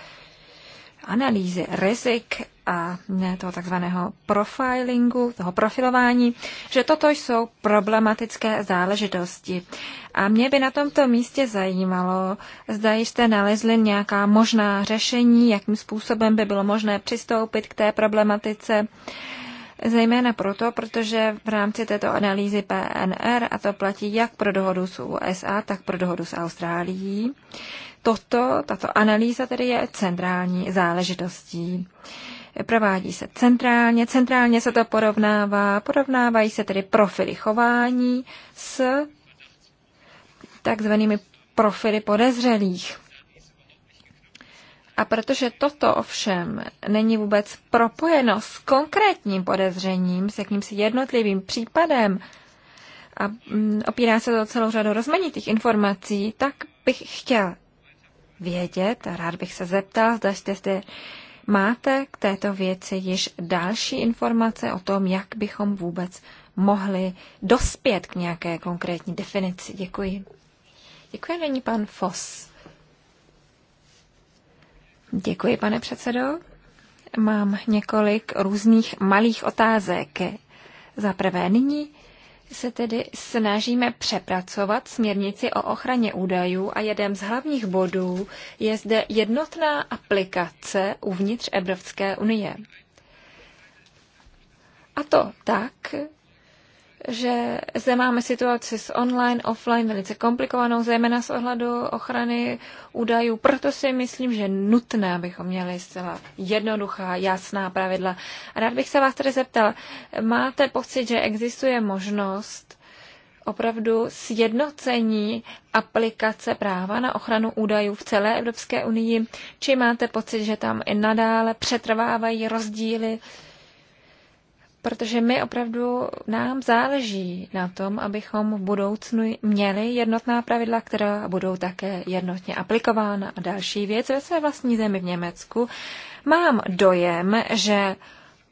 analýzy rizik a toho takzvaného profilingu, toho profilování, že toto jsou problematické záležitosti. A mě by na tomto místě zajímalo, zda jste nalezli nějaká možná řešení, jakým způsobem by bylo možné přistoupit k té problematice, zejména proto, protože v rámci této analýzy PNR, a to platí jak pro dohodu s USA, tak pro dohodu s Austrálií, Toto, tato analýza tedy je centrální záležitostí provádí se centrálně, centrálně se to porovnává, porovnávají se tedy profily chování s takzvanými profily podezřelých. A protože toto ovšem není vůbec propojeno s konkrétním podezřením, s jakýmsi jednotlivým případem, a mm, opírá se to celou řadu rozmanitých informací, tak bych chtěl vědět a rád bych se zeptal, zda jste zde máte k této věci již další informace o tom, jak bychom vůbec mohli dospět k nějaké konkrétní definici. Děkuji. Děkuji, není pan Fos. Děkuji, pane předsedo. Mám několik různých malých otázek. Za prvé, nyní se tedy snažíme přepracovat směrnici o ochraně údajů a jeden z hlavních bodů je zde jednotná aplikace uvnitř Evropské unie. A to tak, že zde máme situaci s online, offline velice komplikovanou, zejména z ohledu ochrany údajů. Proto si myslím, že nutné, abychom měli zcela jednoduchá, jasná pravidla. Rád bych se vás tedy zeptal, máte pocit, že existuje možnost opravdu sjednocení aplikace práva na ochranu údajů v celé Evropské unii, či máte pocit, že tam i nadále přetrvávají rozdíly protože my opravdu nám záleží na tom, abychom v budoucnu měli jednotná pravidla, která budou také jednotně aplikována. A další věc ve své vlastní zemi v Německu mám dojem, že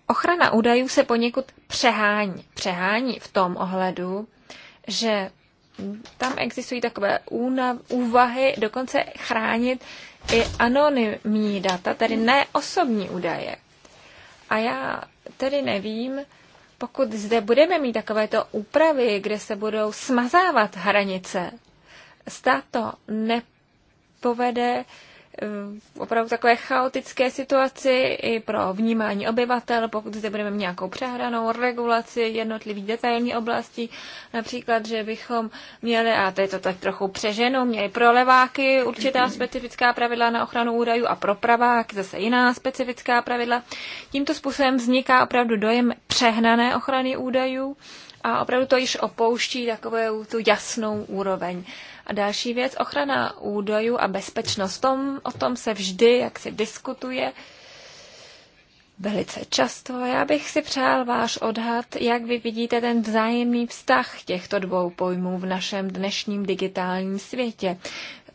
ochrana údajů se poněkud přehání. Přehání v tom ohledu, že tam existují takové únav, úvahy dokonce chránit i anonymní data, tedy ne osobní údaje. A já Tedy nevím, pokud zde budeme mít takovéto úpravy, kde se budou smazávat hranice, stát to nepovede Eh, opravdu takové chaotické situaci i pro vnímání obyvatel, pokud zde budeme mít nějakou přehranou regulaci jednotlivých detailní oblastí, například, že bychom měli, a to je to tak trochu přeženo, měli pro leváky určitá mm-hmm. specifická pravidla na ochranu údajů a pro praváky zase jiná specifická pravidla. Tímto způsobem vzniká opravdu dojem přehnané ochrany údajů a opravdu to již opouští takovou tu jasnou úroveň. A další věc, ochrana údajů a bezpečnost. Tom, o tom se vždy, jak se diskutuje, velice často. Já bych si přál váš odhad, jak vy vidíte ten vzájemný vztah těchto dvou pojmů v našem dnešním digitálním světě.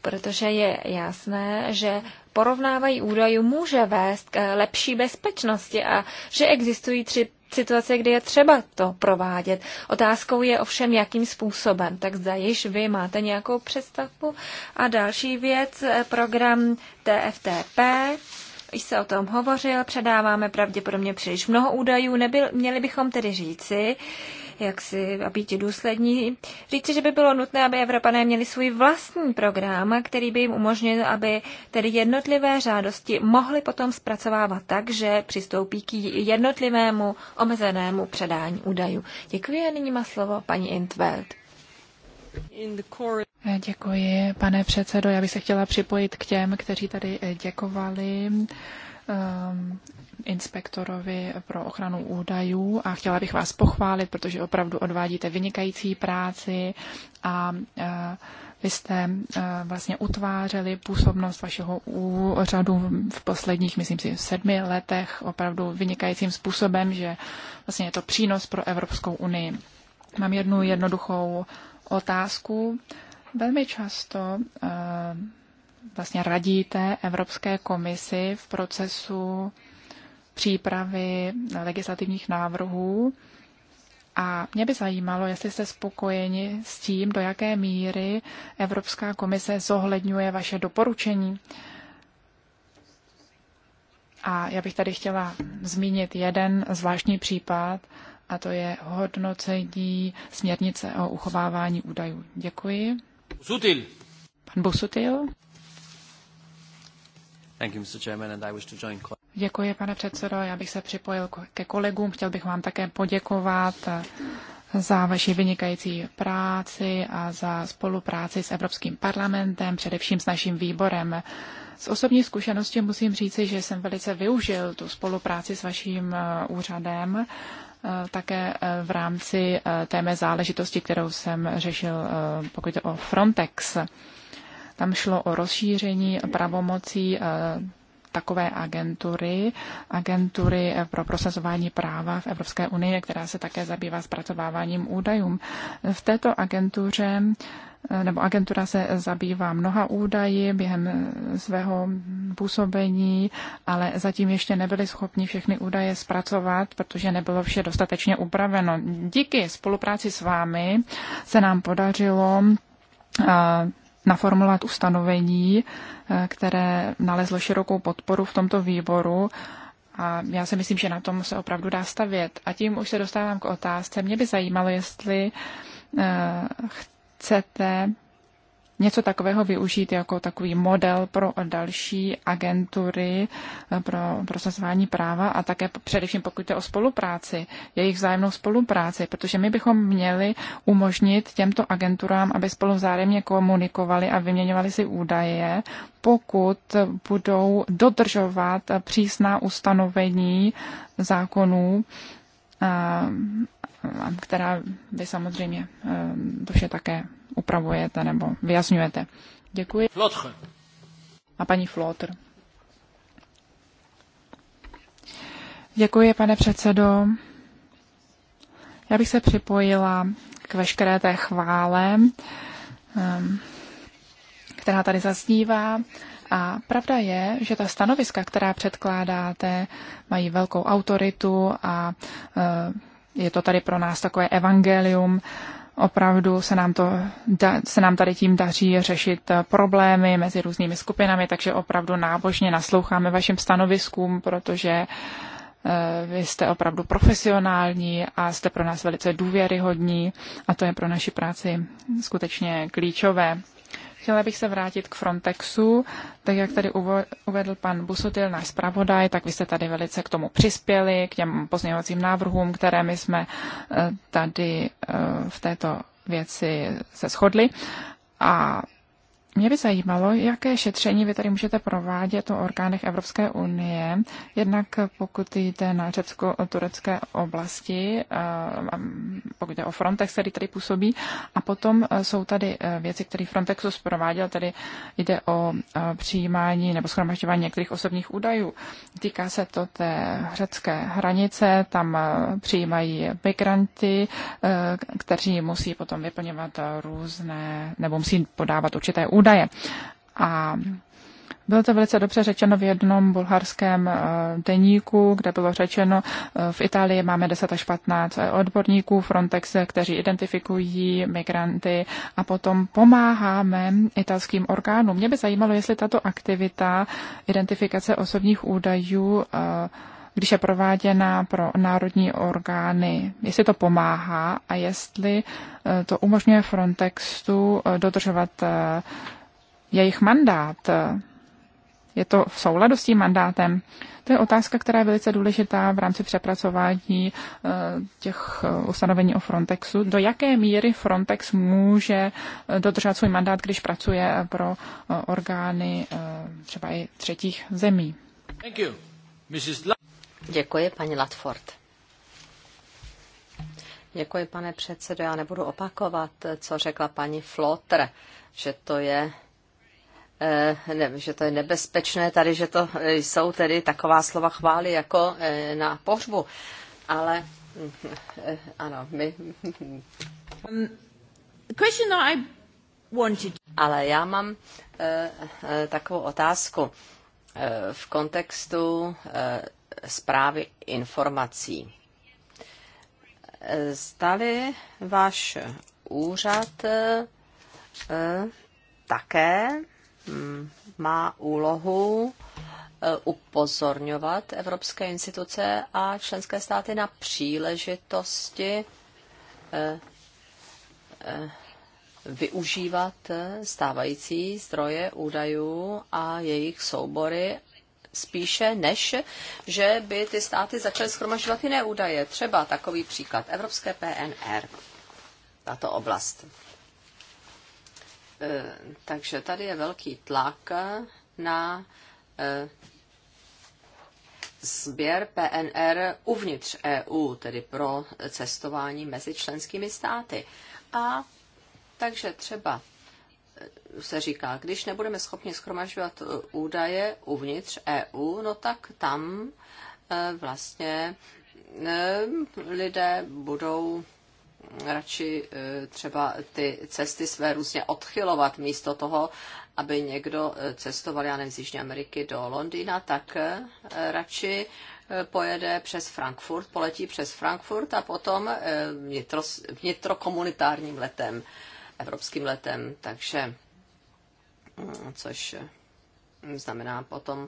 Protože je jasné, že porovnávají údajů může vést k lepší bezpečnosti a že existují tři situace, kdy je třeba to provádět. Otázkou je ovšem, jakým způsobem. Tak zda již vy máte nějakou představu. A další věc, eh, program TFTP. když se o tom hovořil, předáváme pravděpodobně příliš mnoho údajů. Nebyl, měli bychom tedy říci, jak si a být důslední. Říci, že by bylo nutné, aby Evropané měli svůj vlastní program, který by jim umožnil, aby tedy jednotlivé žádosti mohly potom zpracovávat tak, že přistoupí k jednotlivému omezenému předání údajů. Děkuji a nyní má slovo paní Intveld. Děkuji, pane předsedo. Já bych se chtěla připojit k těm, kteří tady děkovali um, inspektorovi pro ochranu údajů a chtěla bych vás pochválit, protože opravdu odvádíte vynikající práci a e, vy jste e, vlastně utvářeli působnost vašeho úřadu v posledních, myslím si, sedmi letech opravdu vynikajícím způsobem, že vlastně je to přínos pro Evropskou unii. Mám jednu jednoduchou otázku. Velmi často e, vlastně radíte Evropské komisi v procesu přípravy legislativních návrhů. A mě by zajímalo, jestli jste spokojeni s tím, do jaké míry Evropská komise zohledňuje vaše doporučení. A já bych tady chtěla zmínit jeden zvláštní případ, a to je hodnocení směrnice o uchovávání údajů. Děkuji. Busutil. Pan Busutil. Thank you, Mr. Chairman, and I wish to join... Děkuji, pane předsedo. Já bych se připojil ke kolegům. Chtěl bych vám také poděkovat eh, za vaši vynikající práci a za spolupráci s Evropským parlamentem, především s naším výborem. Z osobní zkušenosti musím říci, že jsem velice využil tu spolupráci s vaším eh, úřadem eh, také v rámci té mé záležitosti, kterou jsem řešil, pokud jde o Frontex. Tam šlo o rozšíření pravomocí takové agentury, agentury pro prosazování práva v Evropské unii, která se také zabývá zpracováváním údajů. V této agentuře nebo agentura se zabývá mnoha údaji během svého působení, ale zatím ještě nebyli schopni všechny údaje zpracovat, protože nebylo vše dostatečně upraveno. Díky spolupráci s vámi se nám podařilo naformulovat ustanovení, eh, které nalezlo širokou podporu v tomto výboru. A já si myslím, že na tom se opravdu dá stavět. A tím už se dostávám k otázce. Mě by zajímalo, jestli eh, chcete něco takového využít jako takový model pro další agentury eh, pro prosazování práva a také především pokud jde o spolupráci, jejich vzájemnou spolupráci, protože my bychom měli umožnit těmto agenturám, aby spolu vzájemně komunikovali a vyměňovali si údaje, pokud budou dodržovat přísná ustanovení zákonů, eh, která by samozřejmě eh, to vše také upravujete nebo vyjasňujete. Děkuji. Flotr. A paní Flotr. Děkuji, pane předsedo. Já bych se připojila k veškeré té chvále, která tady zaznívá. A pravda je, že ta stanoviska, která předkládáte, mají velkou autoritu a eh, je to tady pro nás takové evangelium opravdu se nám, to, se nám tady tím daří řešit eh, problémy mezi různými skupinami, takže opravdu nábožně nasloucháme vašim stanoviskům, protože eh, vy jste opravdu profesionální a jste pro nás velice důvěryhodní a to je pro naši práci skutečně klíčové. Chtěla bych se vrátit k Frontexu. Tak jak tady uvedl pan Busutil, náš zpravodaj, tak vy jste tady velice k tomu přispěli, k těm pozměňovacím návrhům, které my jsme eh, tady eh, v této věci se shodli. A mě by zajímalo, jaké šetření vy tady můžete provádět o orgánech Evropské unie, jednak pokud jde na řecko-turecké oblasti, eh, pokud jde o Frontex, který tady působí, a potom eh, jsou tady eh, věci, které Frontexu prováděl, tedy jde o přijímání nebo schromažďování některých osobních údajů. Týká se to té řecké hranice, tam přijímají migranty, kteří musí potom vyplňovat různé, nebo musí podávat určité údaje údaje. A bylo to velice dobře řečeno v jednom bulharském eh, deníku, kde bylo řečeno, eh, v Itálii máme 10 až 15 odborníků Frontex, kteří identifikují migranty a potom pomáháme italským orgánům. Mě by zajímalo, jestli tato aktivita identifikace osobních údajů eh, když je prováděna pro národní orgány, jestli to pomáhá a jestli e, to umožňuje Frontextu e, dodržovat e, jejich mandát. Je to v souladu s tím mandátem? To je otázka, která je velice důležitá v rámci přepracování těch ustanovení o Frontexu. Do jaké míry Frontex může dodržovat svůj mandát, když pracuje pro orgány třeba i třetích zemí? Thank you. Mrs. Děkuji, paní Latford. Děkuji, pane předsedo. Já nebudu opakovat, co řekla paní Flotr, že to je eh, ne, že to je nebezpečné tady, že to jsou tedy taková slova chvály jako eh, na pohřbu. Ale eh, ano, my... Um, Ale já mám takovou otázku v kontextu zprávy informací. Zdali váš úřad eh, také hm, má úlohu eh, upozorňovat evropské instituce a členské státy na příležitosti eh, využívat stávající zdroje údajů a jejich soubory spíše než, že by ty státy začaly schromažďovat jiné údaje. Třeba takový příklad, Evropské PNR, tato oblast. E, takže tady je velký tlak na e, sběr PNR uvnitř EU, tedy pro cestování mezi členskými státy. A takže třeba se říká, když nebudeme schopni schromažďovat eh, údaje uvnitř EU, no tak tam eh, vlastně eh, lidé budou radši třeba ty cesty své různě odchylovat místo toho, aby někdo cestoval, já nevím, z Jižní Ameriky do Londýna, tak radši pojede přes Frankfurt, poletí přes Frankfurt a potom vnitro, vnitrokomunitárním letem evropským letem, takže mm, což mm, znamená potom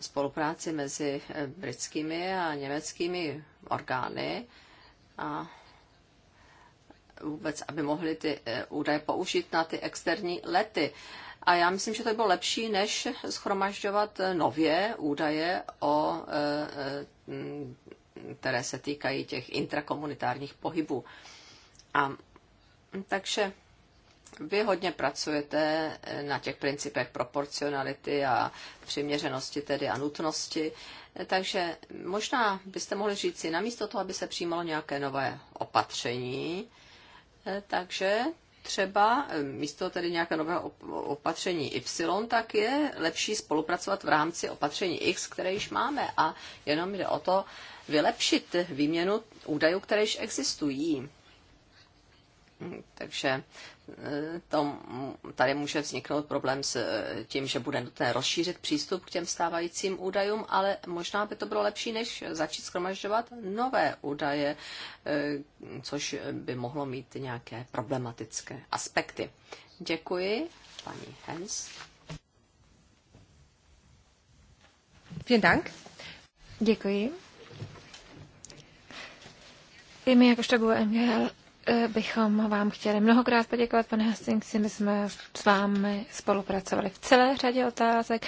spolupráci mezi eh, britskými a německými orgány a vůbec, aby mohli ty eh, údaje použít na ty externí lety. A já myslím, že to bylo lepší, než schromažďovat nově údaje, o, eh, mm, které se týkají těch intrakomunitárních pohybů. A takže vy hodně pracujete eh, na těch principech proporcionality a přiměřenosti tedy a nutnosti, eh, takže možná byste mohli říct si, namísto toho, aby se přijímalo nějaké nové opatření, eh, takže třeba místo tedy nějaké nového opatření Y, tak je lepší spolupracovat v rámci opatření X, které již máme a jenom jde o to vylepšit výměnu údajů, které již existují. Hm, takže to, tady může vzniknout problém s eh, tím, že bude nutné rozšířit přístup k těm stávajícím údajům, ale možná by to bylo lepší, než začít schromažďovat nové údaje, eh, což by mohlo mít nějaké problematické aspekty. Děkuji, paní Hens. Vielen Dank. Děkuji. I my jakožto GUNGL Eh, bychom vám chtěli mnohokrát poděkovat, pane Hastingsi. My jsme s vámi spolupracovali v celé řadě otázek.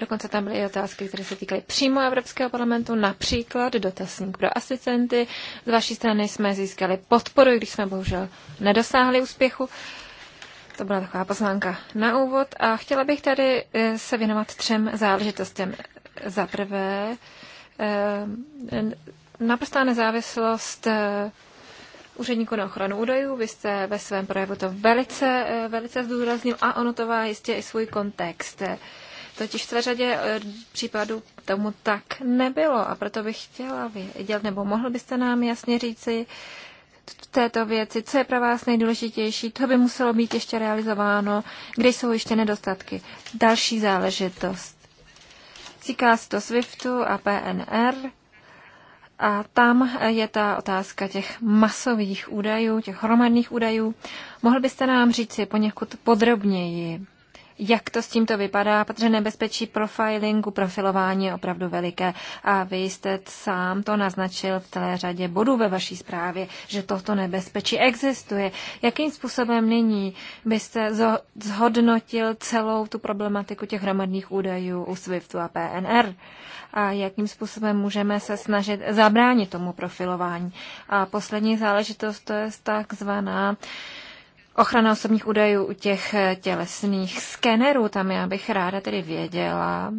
Dokonce tam byly i otázky, které se týkaly přímo Evropského parlamentu, například dotazník pro asistenty. Z vaší strany jsme získali podporu, i když jsme bohužel nedosáhli úspěchu. To byla taková poznámka na úvod. A chtěla bych tady eh, se věnovat třem záležitostem. Za prvé, eh, naprostá nezávislost úředníků na ochranu údajů. Vy jste ve svém projevu to velice, eh, velice zdůraznil a ono to má jistě i svůj kontext. Totiž v řadě eh, případů tomu tak nebylo a proto bych chtěla vědět, nebo mohl byste nám jasně říci v této věci, co je pro vás nejdůležitější, to by muselo být ještě realizováno, kde jsou ještě nedostatky. Další záležitost. Týká se to SWIFTu a PNR. A tam je ta otázka těch masových údajů, těch hromadných údajů. Mohl byste nám říci poněkud podrobněji, jak to s tímto vypadá, protože nebezpečí profilingu, profilování je opravdu veliké. A vy jste sám to naznačil v celé řadě bodů ve vaší zprávě, že toto nebezpečí existuje. Jakým způsobem nyní byste zhodnotil celou tu problematiku těch hromadných údajů u SWIFTu a PNR? A jakým způsobem můžeme se snažit zabránit tomu profilování? A poslední záležitost to je takzvaná ochrana osobních údajů u těch eh, tělesných skenerů. Tam já bych ráda tedy věděla,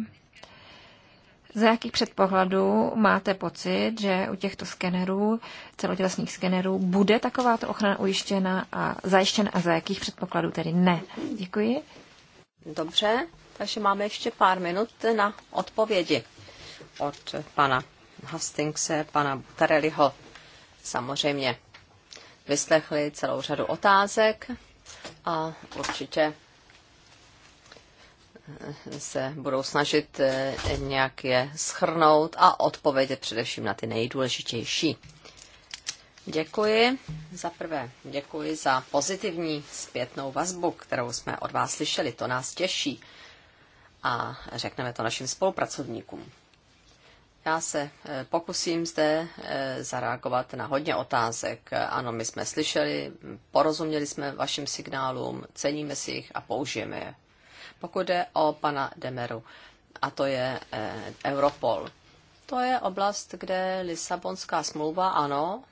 za jakých předpohledů máte pocit, že u těchto skenerů, celotělesných skenerů, bude takováto ochrana ujištěna a zajištěna a za jakých předpokladů tedy ne? Děkuji. Dobře, takže máme ještě pár minut na odpovědi od pana Hastingse, pana Butareliho. Samozřejmě vyslechli celou řadu otázek a určitě se budou snažit eh, nějak je schrnout a odpovědět především na ty nejdůležitější. Děkuji. Za prvé, děkuji za pozitivní zpětnou vazbu, kterou jsme od vás slyšeli. To nás těší a řekneme to našim spolupracovníkům. Já se eh, pokusím zde eh, zareagovat na hodně otázek. Ano, my jsme slyšeli, porozuměli jsme vašim signálům, ceníme si jich a použijeme je. Pokud jde o pana Demeru, a to je eh, Europol. To je oblast, kde Lisabonská smlouva, ano,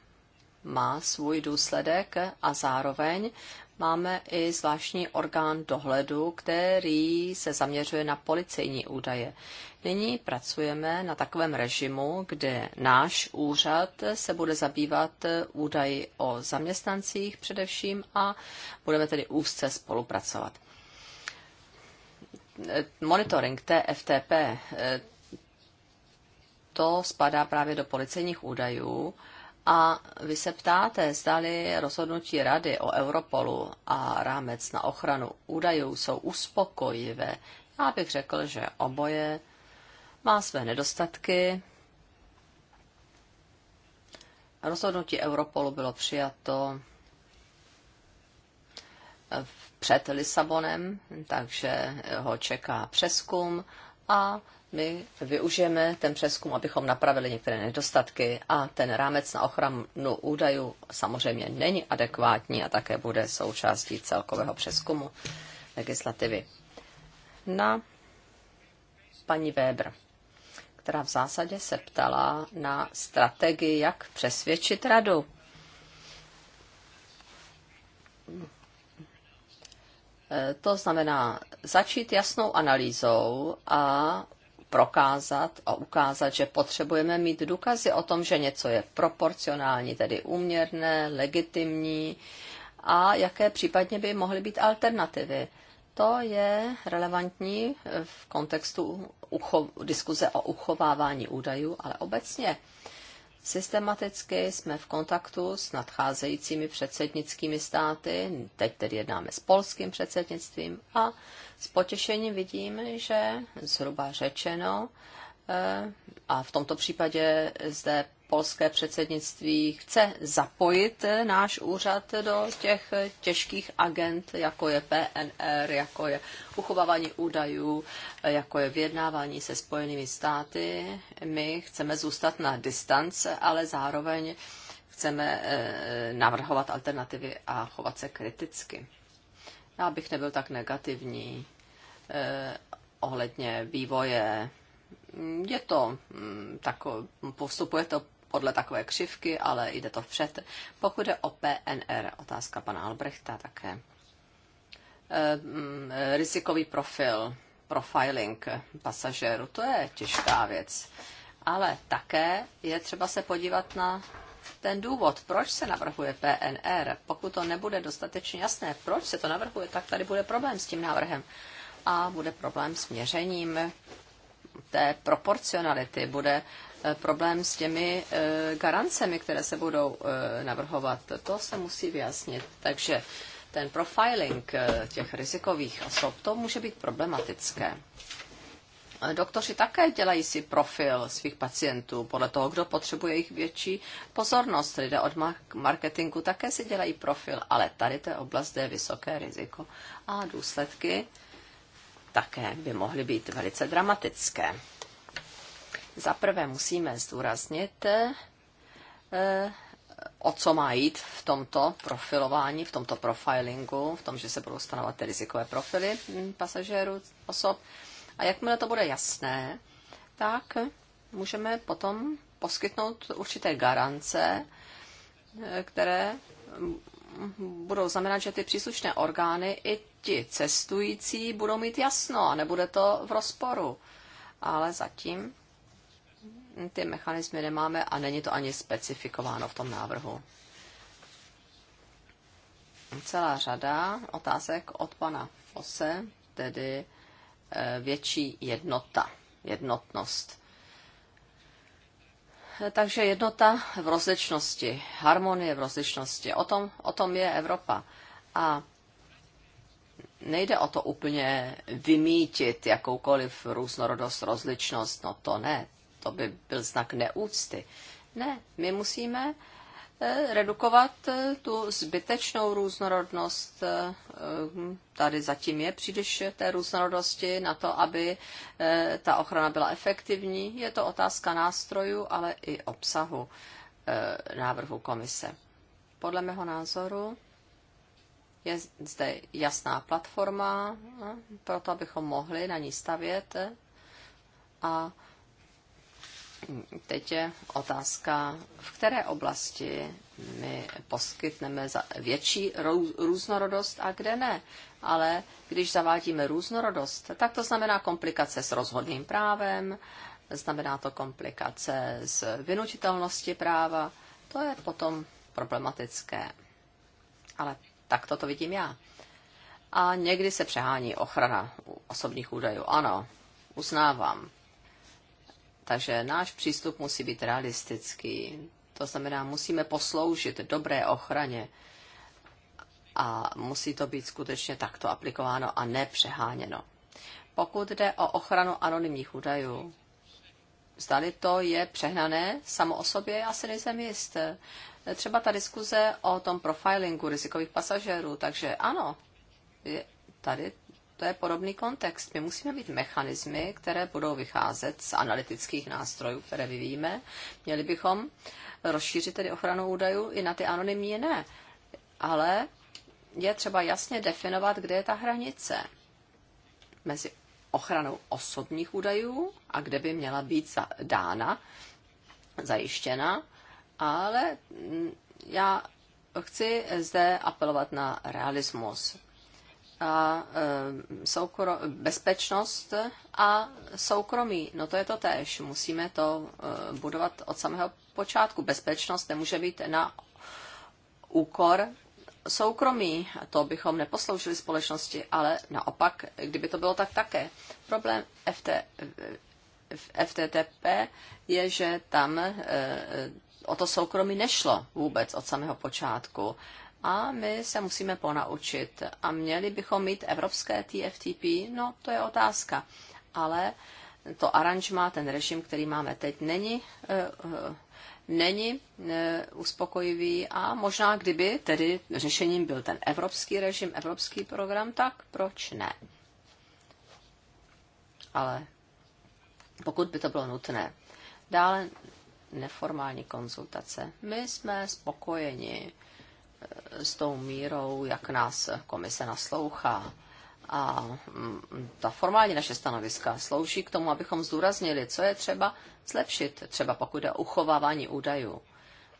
má svůj důsledek a zároveň máme i zvláštní orgán dohledu, který se zaměřuje na policejní údaje. Nyní pracujeme na takovém režimu, kde náš úřad se bude zabývat údaji o zaměstnancích především a budeme tedy úzce spolupracovat. Monitoring TFTP to spadá právě do policejních údajů a vy se ptáte, zdali rozhodnutí Rady o Europolu a rámec na ochranu údajů jsou uspokojivé. Já bych řekl, že oboje má své nedostatky. Rozhodnutí Europolu bylo přijato eh, před Lisabonem, takže eh, ho čeká přeskum a my využijeme ten přeskum, abychom napravili některé nedostatky a ten rámec na ochranu údajů samozřejmě není adekvátní a také bude součástí celkového přeskumu legislativy. Na paní Weber která v zásadě se ptala na strategii, jak přesvědčit radu. To znamená začít jasnou analýzou a prokázat a ukázat, že potřebujeme mít důkazy o tom, že něco je proporcionální, tedy úměrné, legitimní a jaké případně by mohly být alternativy to je relevantní v kontextu ucho, diskuze o uchovávání údajů, ale obecně systematicky jsme v kontaktu s nadcházejícími předsednickými státy, teď tedy jednáme s polským předsednictvím a s potěšením vidím, že zhruba řečeno, eh, a v tomto případě zde polské předsednictví chce zapojit náš úřad do těch těžkých agent, jako je PNR, jako je uchovávání údajů, jako je vyjednávání se spojenými státy. My chceme zůstat na distance, ale zároveň chceme eh, navrhovat alternativy a chovat se kriticky. Já bych nebyl tak negativní eh, ohledně vývoje je to mm, tak, postupuje to podle takové křivky, ale jde to vpřed. Pokud je o PNR, otázka pana Albrechta také. Eh, mm, eh, rizikový profil, profiling pasažéru, to je těžká věc. Ale také je třeba se podívat na ten důvod, proč se navrhuje PNR. Pokud to nebude dostatečně jasné, proč se to navrhuje, tak tady bude problém s tím návrhem. A bude problém s měřením té proporcionality, bude Eh, problém s těmi eh, garancemi, které se budou eh, navrhovat. To se musí vyjasnit. Takže ten profiling těch rizikových osob, to může být problematické. Doktoři také dělají si profil svých pacientů podle toho, kdo potřebuje jejich větší pozornost. Lidé od marketingu také si dělají profil, ale tady té oblast je vysoké riziko a důsledky také by mohly být velice dramatické. Zaprvé musíme zdůraznit, eh, o co má jít v tomto profilování, v tomto profilingu, v tom, že se budou stanovat ty rizikové profily hm, pasažérů, osob. A jakmile to bude jasné, tak můžeme potom poskytnout určité garance, eh, které budou znamenat, že ty příslušné orgány i ti cestující budou mít jasno a nebude to v rozporu. Ale zatím ty mechanismy nemáme a není to ani specifikováno v tom návrhu. Celá řada otázek od pana Fose, tedy eh, větší jednota, jednotnost. Takže jednota v rozličnosti, harmonie v rozličnosti, o tom, o tom je Evropa. A nejde o to úplně vymítit jakoukoliv různorodost, rozličnost, no to ne, to by byl znak neúcty. Ne, my musíme eh, redukovat eh, tu zbytečnou různorodnost. Eh, tady zatím je příliš té různorodosti na to, aby ta ochrana byla efektivní. Je to otázka nástrojů, ale i obsahu návrhu komise. Podle mého názoru je zde jasná platforma pro to, abychom mohli na ní stavět a Teď je otázka, v které oblasti my poskytneme za větší různorodost a kde ne. Ale když zavádíme různorodost, tak to znamená komplikace s rozhodným právem, znamená to komplikace s vynutitelností práva. To je potom problematické. Ale tak toto vidím já. A někdy se přehání ochrana osobních údajů. Ano, uznávám. Takže náš přístup musí být realistický. To znamená, musíme posloužit dobré ochraně a musí to být skutečně takto aplikováno a nepřeháněno. Pokud jde o ochranu anonymních údajů, zdali to je přehnané samo o sobě, já si nejsem jist. Třeba ta diskuze o tom profilingu rizikových pasažérů, takže ano, je, tady to je podobný kontext. My musíme mít mechanismy, které budou vycházet z analytických nástrojů, které vyvíjíme. Měli bychom rozšířit tedy ochranu údajů i na ty anonymní ne. Ale je třeba jasně definovat, kde je ta hranice mezi ochranou osobních údajů a kde by měla být dána, zajištěna, ale mm, já chci zde apelovat na realismus a e, soukro, bezpečnost a soukromí. No to je to též. Musíme to e, budovat od samého počátku. Bezpečnost nemůže být na úkor soukromí. To bychom neposloužili společnosti, ale naopak, kdyby to bylo tak také. Problém FT, FTTP je, že tam e, o to soukromí nešlo vůbec od samého počátku a my se musíme ponaučit. A měli bychom mít evropské TFTP? No, to je otázka. Ale to aranžma, ten režim, který máme teď, není, eh, eh, není eh, uspokojivý a možná kdyby tedy řešením byl ten evropský režim, evropský program, tak proč ne? Ale pokud by to bylo nutné. Dále neformální konzultace. My jsme spokojeni s tou mírou, jak nás komise naslouchá. A mm, ta formální naše stanoviska slouží k tomu, abychom zdůraznili, co je třeba zlepšit, třeba pokud je uchovávání údajů.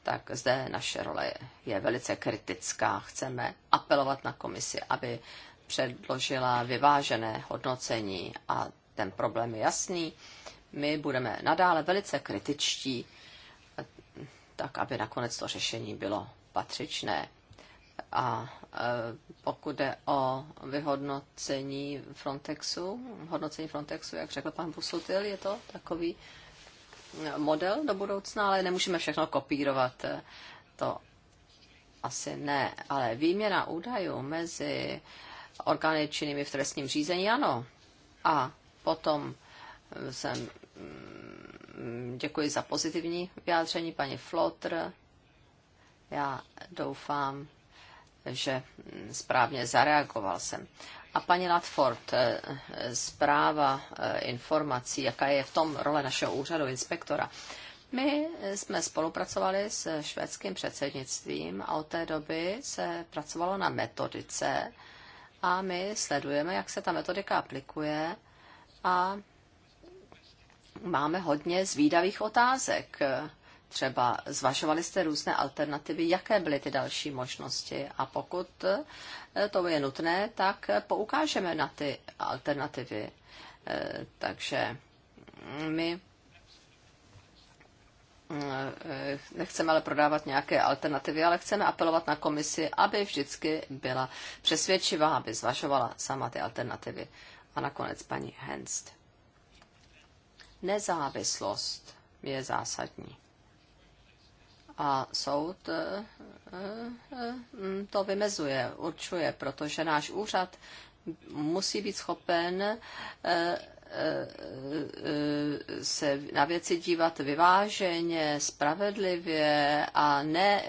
Tak zde naše role je velice kritická. Chceme apelovat na komisi, aby předložila vyvážené hodnocení a ten problém je jasný. My budeme nadále velice kritičtí, tak aby nakonec to řešení bylo patřičné. A e, pokud jde o vyhodnocení Frontexu, hodnocení Frontexu, jak řekl pan Busutil, je to takový e, model do budoucna, ale nemůžeme všechno kopírovat. E, to asi ne, ale výměna údajů mezi orgány činnými v trestním řízení, ano. A potom jsem mm, děkuji za pozitivní vyjádření paní Flotr já doufám, že správně zareagoval jsem. A paní Latford, eh, zpráva eh, informací, jaká je v tom role našeho úřadu inspektora. My jsme spolupracovali s švédským předsednictvím a od té doby se pracovalo na metodice a my sledujeme, jak se ta metodika aplikuje a máme hodně zvídavých otázek třeba zvažovali jste různé alternativy, jaké byly ty další možnosti a pokud eh, to je nutné, tak poukážeme na ty alternativy. Eh, takže mm, my eh, nechceme ale prodávat nějaké alternativy, ale chceme apelovat na komisi, aby vždycky byla přesvědčivá, aby zvažovala sama ty alternativy. A nakonec paní Henst. Nezávislost je zásadní. A soud eh, eh, to vymezuje, určuje, protože náš úřad musí být schopen eh, se na věci dívat vyváženě, spravedlivě a ne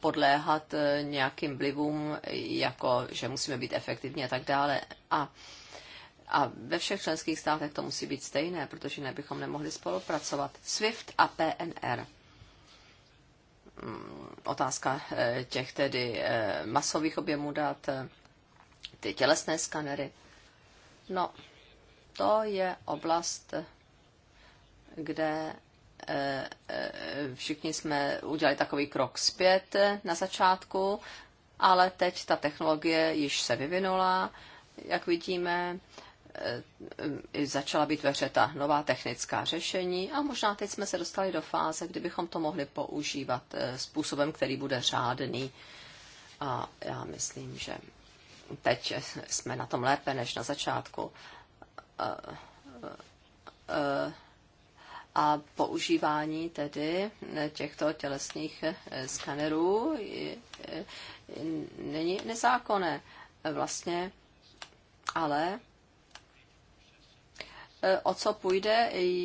podléhat nějakým vlivům, jako že musíme být efektivní a tak dále. A, a ve všech členských státech to musí být stejné, protože jinak bychom nemohli spolupracovat. SWIFT a PNR. Mm, otázka eh, těch tedy eh, masových objemů dat, eh, ty tělesné skanery. No, to je oblast, kde všichni jsme udělali takový krok zpět na začátku, ale teď ta technologie již se vyvinula, jak vidíme, E, e, začala být ve hře ta nová technická řešení a možná teď jsme se dostali do fáze, kdybychom to mohli používat e, způsobem, který bude řádný. A já myslím, že teď jsme na tom lépe než na začátku. A používání tedy těchto tělesných skanerů není nezákonné. Vlastně ale E, o co půjde,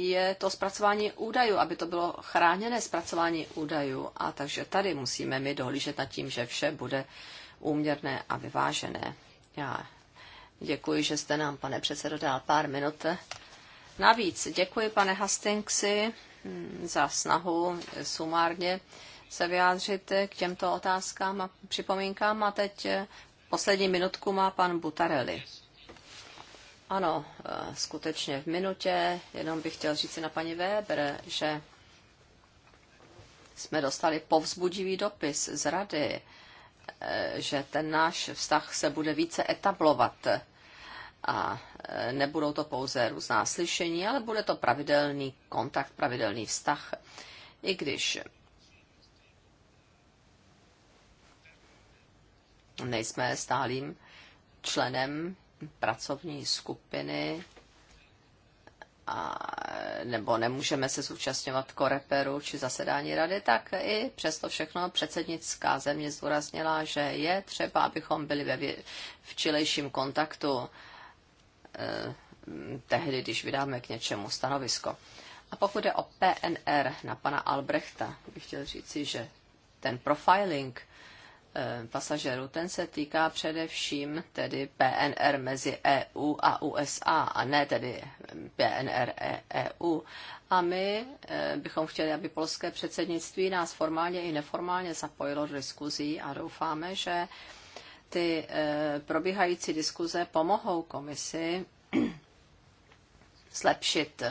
je to zpracování údajů, aby to bylo chráněné zpracování údajů. A takže tady musíme my dohlížet nad tím, že vše bude úměrné a vyvážené. Já děkuji, že jste nám, pane předsedo, dal pár minut. Navíc děkuji, pane Hastingsi, hm, za snahu sumárně se vyjádřit k těmto otázkám a připomínkám. A teď poslední minutku má pan Butarelli. Ano, eh, skutečně v minutě, jenom bych chtěl říct na paní Weber, že jsme dostali povzbudivý dopis z rady, eh, že ten náš vztah se bude více etablovat a eh, nebudou to pouze různá slyšení, ale bude to pravidelný kontakt, pravidelný vztah. I když nejsme stálým členem pracovní skupiny a, nebo nemůžeme se zúčastňovat koreperu či zasedání rady, tak i přesto všechno předsednická země zdůraznila, že je třeba, abychom byli ve včilejším kontaktu eh, tehdy, když vydáme k něčemu stanovisko. A pokud je o PNR na pana Albrechta, bych chtěl říci, že ten profiling – Eh, pasažerů. Ten se týká především tedy PNR mezi EU a USA a ne tedy PNR EU. A my eh, bychom chtěli, aby polské předsednictví nás formálně i neformálně zapojilo do diskuzí a doufáme, že ty eh, probíhající diskuze pomohou komisi [CLEARS THROAT] zlepšit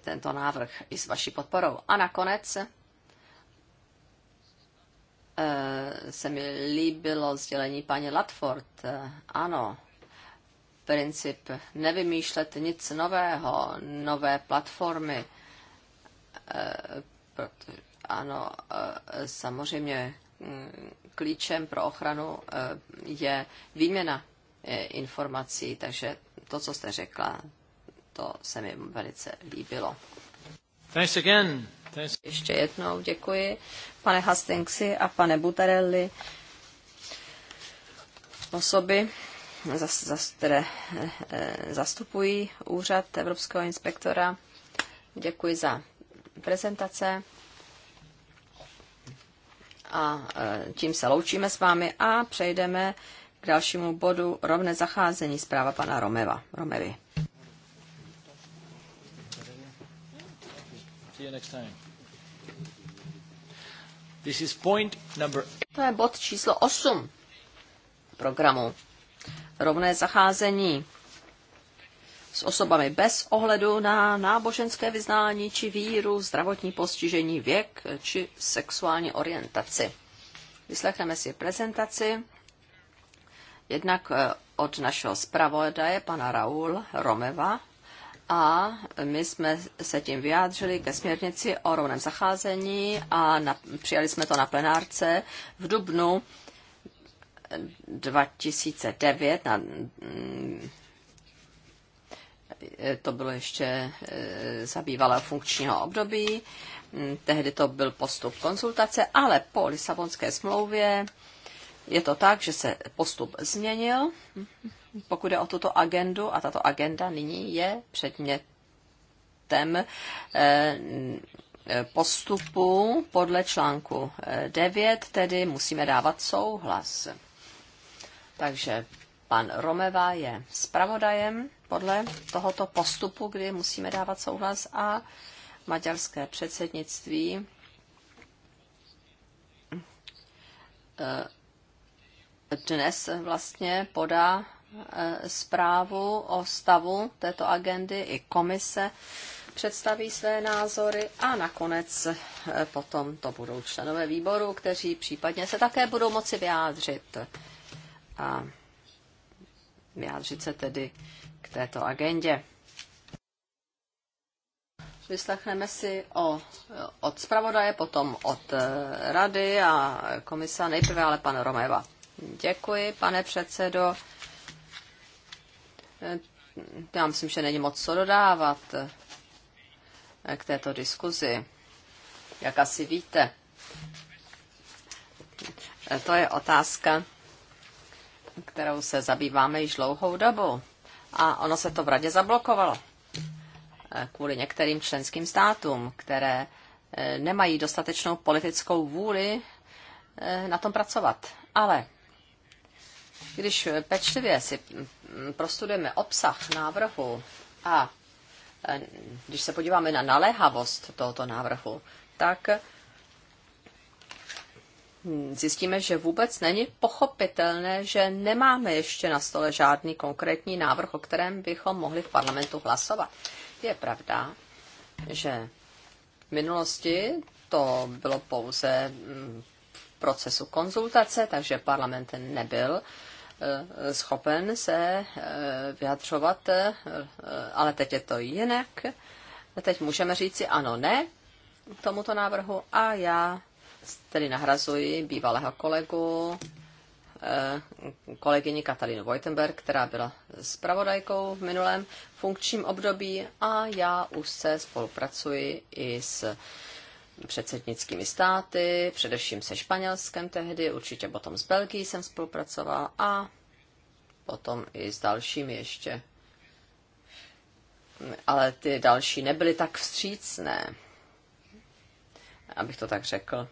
tento návrh i s vaší podporou. A nakonec Eh, se mi líbilo sdělení paní Latford. Eh, ano, princip nevymýšlet nic nového, nové platformy. Eh, ano, samozřejmě hm, klíčem pro ochranu je výměna informací, takže to, co jste řekla, to se mi velice líbilo. Thanks again. Ještě jednou děkuji, pane Hastingsi a pane Butarelli, osoby, zas, zas, které eh, eh, zastupují úřad Evropského inspektora. Děkuji za prezentace a eh, tím se loučíme s vámi a přejdeme k dalšímu bodu rovné zacházení zpráva pana Romeva. Romevi. See you next time. This is point number... To je bod číslo 8 programu. Rovné zacházení s osobami bez ohledu na náboženské vyznání či víru, zdravotní postižení, věk či sexuální orientaci. Vyslechneme si prezentaci jednak eh, od našeho zpravodaje, pana Raul Romeva, a my jsme se tím vyjádřili ke směrnici o rovném zacházení a na, přijali jsme to na plenárce v dubnu 2009 na, mm, to bylo ještě eh, za bývalého funkčního období. Mm, tehdy to byl postup konzultace, ale po Lisabonské smlouvě je to tak, že se postup změnil pokud je o tuto agendu, a tato agenda nyní je předmětem eh, postupu podle článku 9, eh, tedy musíme dávat souhlas. Takže pan Romeva je zpravodajem podle tohoto postupu, kdy musíme dávat souhlas a maďarské předsednictví eh, dnes vlastně podá Eh, zprávu o stavu této agendy, i komise představí své názory a nakonec eh, potom to budou členové výboru, kteří případně se také budou moci vyjádřit a vyjádřit se tedy k této agendě. Vyslechneme si o, od zpravodaje, potom od eh, rady a komisa, nejprve ale pan Romeva. Děkuji, pane předsedo já myslím, že není moc co dodávat k této diskuzi. Jak asi víte, to je otázka, kterou se zabýváme již dlouhou dobu. A ono se to v radě zablokovalo kvůli některým členským státům, které eh, nemají dostatečnou politickou vůli eh, na tom pracovat. Ale když pečlivě si Mm, prostudujeme obsah návrhu a e, když se podíváme na naléhavost tohoto návrhu, tak e, zjistíme, že vůbec není pochopitelné, že nemáme ještě na stole žádný konkrétní návrh, o kterém bychom mohli v parlamentu hlasovat. Je pravda, že v minulosti to bylo pouze mm, v procesu konzultace, takže parlament nebyl Eh, schopen se eh, vyjadřovat, eh, ale teď je to jinak. Teď můžeme říci ano, ne tomuto návrhu a já tedy nahrazuji bývalého kolegu, kolegyni Katalinu Wojtenberg, která byla zpravodajkou v minulém funkčním období a já už se spolupracuji i s předsednickými státy, především se Španělskem tehdy, určitě potom s Belgií jsem spolupracoval a potom i s dalšími ještě. Ale ty další nebyly tak vstřícné, abych to tak řekl.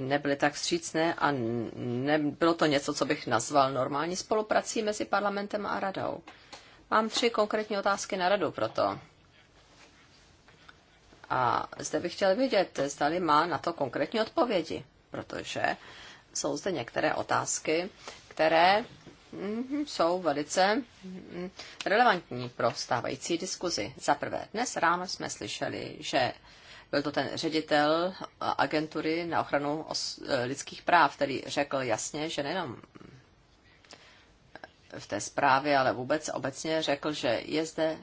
Nebyly tak vstřícné a nebylo to něco, co bych nazval normální spoluprací mezi parlamentem a radou. Mám tři konkrétní otázky na radu proto. A zde bych chtěl vědět, zdali má na to konkrétní odpovědi, protože jsou zde některé otázky, které mhm, jsou velice mhm, relevantní pro stávající diskuzi. Za prvé, dnes ráno jsme slyšeli, že byl to ten ředitel agentury na ochranu e, lidských práv, který řekl jasně, že nejenom v té zprávě, ale vůbec obecně řekl, že je zde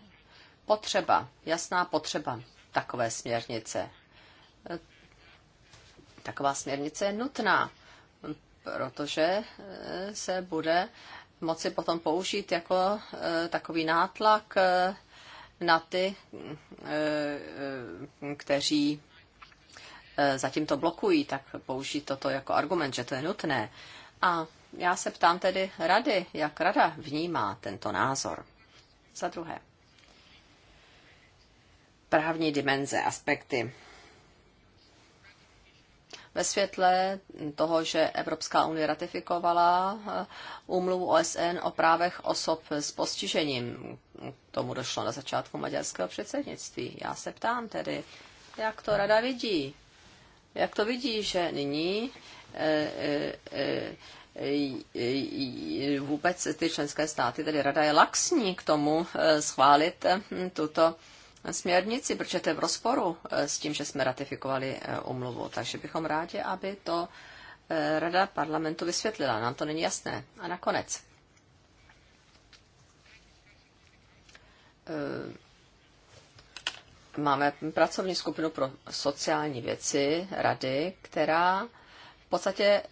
potřeba, jasná potřeba takové směrnice. Taková směrnice je nutná, protože eh, se bude moci potom použít jako eh, takový nátlak eh, na ty, kteří zatím to blokují, tak použít toto jako argument, že to je nutné. A já se ptám tedy rady, jak rada vnímá tento názor. Za druhé právní dimenze, aspekty. Ve světle toho, že Evropská unie ratifikovala eh, úmluvu OSN o právech osob s postižením, tomu došlo na začátku maďarského předsednictví. Já se ptám tedy, jak to rada vidí? Jak to vidí, že nyní eh, eh, vůbec ty členské státy, tedy rada je laxní k tomu schválit hm, tuto směrnici, protože to je v rozporu eh, s tím, že jsme ratifikovali eh, umluvu. Takže bychom rádi, aby to eh, Rada parlamentu vysvětlila. Nám to není jasné. A nakonec. Máme pracovní skupinu pro sociální věci Rady, která v podstatě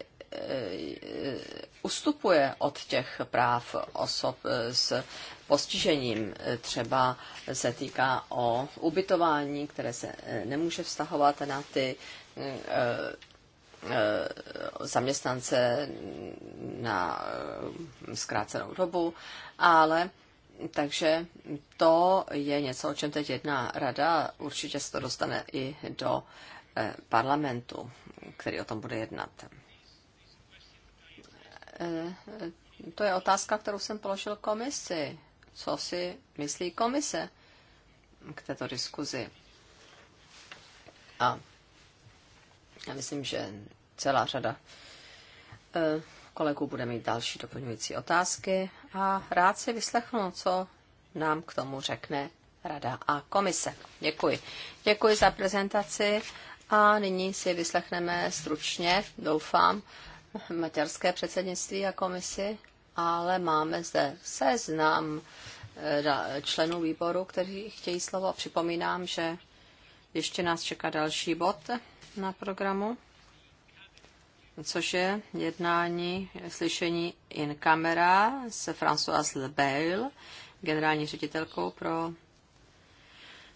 ustupuje od těch práv osob s postižením. Eh, třeba se týká o ubytování, které se eh, nemůže vztahovat na ty mm, eh, zaměstnance na mm, zkrácenou dobu, ale takže to je něco, o čem teď jedná rada. Určitě se to dostane i do parlamentu, který o tom bude jednat. To je otázka, kterou jsem položil komisi co si myslí komise k této diskuzi. A já myslím, že celá řada eh, kolegů bude mít další doplňující otázky a rád si vyslechnu, co nám k tomu řekne Rada a komise. Děkuji. Děkuji za prezentaci a nyní si vyslechneme stručně, doufám, maďarské předsednictví a komisi ale máme zde seznam eh, členů výboru, kteří chtějí slovo. Připomínám, že ještě nás čeká další bod na programu, což je jednání, slyšení in camera se Françoise Lebeil, generální ředitelkou pro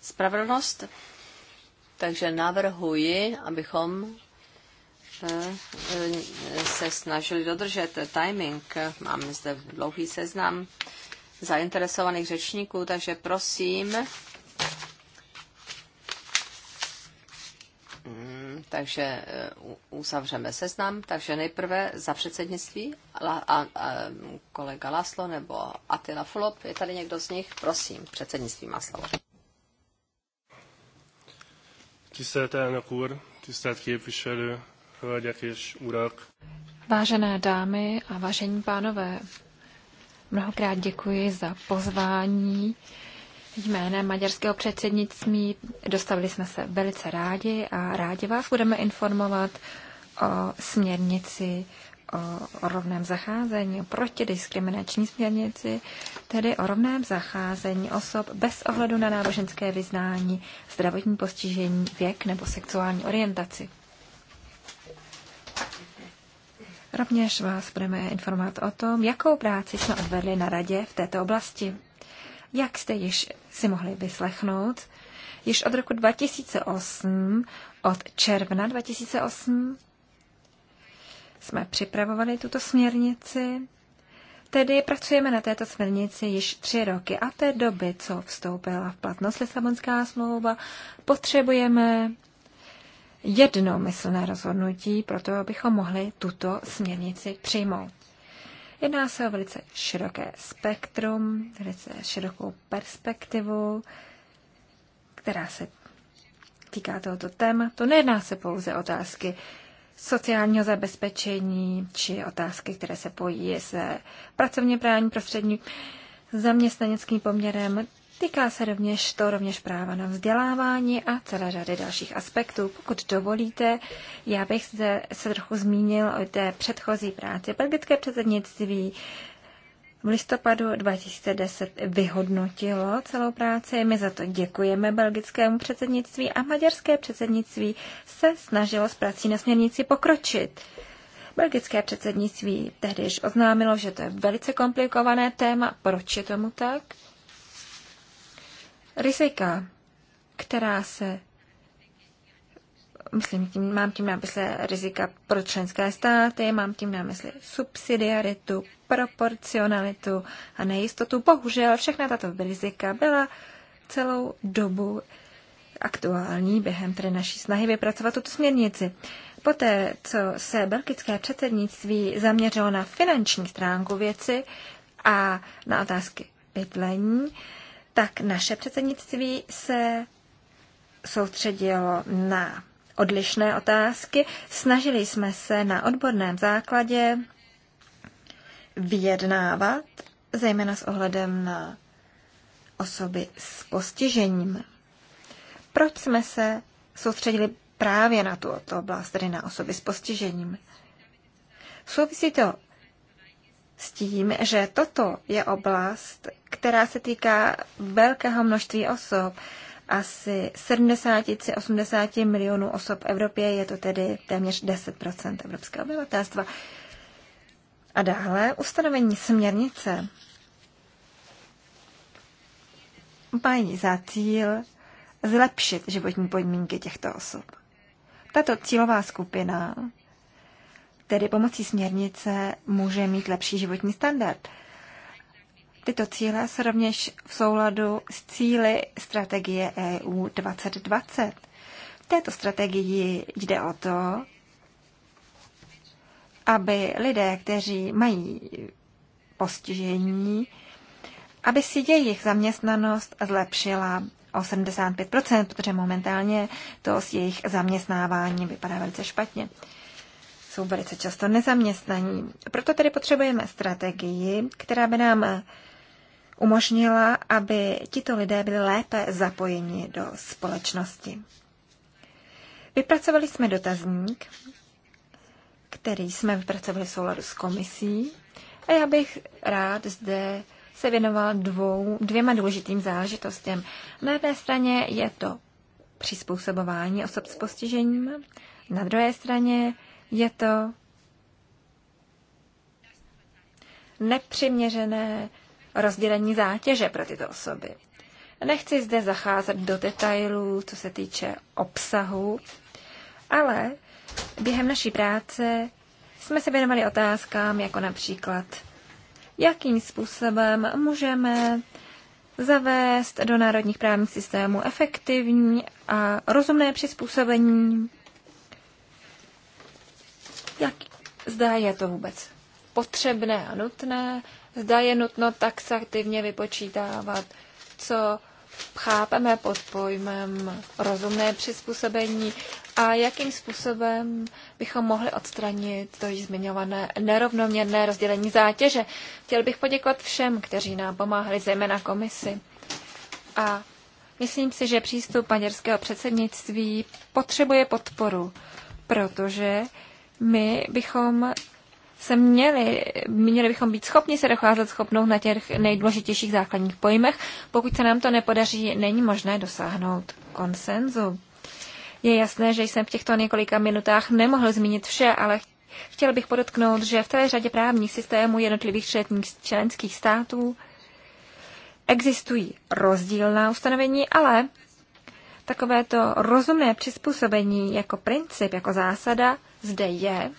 spravedlnost. Takže navrhuji, abychom Eh, se snažili dodržet timing. Máme zde dlouhý seznam zainteresovaných řečníků, takže prosím. Mm, takže eh, uzavřeme seznam. Takže nejprve za předsednictví a, a, a kolega Laslo nebo Atila Fulop. Je tady někdo z nich? Prosím, předsednictví má slovo. Tisztelt elnök úr, tisztelt képviselő, Vážené dámy a vážení pánové, mnohokrát děkuji za pozvání. Jménem maďarského předsednictví dostavili jsme se velice rádi a rádi vás budeme informovat o směrnici o rovném zacházení, o protidiskriminační směrnici, tedy o rovném zacházení osob bez ohledu na náboženské vyznání, zdravotní postižení, věk nebo sexuální orientaci. Rovněž vás budeme informovat o tom, jakou práci jsme odvedli na radě v této oblasti. Jak jste již si mohli vyslechnout, již od roku 2008, od června 2008, jsme připravovali tuto směrnici, tedy pracujeme na této směrnici již tři roky a té doby, co vstoupila v platnost Lisabonská smlouva, potřebujeme jednomyslné rozhodnutí pro to, abychom mohli tuto směrnici přijmout. Jedná se o velice široké spektrum, velice širokou perspektivu, která se týká tohoto tématu. Nejedná se pouze otázky sociálního zabezpečení či otázky, které se pojí se pracovně právní prostřední zaměstnaneckým poměrem. Týká se rovněž to rovněž práva na vzdělávání a celé řady dalších aspektů. Pokud dovolíte, já bych zde se trochu zmínil o té předchozí práci. Belgické předsednictví v listopadu 2010 vyhodnotilo celou práci. My za to děkujeme belgickému předsednictví a maďarské předsednictví se snažilo s prací na směrnici pokročit. Belgické předsednictví tehdyž oznámilo, že to je velice komplikované téma. Proč je tomu tak? Rizika, která se myslím, tím, mám tím na mysli rizika pro členské státy, mám tím na mysli subsidiaritu, proporcionalitu a nejistotu. Bohužel všechna tato rizika byla celou dobu aktuální během tedy naší snahy vypracovat tuto směrnici. Poté, co se belgické předsednictví zaměřilo na finanční stránku věci a na otázky bydlení, tak naše předsednictví se soustředilo na odlišné otázky. Snažili jsme se na odborném základě vyjednávat, zejména s ohledem na osoby s postižením. Proč jsme se soustředili právě na tuto oblast, tedy na osoby s postižením? Souvisí to s tím, že toto je oblast, která se týká velkého množství osob. Asi 70-80 milionů osob v Evropě, je to tedy téměř 10 evropského obyvatelstva. A dále ustanovení směrnice mají za cíl zlepšit životní podmínky těchto osob. Tato cílová skupina tedy pomocí směrnice může mít lepší životní standard. Tyto cíle jsou rovněž v souladu s cíly strategie EU 2020. V této strategii jde o to, aby lidé, kteří mají postižení, aby si jejich zaměstnanost zlepšila 85 protože momentálně to s jejich zaměstnáváním vypadá velice špatně jsou velice často nezaměstnaní. Proto tedy potřebujeme strategii, která by nám umožnila, aby tito lidé byli lépe zapojeni do společnosti. Vypracovali jsme dotazník, který jsme vypracovali v souladu s komisí a já bych rád zde se věnoval dvou, dvěma důležitým záležitostem. Na jedné straně je to přizpůsobování osob s postižením, na druhé straně je to nepřiměřené rozdělení zátěže pro tyto osoby. Nechci zde zacházet do detailů, co se týče obsahu, ale během naší práce jsme se věnovali otázkám, jako například, jakým způsobem můžeme zavést do národních právních systémů efektivní a rozumné přizpůsobení jak, zda je to vůbec potřebné a nutné, zda je nutno tak aktivně vypočítávat, co chápeme pod pojmem rozumné přizpůsobení a jakým způsobem bychom mohli odstranit to již zmiňované nerovnoměrné rozdělení zátěže. Chtěl bych poděkovat všem, kteří nám pomáhali, zejména komisi. A myslím si, že přístup maďarského předsednictví potřebuje podporu, protože my bychom se měli, měli bychom být schopni se docházet schopnou na těch nejdůležitějších základních pojmech. Pokud se nám to nepodaří, není možné dosáhnout konsenzu. Je jasné, že jsem v těchto několika minutách nemohl zmínit vše, ale chtěl bych podotknout, že v té řadě právních systémů jednotlivých členských států existují rozdílná ustanovení, ale takovéto rozumné přizpůsobení jako princip, jako zásada, zde je.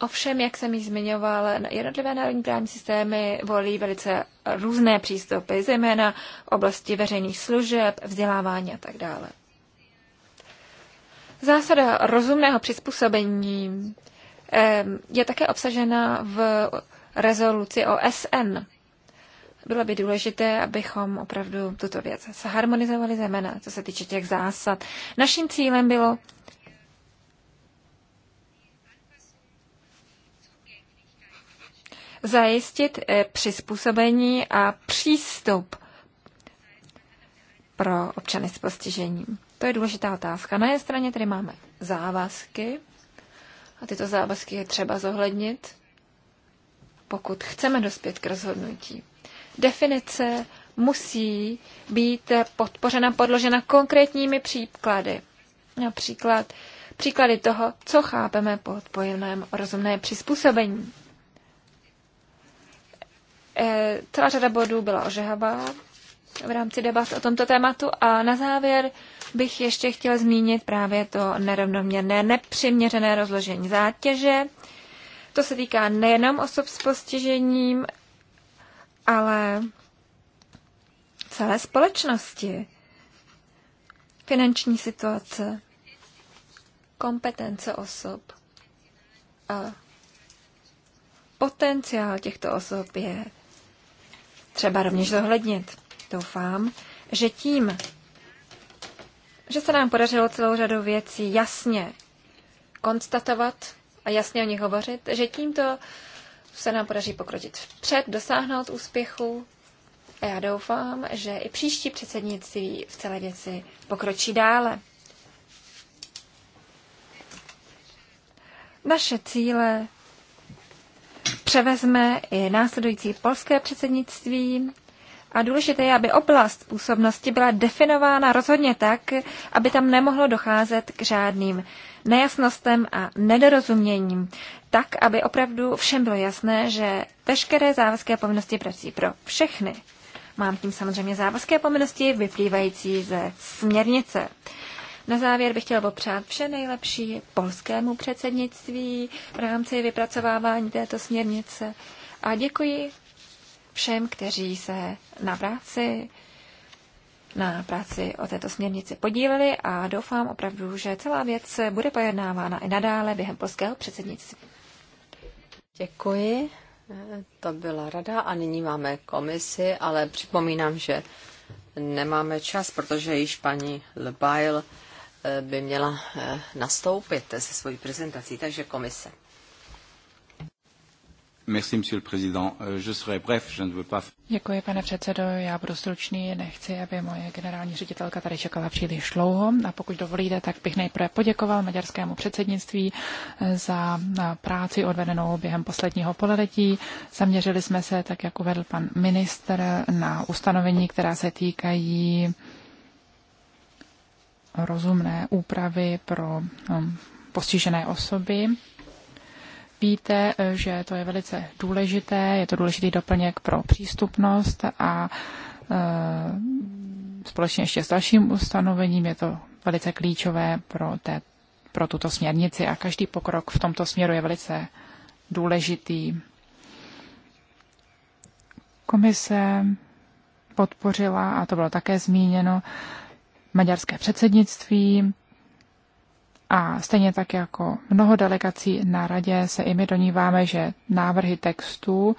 Ovšem, jak jsem již zmiňoval, jednotlivé národní právní systémy volí velice různé přístupy, zejména v oblasti veřejných služeb, vzdělávání a tak dále. Zásada rozumného přizpůsobení je také obsažena v rezoluci OSN. Bylo by důležité, abychom opravdu tuto věc harmonizovali, zejména co se týče těch zásad. Naším cílem bylo zajistit eh, přizpůsobení a přístup pro občany s postižením. To je důležitá otázka. Na jedné straně tady máme závazky a tyto závazky je třeba zohlednit, pokud chceme dospět k rozhodnutí definice musí být podpořena, podložena konkrétními příklady. Například příklady toho, co chápeme pod pojmem rozumné přizpůsobení. E, celá řada bodů byla ožehavá v rámci debat o tomto tématu a na závěr bych ještě chtěla zmínit právě to nerovnoměrné, nepřiměřené rozložení zátěže. To se týká nejenom osob s postižením, ale celé společnosti, finanční situace, kompetence osob a potenciál těchto osob je třeba rovněž zohlednit. Doufám, že tím, že se nám podařilo celou řadu věcí jasně konstatovat a jasně o nich hovořit, že tímto se nám podaří pokročit vpřed, dosáhnout úspěchu. A já doufám, že i příští předsednictví v celé věci pokročí dále. Naše cíle převezme i následující polské předsednictví. A důležité je, aby oblast působnosti byla definována rozhodně tak, aby tam nemohlo docházet k žádným nejasnostem a nedorozuměním, tak, aby opravdu všem bylo jasné, že veškeré závazky a povinnosti prací pro všechny. Mám tím samozřejmě závazky a povinnosti vyplývající ze směrnice. Na závěr bych chtěla popřát vše nejlepší polskému předsednictví v rámci vypracovávání této směrnice a děkuji všem, kteří se na práci na práci o této směrnici podíleli a doufám opravdu, že celá věc bude pojednávána i nadále během polského předsednictví. Děkuji. To byla rada a nyní máme komisi, ale připomínám, že nemáme čas, protože již paní Lebail eh, by měla eh, nastoupit se svojí prezentací, takže komise. Merci, monsieur le président. Euh, je serai bref, je ne veux pas... Děkuji, pane předsedo. Já budu stručný. Nechci, aby moje generální ředitelka tady čekala příliš dlouho. A pokud dovolíte, tak bych nejprve poděkoval maďarskému předsednictví eh, za eh, práci odvedenou během posledního pololetí. Zaměřili jsme se, tak jak uvedl pan minister, na ustanovení, která se týkají rozumné úpravy pro eh, postižené osoby Víte, že to je velice důležité, je to důležitý doplněk pro přístupnost a e, společně ještě s dalším ustanovením je to velice klíčové pro, té, pro tuto směrnici a každý pokrok v tomto směru je velice důležitý. Komise podpořila, a to bylo také zmíněno, maďarské předsednictví a stejně tak jako mnoho delegací na radě se i my doníváme, že návrhy textů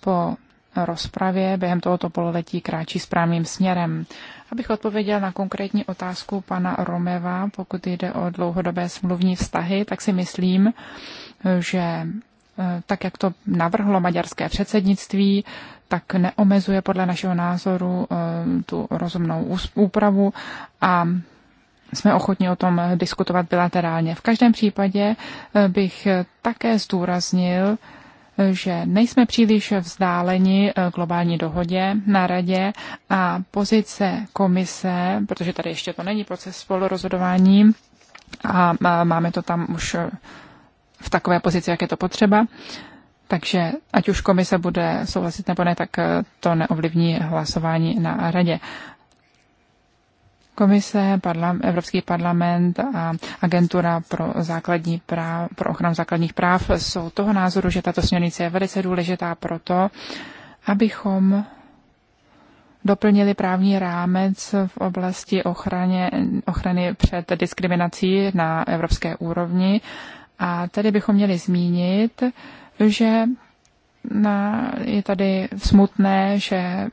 po rozpravě během tohoto pololetí kráčí správným směrem. Abych odpověděl na konkrétní otázku pana Romeva, pokud jde o dlouhodobé smluvní vztahy, tak si myslím, že eh, tak, jak to navrhlo maďarské předsednictví, tak neomezuje podle našeho názoru eh, tu rozumnou úpravu a jsme ochotni o tom diskutovat bilaterálně. V každém případě eh, bych také zdůraznil, eh, že nejsme příliš vzdáleni eh, globální dohodě na radě a pozice komise, protože tady ještě to není proces spolurozhodování a máme to tam už v takové pozici, jak je to potřeba. Takže ať už komise bude souhlasit nebo ne, tak to neovlivní hlasování na radě. Komise, parlam, Evropský parlament a Agentura pro, základní práv, pro ochranu základních práv jsou toho názoru, že tato směrnice je velice důležitá proto, abychom doplnili právní rámec v oblasti ochraně, ochrany před diskriminací na evropské úrovni. A tady bychom měli zmínit, že na, je tady smutné, že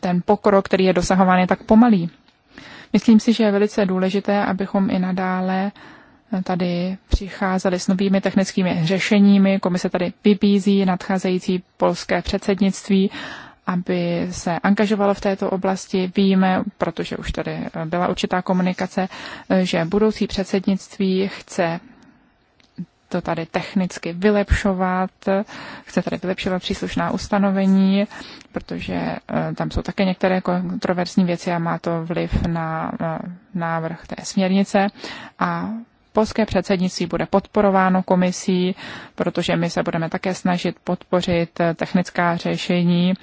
ten pokrok, který je dosahován, je tak pomalý. Myslím si, že je velice důležité, abychom i nadále tady přicházeli s novými technickými řešeními. Komise tady vybízí nadcházející polské předsednictví, aby se angažovalo v této oblasti. Víme, protože už tady byla určitá komunikace, že budoucí předsednictví chce to tady technicky vylepšovat, chce tady vylepšovat příslušná ustanovení, protože eh, tam jsou také některé kontroverzní věci a má to vliv na eh, návrh té směrnice. A polské předsednictví bude podporováno komisí, protože my se budeme také snažit podpořit eh, technická řešení,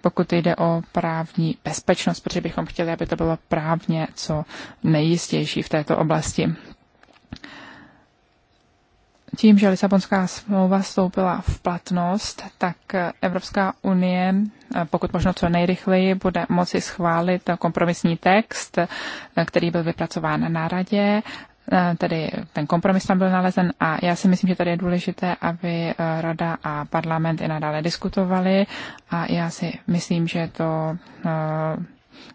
pokud jde o právní bezpečnost, protože bychom chtěli, aby to bylo právně co nejistější v této oblasti tím, že Lisabonská smlouva vstoupila v platnost, tak Evropská unie, eh, pokud možno co nejrychleji, bude moci schválit kompromisní text, eh, který byl vypracován na radě eh, tedy ten kompromis tam byl nalezen a já si myslím, že tady je důležité, aby rada a parlament i nadále diskutovali a já si myslím, že to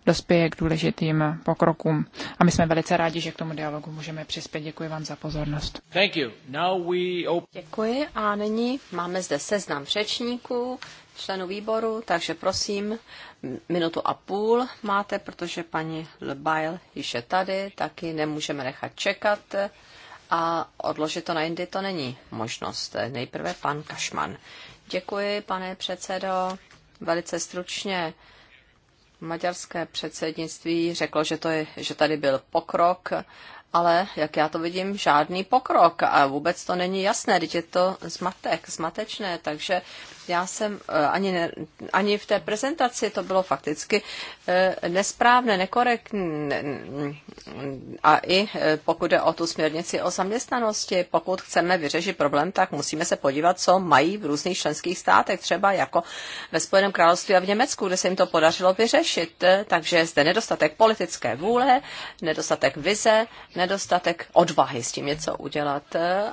dospěje k důležitým pokrokům. A my jsme velice rádi, že k tomu dialogu můžeme přispět. Děkuji vám za pozornost. Thank you. Now we Děkuji a nyní máme zde seznam řečníků, členů výboru, takže prosím, minutu a půl máte, protože paní Lebail již je tady, taky nemůžeme nechat čekat a odložit to na jindy to není možnost. Nejprve pan Kašman. Děkuji, pane předsedo. Velice stručně Maďarské předsednictví řeklo, že, to je, že tady byl pokrok, ale jak já to vidím, žádný pokrok a vůbec to není jasné, teď je to zmatek, zmatečné, takže já jsem eh, ani, ne, ani v té prezentaci to bylo fakticky eh, nesprávné, nekorektní. A i eh, pokud jde o tu směrnici o zaměstnanosti, pokud chceme vyřešit problém, tak musíme se podívat, co mají v různých členských státech, třeba jako ve Spojeném království a v Německu, kde se jim to podařilo vyřešit. Takže je zde nedostatek politické vůle, nedostatek vize, nedostatek odvahy s tím něco udělat.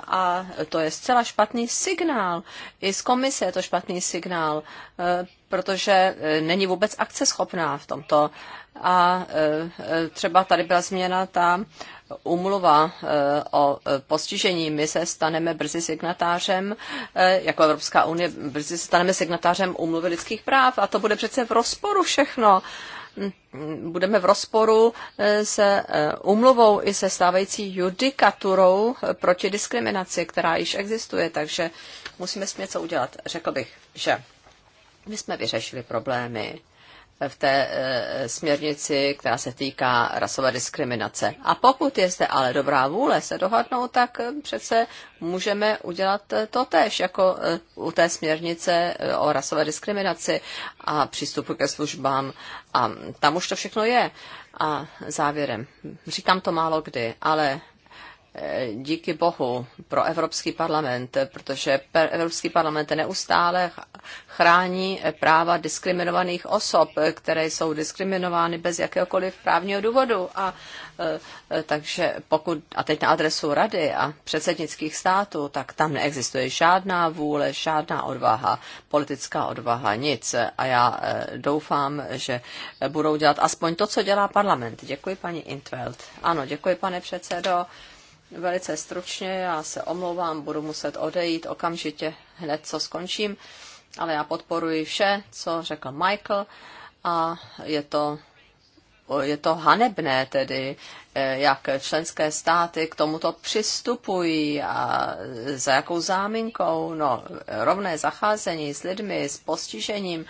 A to je zcela špatný signál. I z komise je to špatný špatný signál, eh, protože eh, není vůbec akceschopná v tomto. A eh, třeba tady byla změna ta umluva o postižení. My se staneme brzy signatářem, jako Evropská unie, brzy se staneme signatářem umluvy lidských práv a to bude přece v rozporu všechno budeme v rozporu eh, se eh, umluvou i se stávající judikaturou eh, proti diskriminaci, která již existuje, takže musíme s něco udělat. Řekl bych, že my jsme vyřešili problémy v té eh, směrnici, která se týká rasové diskriminace. A pokud je zde ale dobrá vůle se dohodnout, tak eh, přece můžeme udělat eh, to tež, jako u té směrnice o rasové diskriminaci a přístupu ke službám. A tam už to všechno je. A závěrem, říkám to málo kdy, ale díky bohu pro Evropský parlament, protože Evropský parlament neustále chrání práva diskriminovaných osob, které jsou diskriminovány bez jakéhokoliv právního důvodu. A e, takže pokud, a teď na adresu rady a předsednických států, tak tam neexistuje žádná vůle, žádná odvaha, politická odvaha, nic. A já e, doufám, že budou dělat aspoň to, co dělá parlament. Děkuji, paní Intveld. Ano, děkuji, pane předsedo. Velice stručně, já se omlouvám, budu muset odejít okamžitě, hned co skončím ale já podporuji vše, co řekl Michael a je to je to hanebné tedy, eh, jak členské státy k tomuto přistupují a za jakou záminkou, no, rovné zacházení s lidmi, s postižením,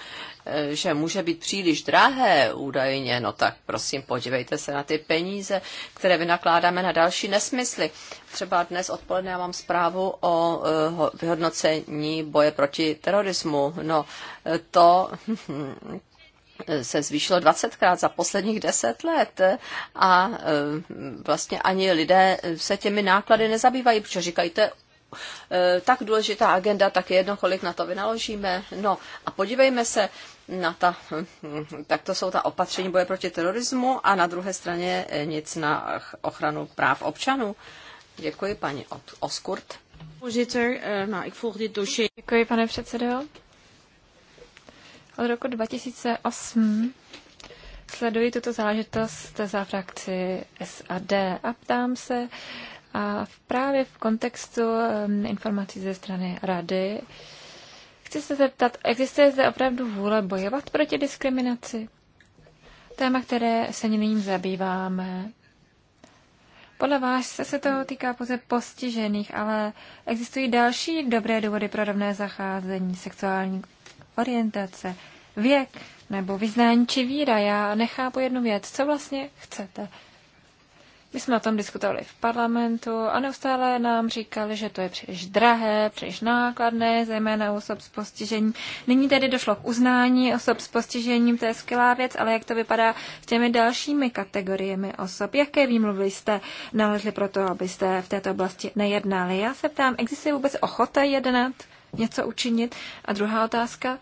eh, že může být příliš drahé údajně, no tak prosím, podívejte se na ty peníze, které vynakládáme na další nesmysly. Třeba dnes odpoledne já mám zprávu o eh, vyhodnocení boje proti terorismu. No, to [LAUGHS] se zvýšilo 20krát za posledních 10 let a e, vlastně ani lidé se těmi náklady nezabývají, protože říkají, to je e, tak důležitá agenda, tak jedno, kolik na to vynaložíme. No a podívejme se na ta, tak to jsou ta opatření boje proti terorismu a na druhé straně e, nic na ochranu práv občanů. Děkuji, paní Oskurt. Eh, Děkuji, pane předsedo. Od roku 2008 sleduji tuto záležitost za frakci SAD a ptám se a právě v kontextu informací ze strany Rady chci se zeptat, existuje zde opravdu vůle bojovat proti diskriminaci? Téma, které se nyní zabýváme, podle vás se, se to týká pouze postižených, ale existují další dobré důvody pro rovné zacházení sexuální orientace, věk nebo vyznání či víra. Já nechápu jednu věc. Co vlastně chcete? My jsme o tom diskutovali v parlamentu a neustále nám říkali, že to je příliš drahé, příliš nákladné, zejména u osob s postižením. Nyní tedy došlo k uznání osob s postižením, to je skvělá věc, ale jak to vypadá s těmi dalšími kategoriemi osob? Jaké výmluvy jste nalezli pro to, abyste v této oblasti nejednali? Já se ptám, existuje vůbec ochota jednat? něco učinit? A druhá otázka.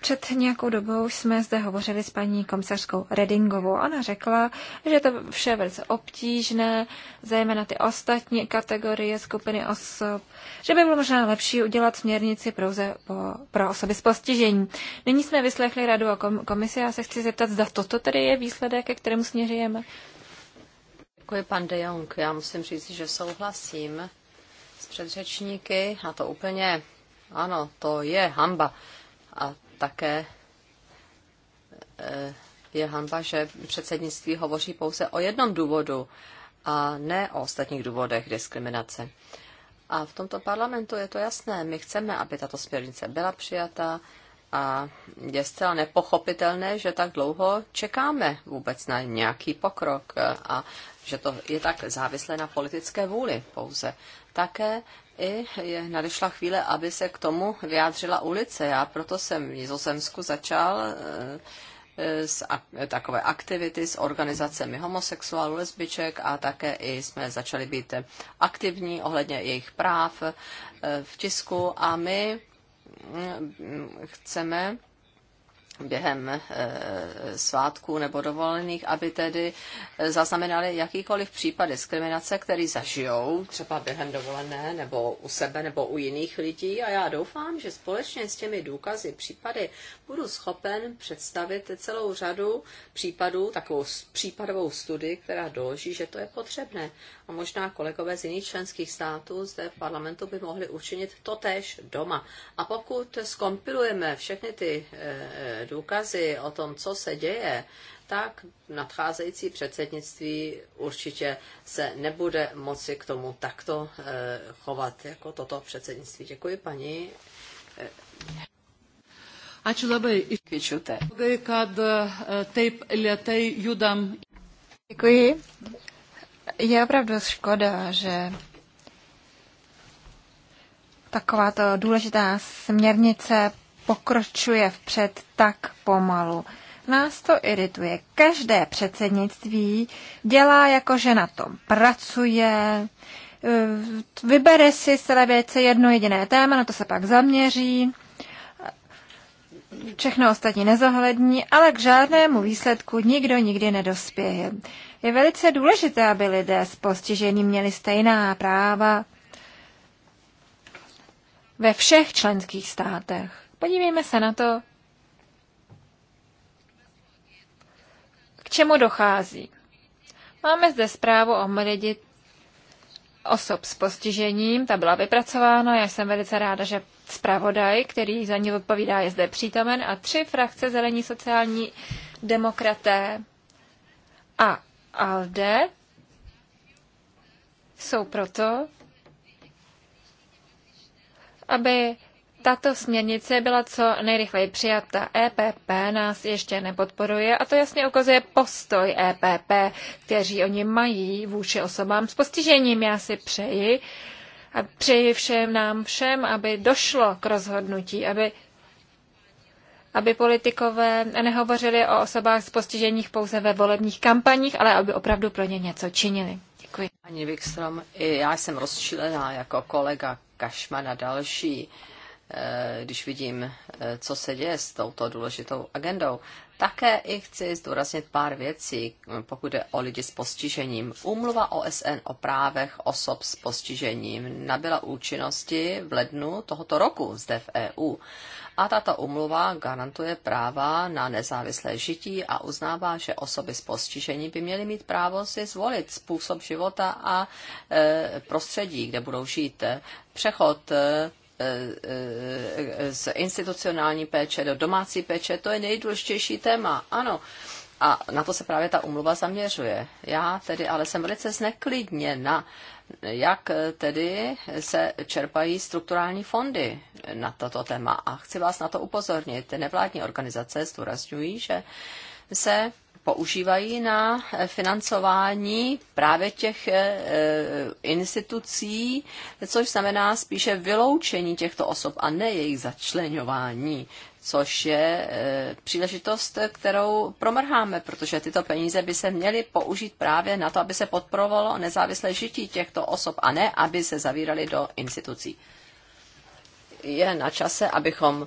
Před nějakou dobou jsme zde hovořili s paní komisařskou Redingovou. Ona řekla, že to vše velice obtížné, zejména ty ostatní kategorie, skupiny osob, že by bylo možná lepší udělat směrnici pouze pro osoby s postižením. Nyní jsme vyslechli radu a komisi a se chci zeptat, zda toto tedy je výsledek, ke kterému směřujeme. Děkuji, pan De Jong. Já musím říct, že souhlasím předřečníky a to úplně, ano, to je hamba. A také eh, je hamba, že předsednictví hovoří pouze o jednom důvodu a ne o ostatních důvodech diskriminace. A v tomto parlamentu je to jasné. My chceme, aby tato směrnice byla přijata a je zcela nepochopitelné, že tak dlouho čekáme vůbec na nějaký pokrok a že to je tak závislé na politické vůli pouze také i je, nadešla chvíle, aby se k tomu vyjádřila ulice. Já proto jsem v Nizozemsku začal eh, eh, s takové aktivity s organizacemi homosexuálů, lesbiček a také i jsme začali být aktivní ohledně jejich práv eh, v tisku a my mm, chceme během eh, svátků nebo dovolených, aby tedy eh, zaznamenali jakýkoliv případ diskriminace, který zažijou třeba během dovolené nebo u sebe nebo u jiných lidí. A já doufám, že společně s těmi důkazy, případy budu schopen představit celou řadu případů, takovou případovou studii, která doloží, že to je potřebné. A možná kolegové z jiných členských států zde v parlamentu by mohli učinit to tež doma. A pokud skompilujeme všechny ty eh, důkazy o tom, co se děje, tak nadcházející předsednictví určitě se nebude moci k tomu takto eh, chovat jako toto předsednictví. Děkuji paní. Eh. Ačiū labai. Kviečiute. Kad eh, taip lietai judam. Děkuji. Je opravdu škoda, že takováto důležitá směrnice pokročuje vpřed tak pomalu. Nás to irituje. Každé předsednictví dělá jako, že na tom pracuje, eh, vybere si celé věci jedno jediné téma, na to se pak zaměří, všechno ostatní nezohlední, ale k žádnému výsledku nikdo nikdy nedospěje. Je velice důležité, aby lidé s postižením měli stejná práva ve všech členských státech. Podívejme se na to, k čemu dochází. Máme zde zprávu o mladě osob s postižením, ta byla vypracována, já jsem velice ráda, že zpravodaj, který za ní odpovídá, je zde přítomen a tři frakce Zelení sociální demokraté a ALDE jsou proto, aby tato směrnice byla co nejrychleji přijata. EPP nás ještě nepodporuje a to jasně ukazuje postoj EPP, kteří oni mají vůči osobám s postižením. Já si přeji a přeji všem nám všem, aby došlo k rozhodnutí, aby aby politikové nehovořili o osobách s postiženích pouze ve volebních kampaních, ale aby opravdu pro ně něco činili. Děkuji. Pani Wikström, já jsem rozčilená jako kolega na další. Eh, když vidím, eh, co se děje s touto důležitou agendou. Také i chci zdůraznit pár věcí, eh, pokud jde o lidi s postižením. Úmluva OSN o právech osob s postižením nabyla účinnosti v lednu tohoto roku zde v EU. A tato umluva garantuje práva na nezávislé žití a uznává, že osoby s postižením by měly mít právo si zvolit způsob života a prostředí, kde budou žít. Přechod z institucionální péče do domácí péče, to je nejdůležitější téma, ano. A na to se právě ta umluva zaměřuje. Já tedy ale jsem velice zneklidněna, jak tedy se čerpají strukturální fondy na toto téma. A chci vás na to upozornit. Ty Nevládní organizace zdůrazňují, že se používají na financování právě těch eh, eh, institucí, což znamená spíše vyloučení těchto osob a ne jejich začlenování, což je eh, příležitost, kterou promrháme, protože tyto peníze by se měly použít právě na to, aby se podporovalo nezávislé žití těchto osob a ne, aby se zavíraly do institucí. Je na čase, abychom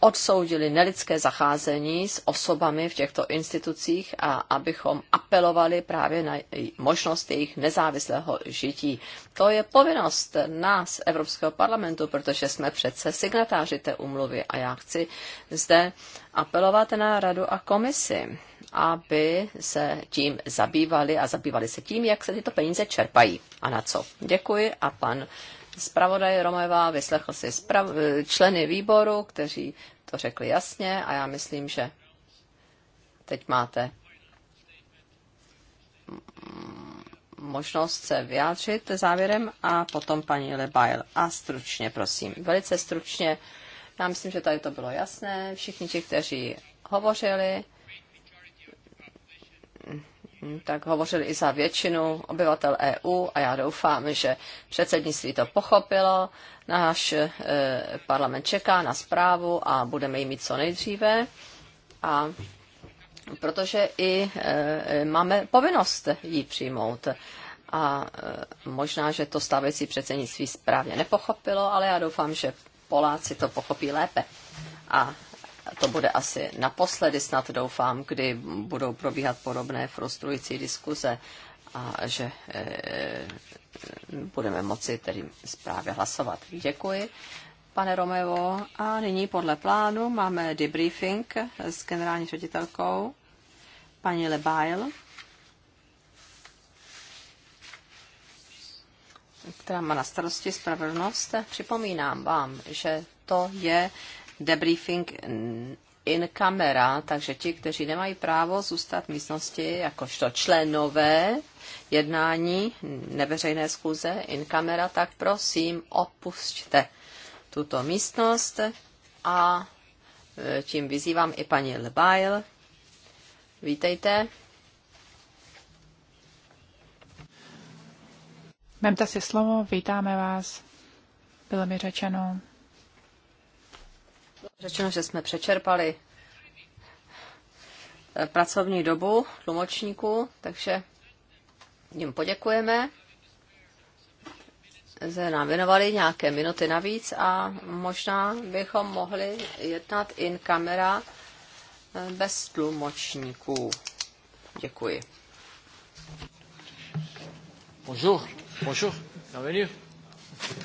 odsoudili nelidské zacházení s osobami v těchto institucích a abychom apelovali právě na možnost jejich nezávislého žití. To je povinnost nás, Evropského parlamentu, protože jsme přece signatáři té umluvy a já chci zde apelovat na radu a komisi, aby se tím zabývali a zabývali se tím, jak se tyto peníze čerpají a na co. Děkuji a pan zpravodaj Romeva, vyslechl si zprav- eh, členy výboru, kteří to řekli jasně a já myslím, že teď máte možnost se vyjádřit závěrem a potom paní Lebail. A stručně, prosím, velice stručně. Já myslím, že tady to bylo jasné. Všichni ti, kteří hovořili, tak hovořili i za většinu obyvatel EU a já doufám, že předsednictví to pochopilo. Náš e, parlament čeká na zprávu a budeme ji mít co nejdříve. A protože i e, máme povinnost ji přijmout. A e, možná, že to stávající předsednictví správně nepochopilo, ale já doufám, že Poláci to pochopí lépe. A to bude asi naposledy, snad doufám, kdy budou probíhat podobné frustrující diskuze a že e, budeme moci tedy zprávě hlasovat. Děkuji, pane Romevo. A nyní podle plánu máme debriefing s generální ředitelkou paní Lebail, která má na starosti spravedlnost. Připomínám vám, že to je e, debriefing in camera, takže ti, kteří nemají právo zůstat v místnosti jakožto členové jednání neveřejné schůze in camera, tak prosím opusťte tuto místnost a e, tím vyzývám i paní Lebail. Vítejte. Vemte si slovo, vítáme vás. Bylo mi řečeno, řečeno, že jsme přečerpali eh, pracovní dobu tlumočníků, takže jim poděkujeme, že nám věnovali nějaké minuty navíc a možná bychom mohli jednat in kamera eh, bez tlumočníků. Děkuji. Bonjour, bonjour, bienvenue.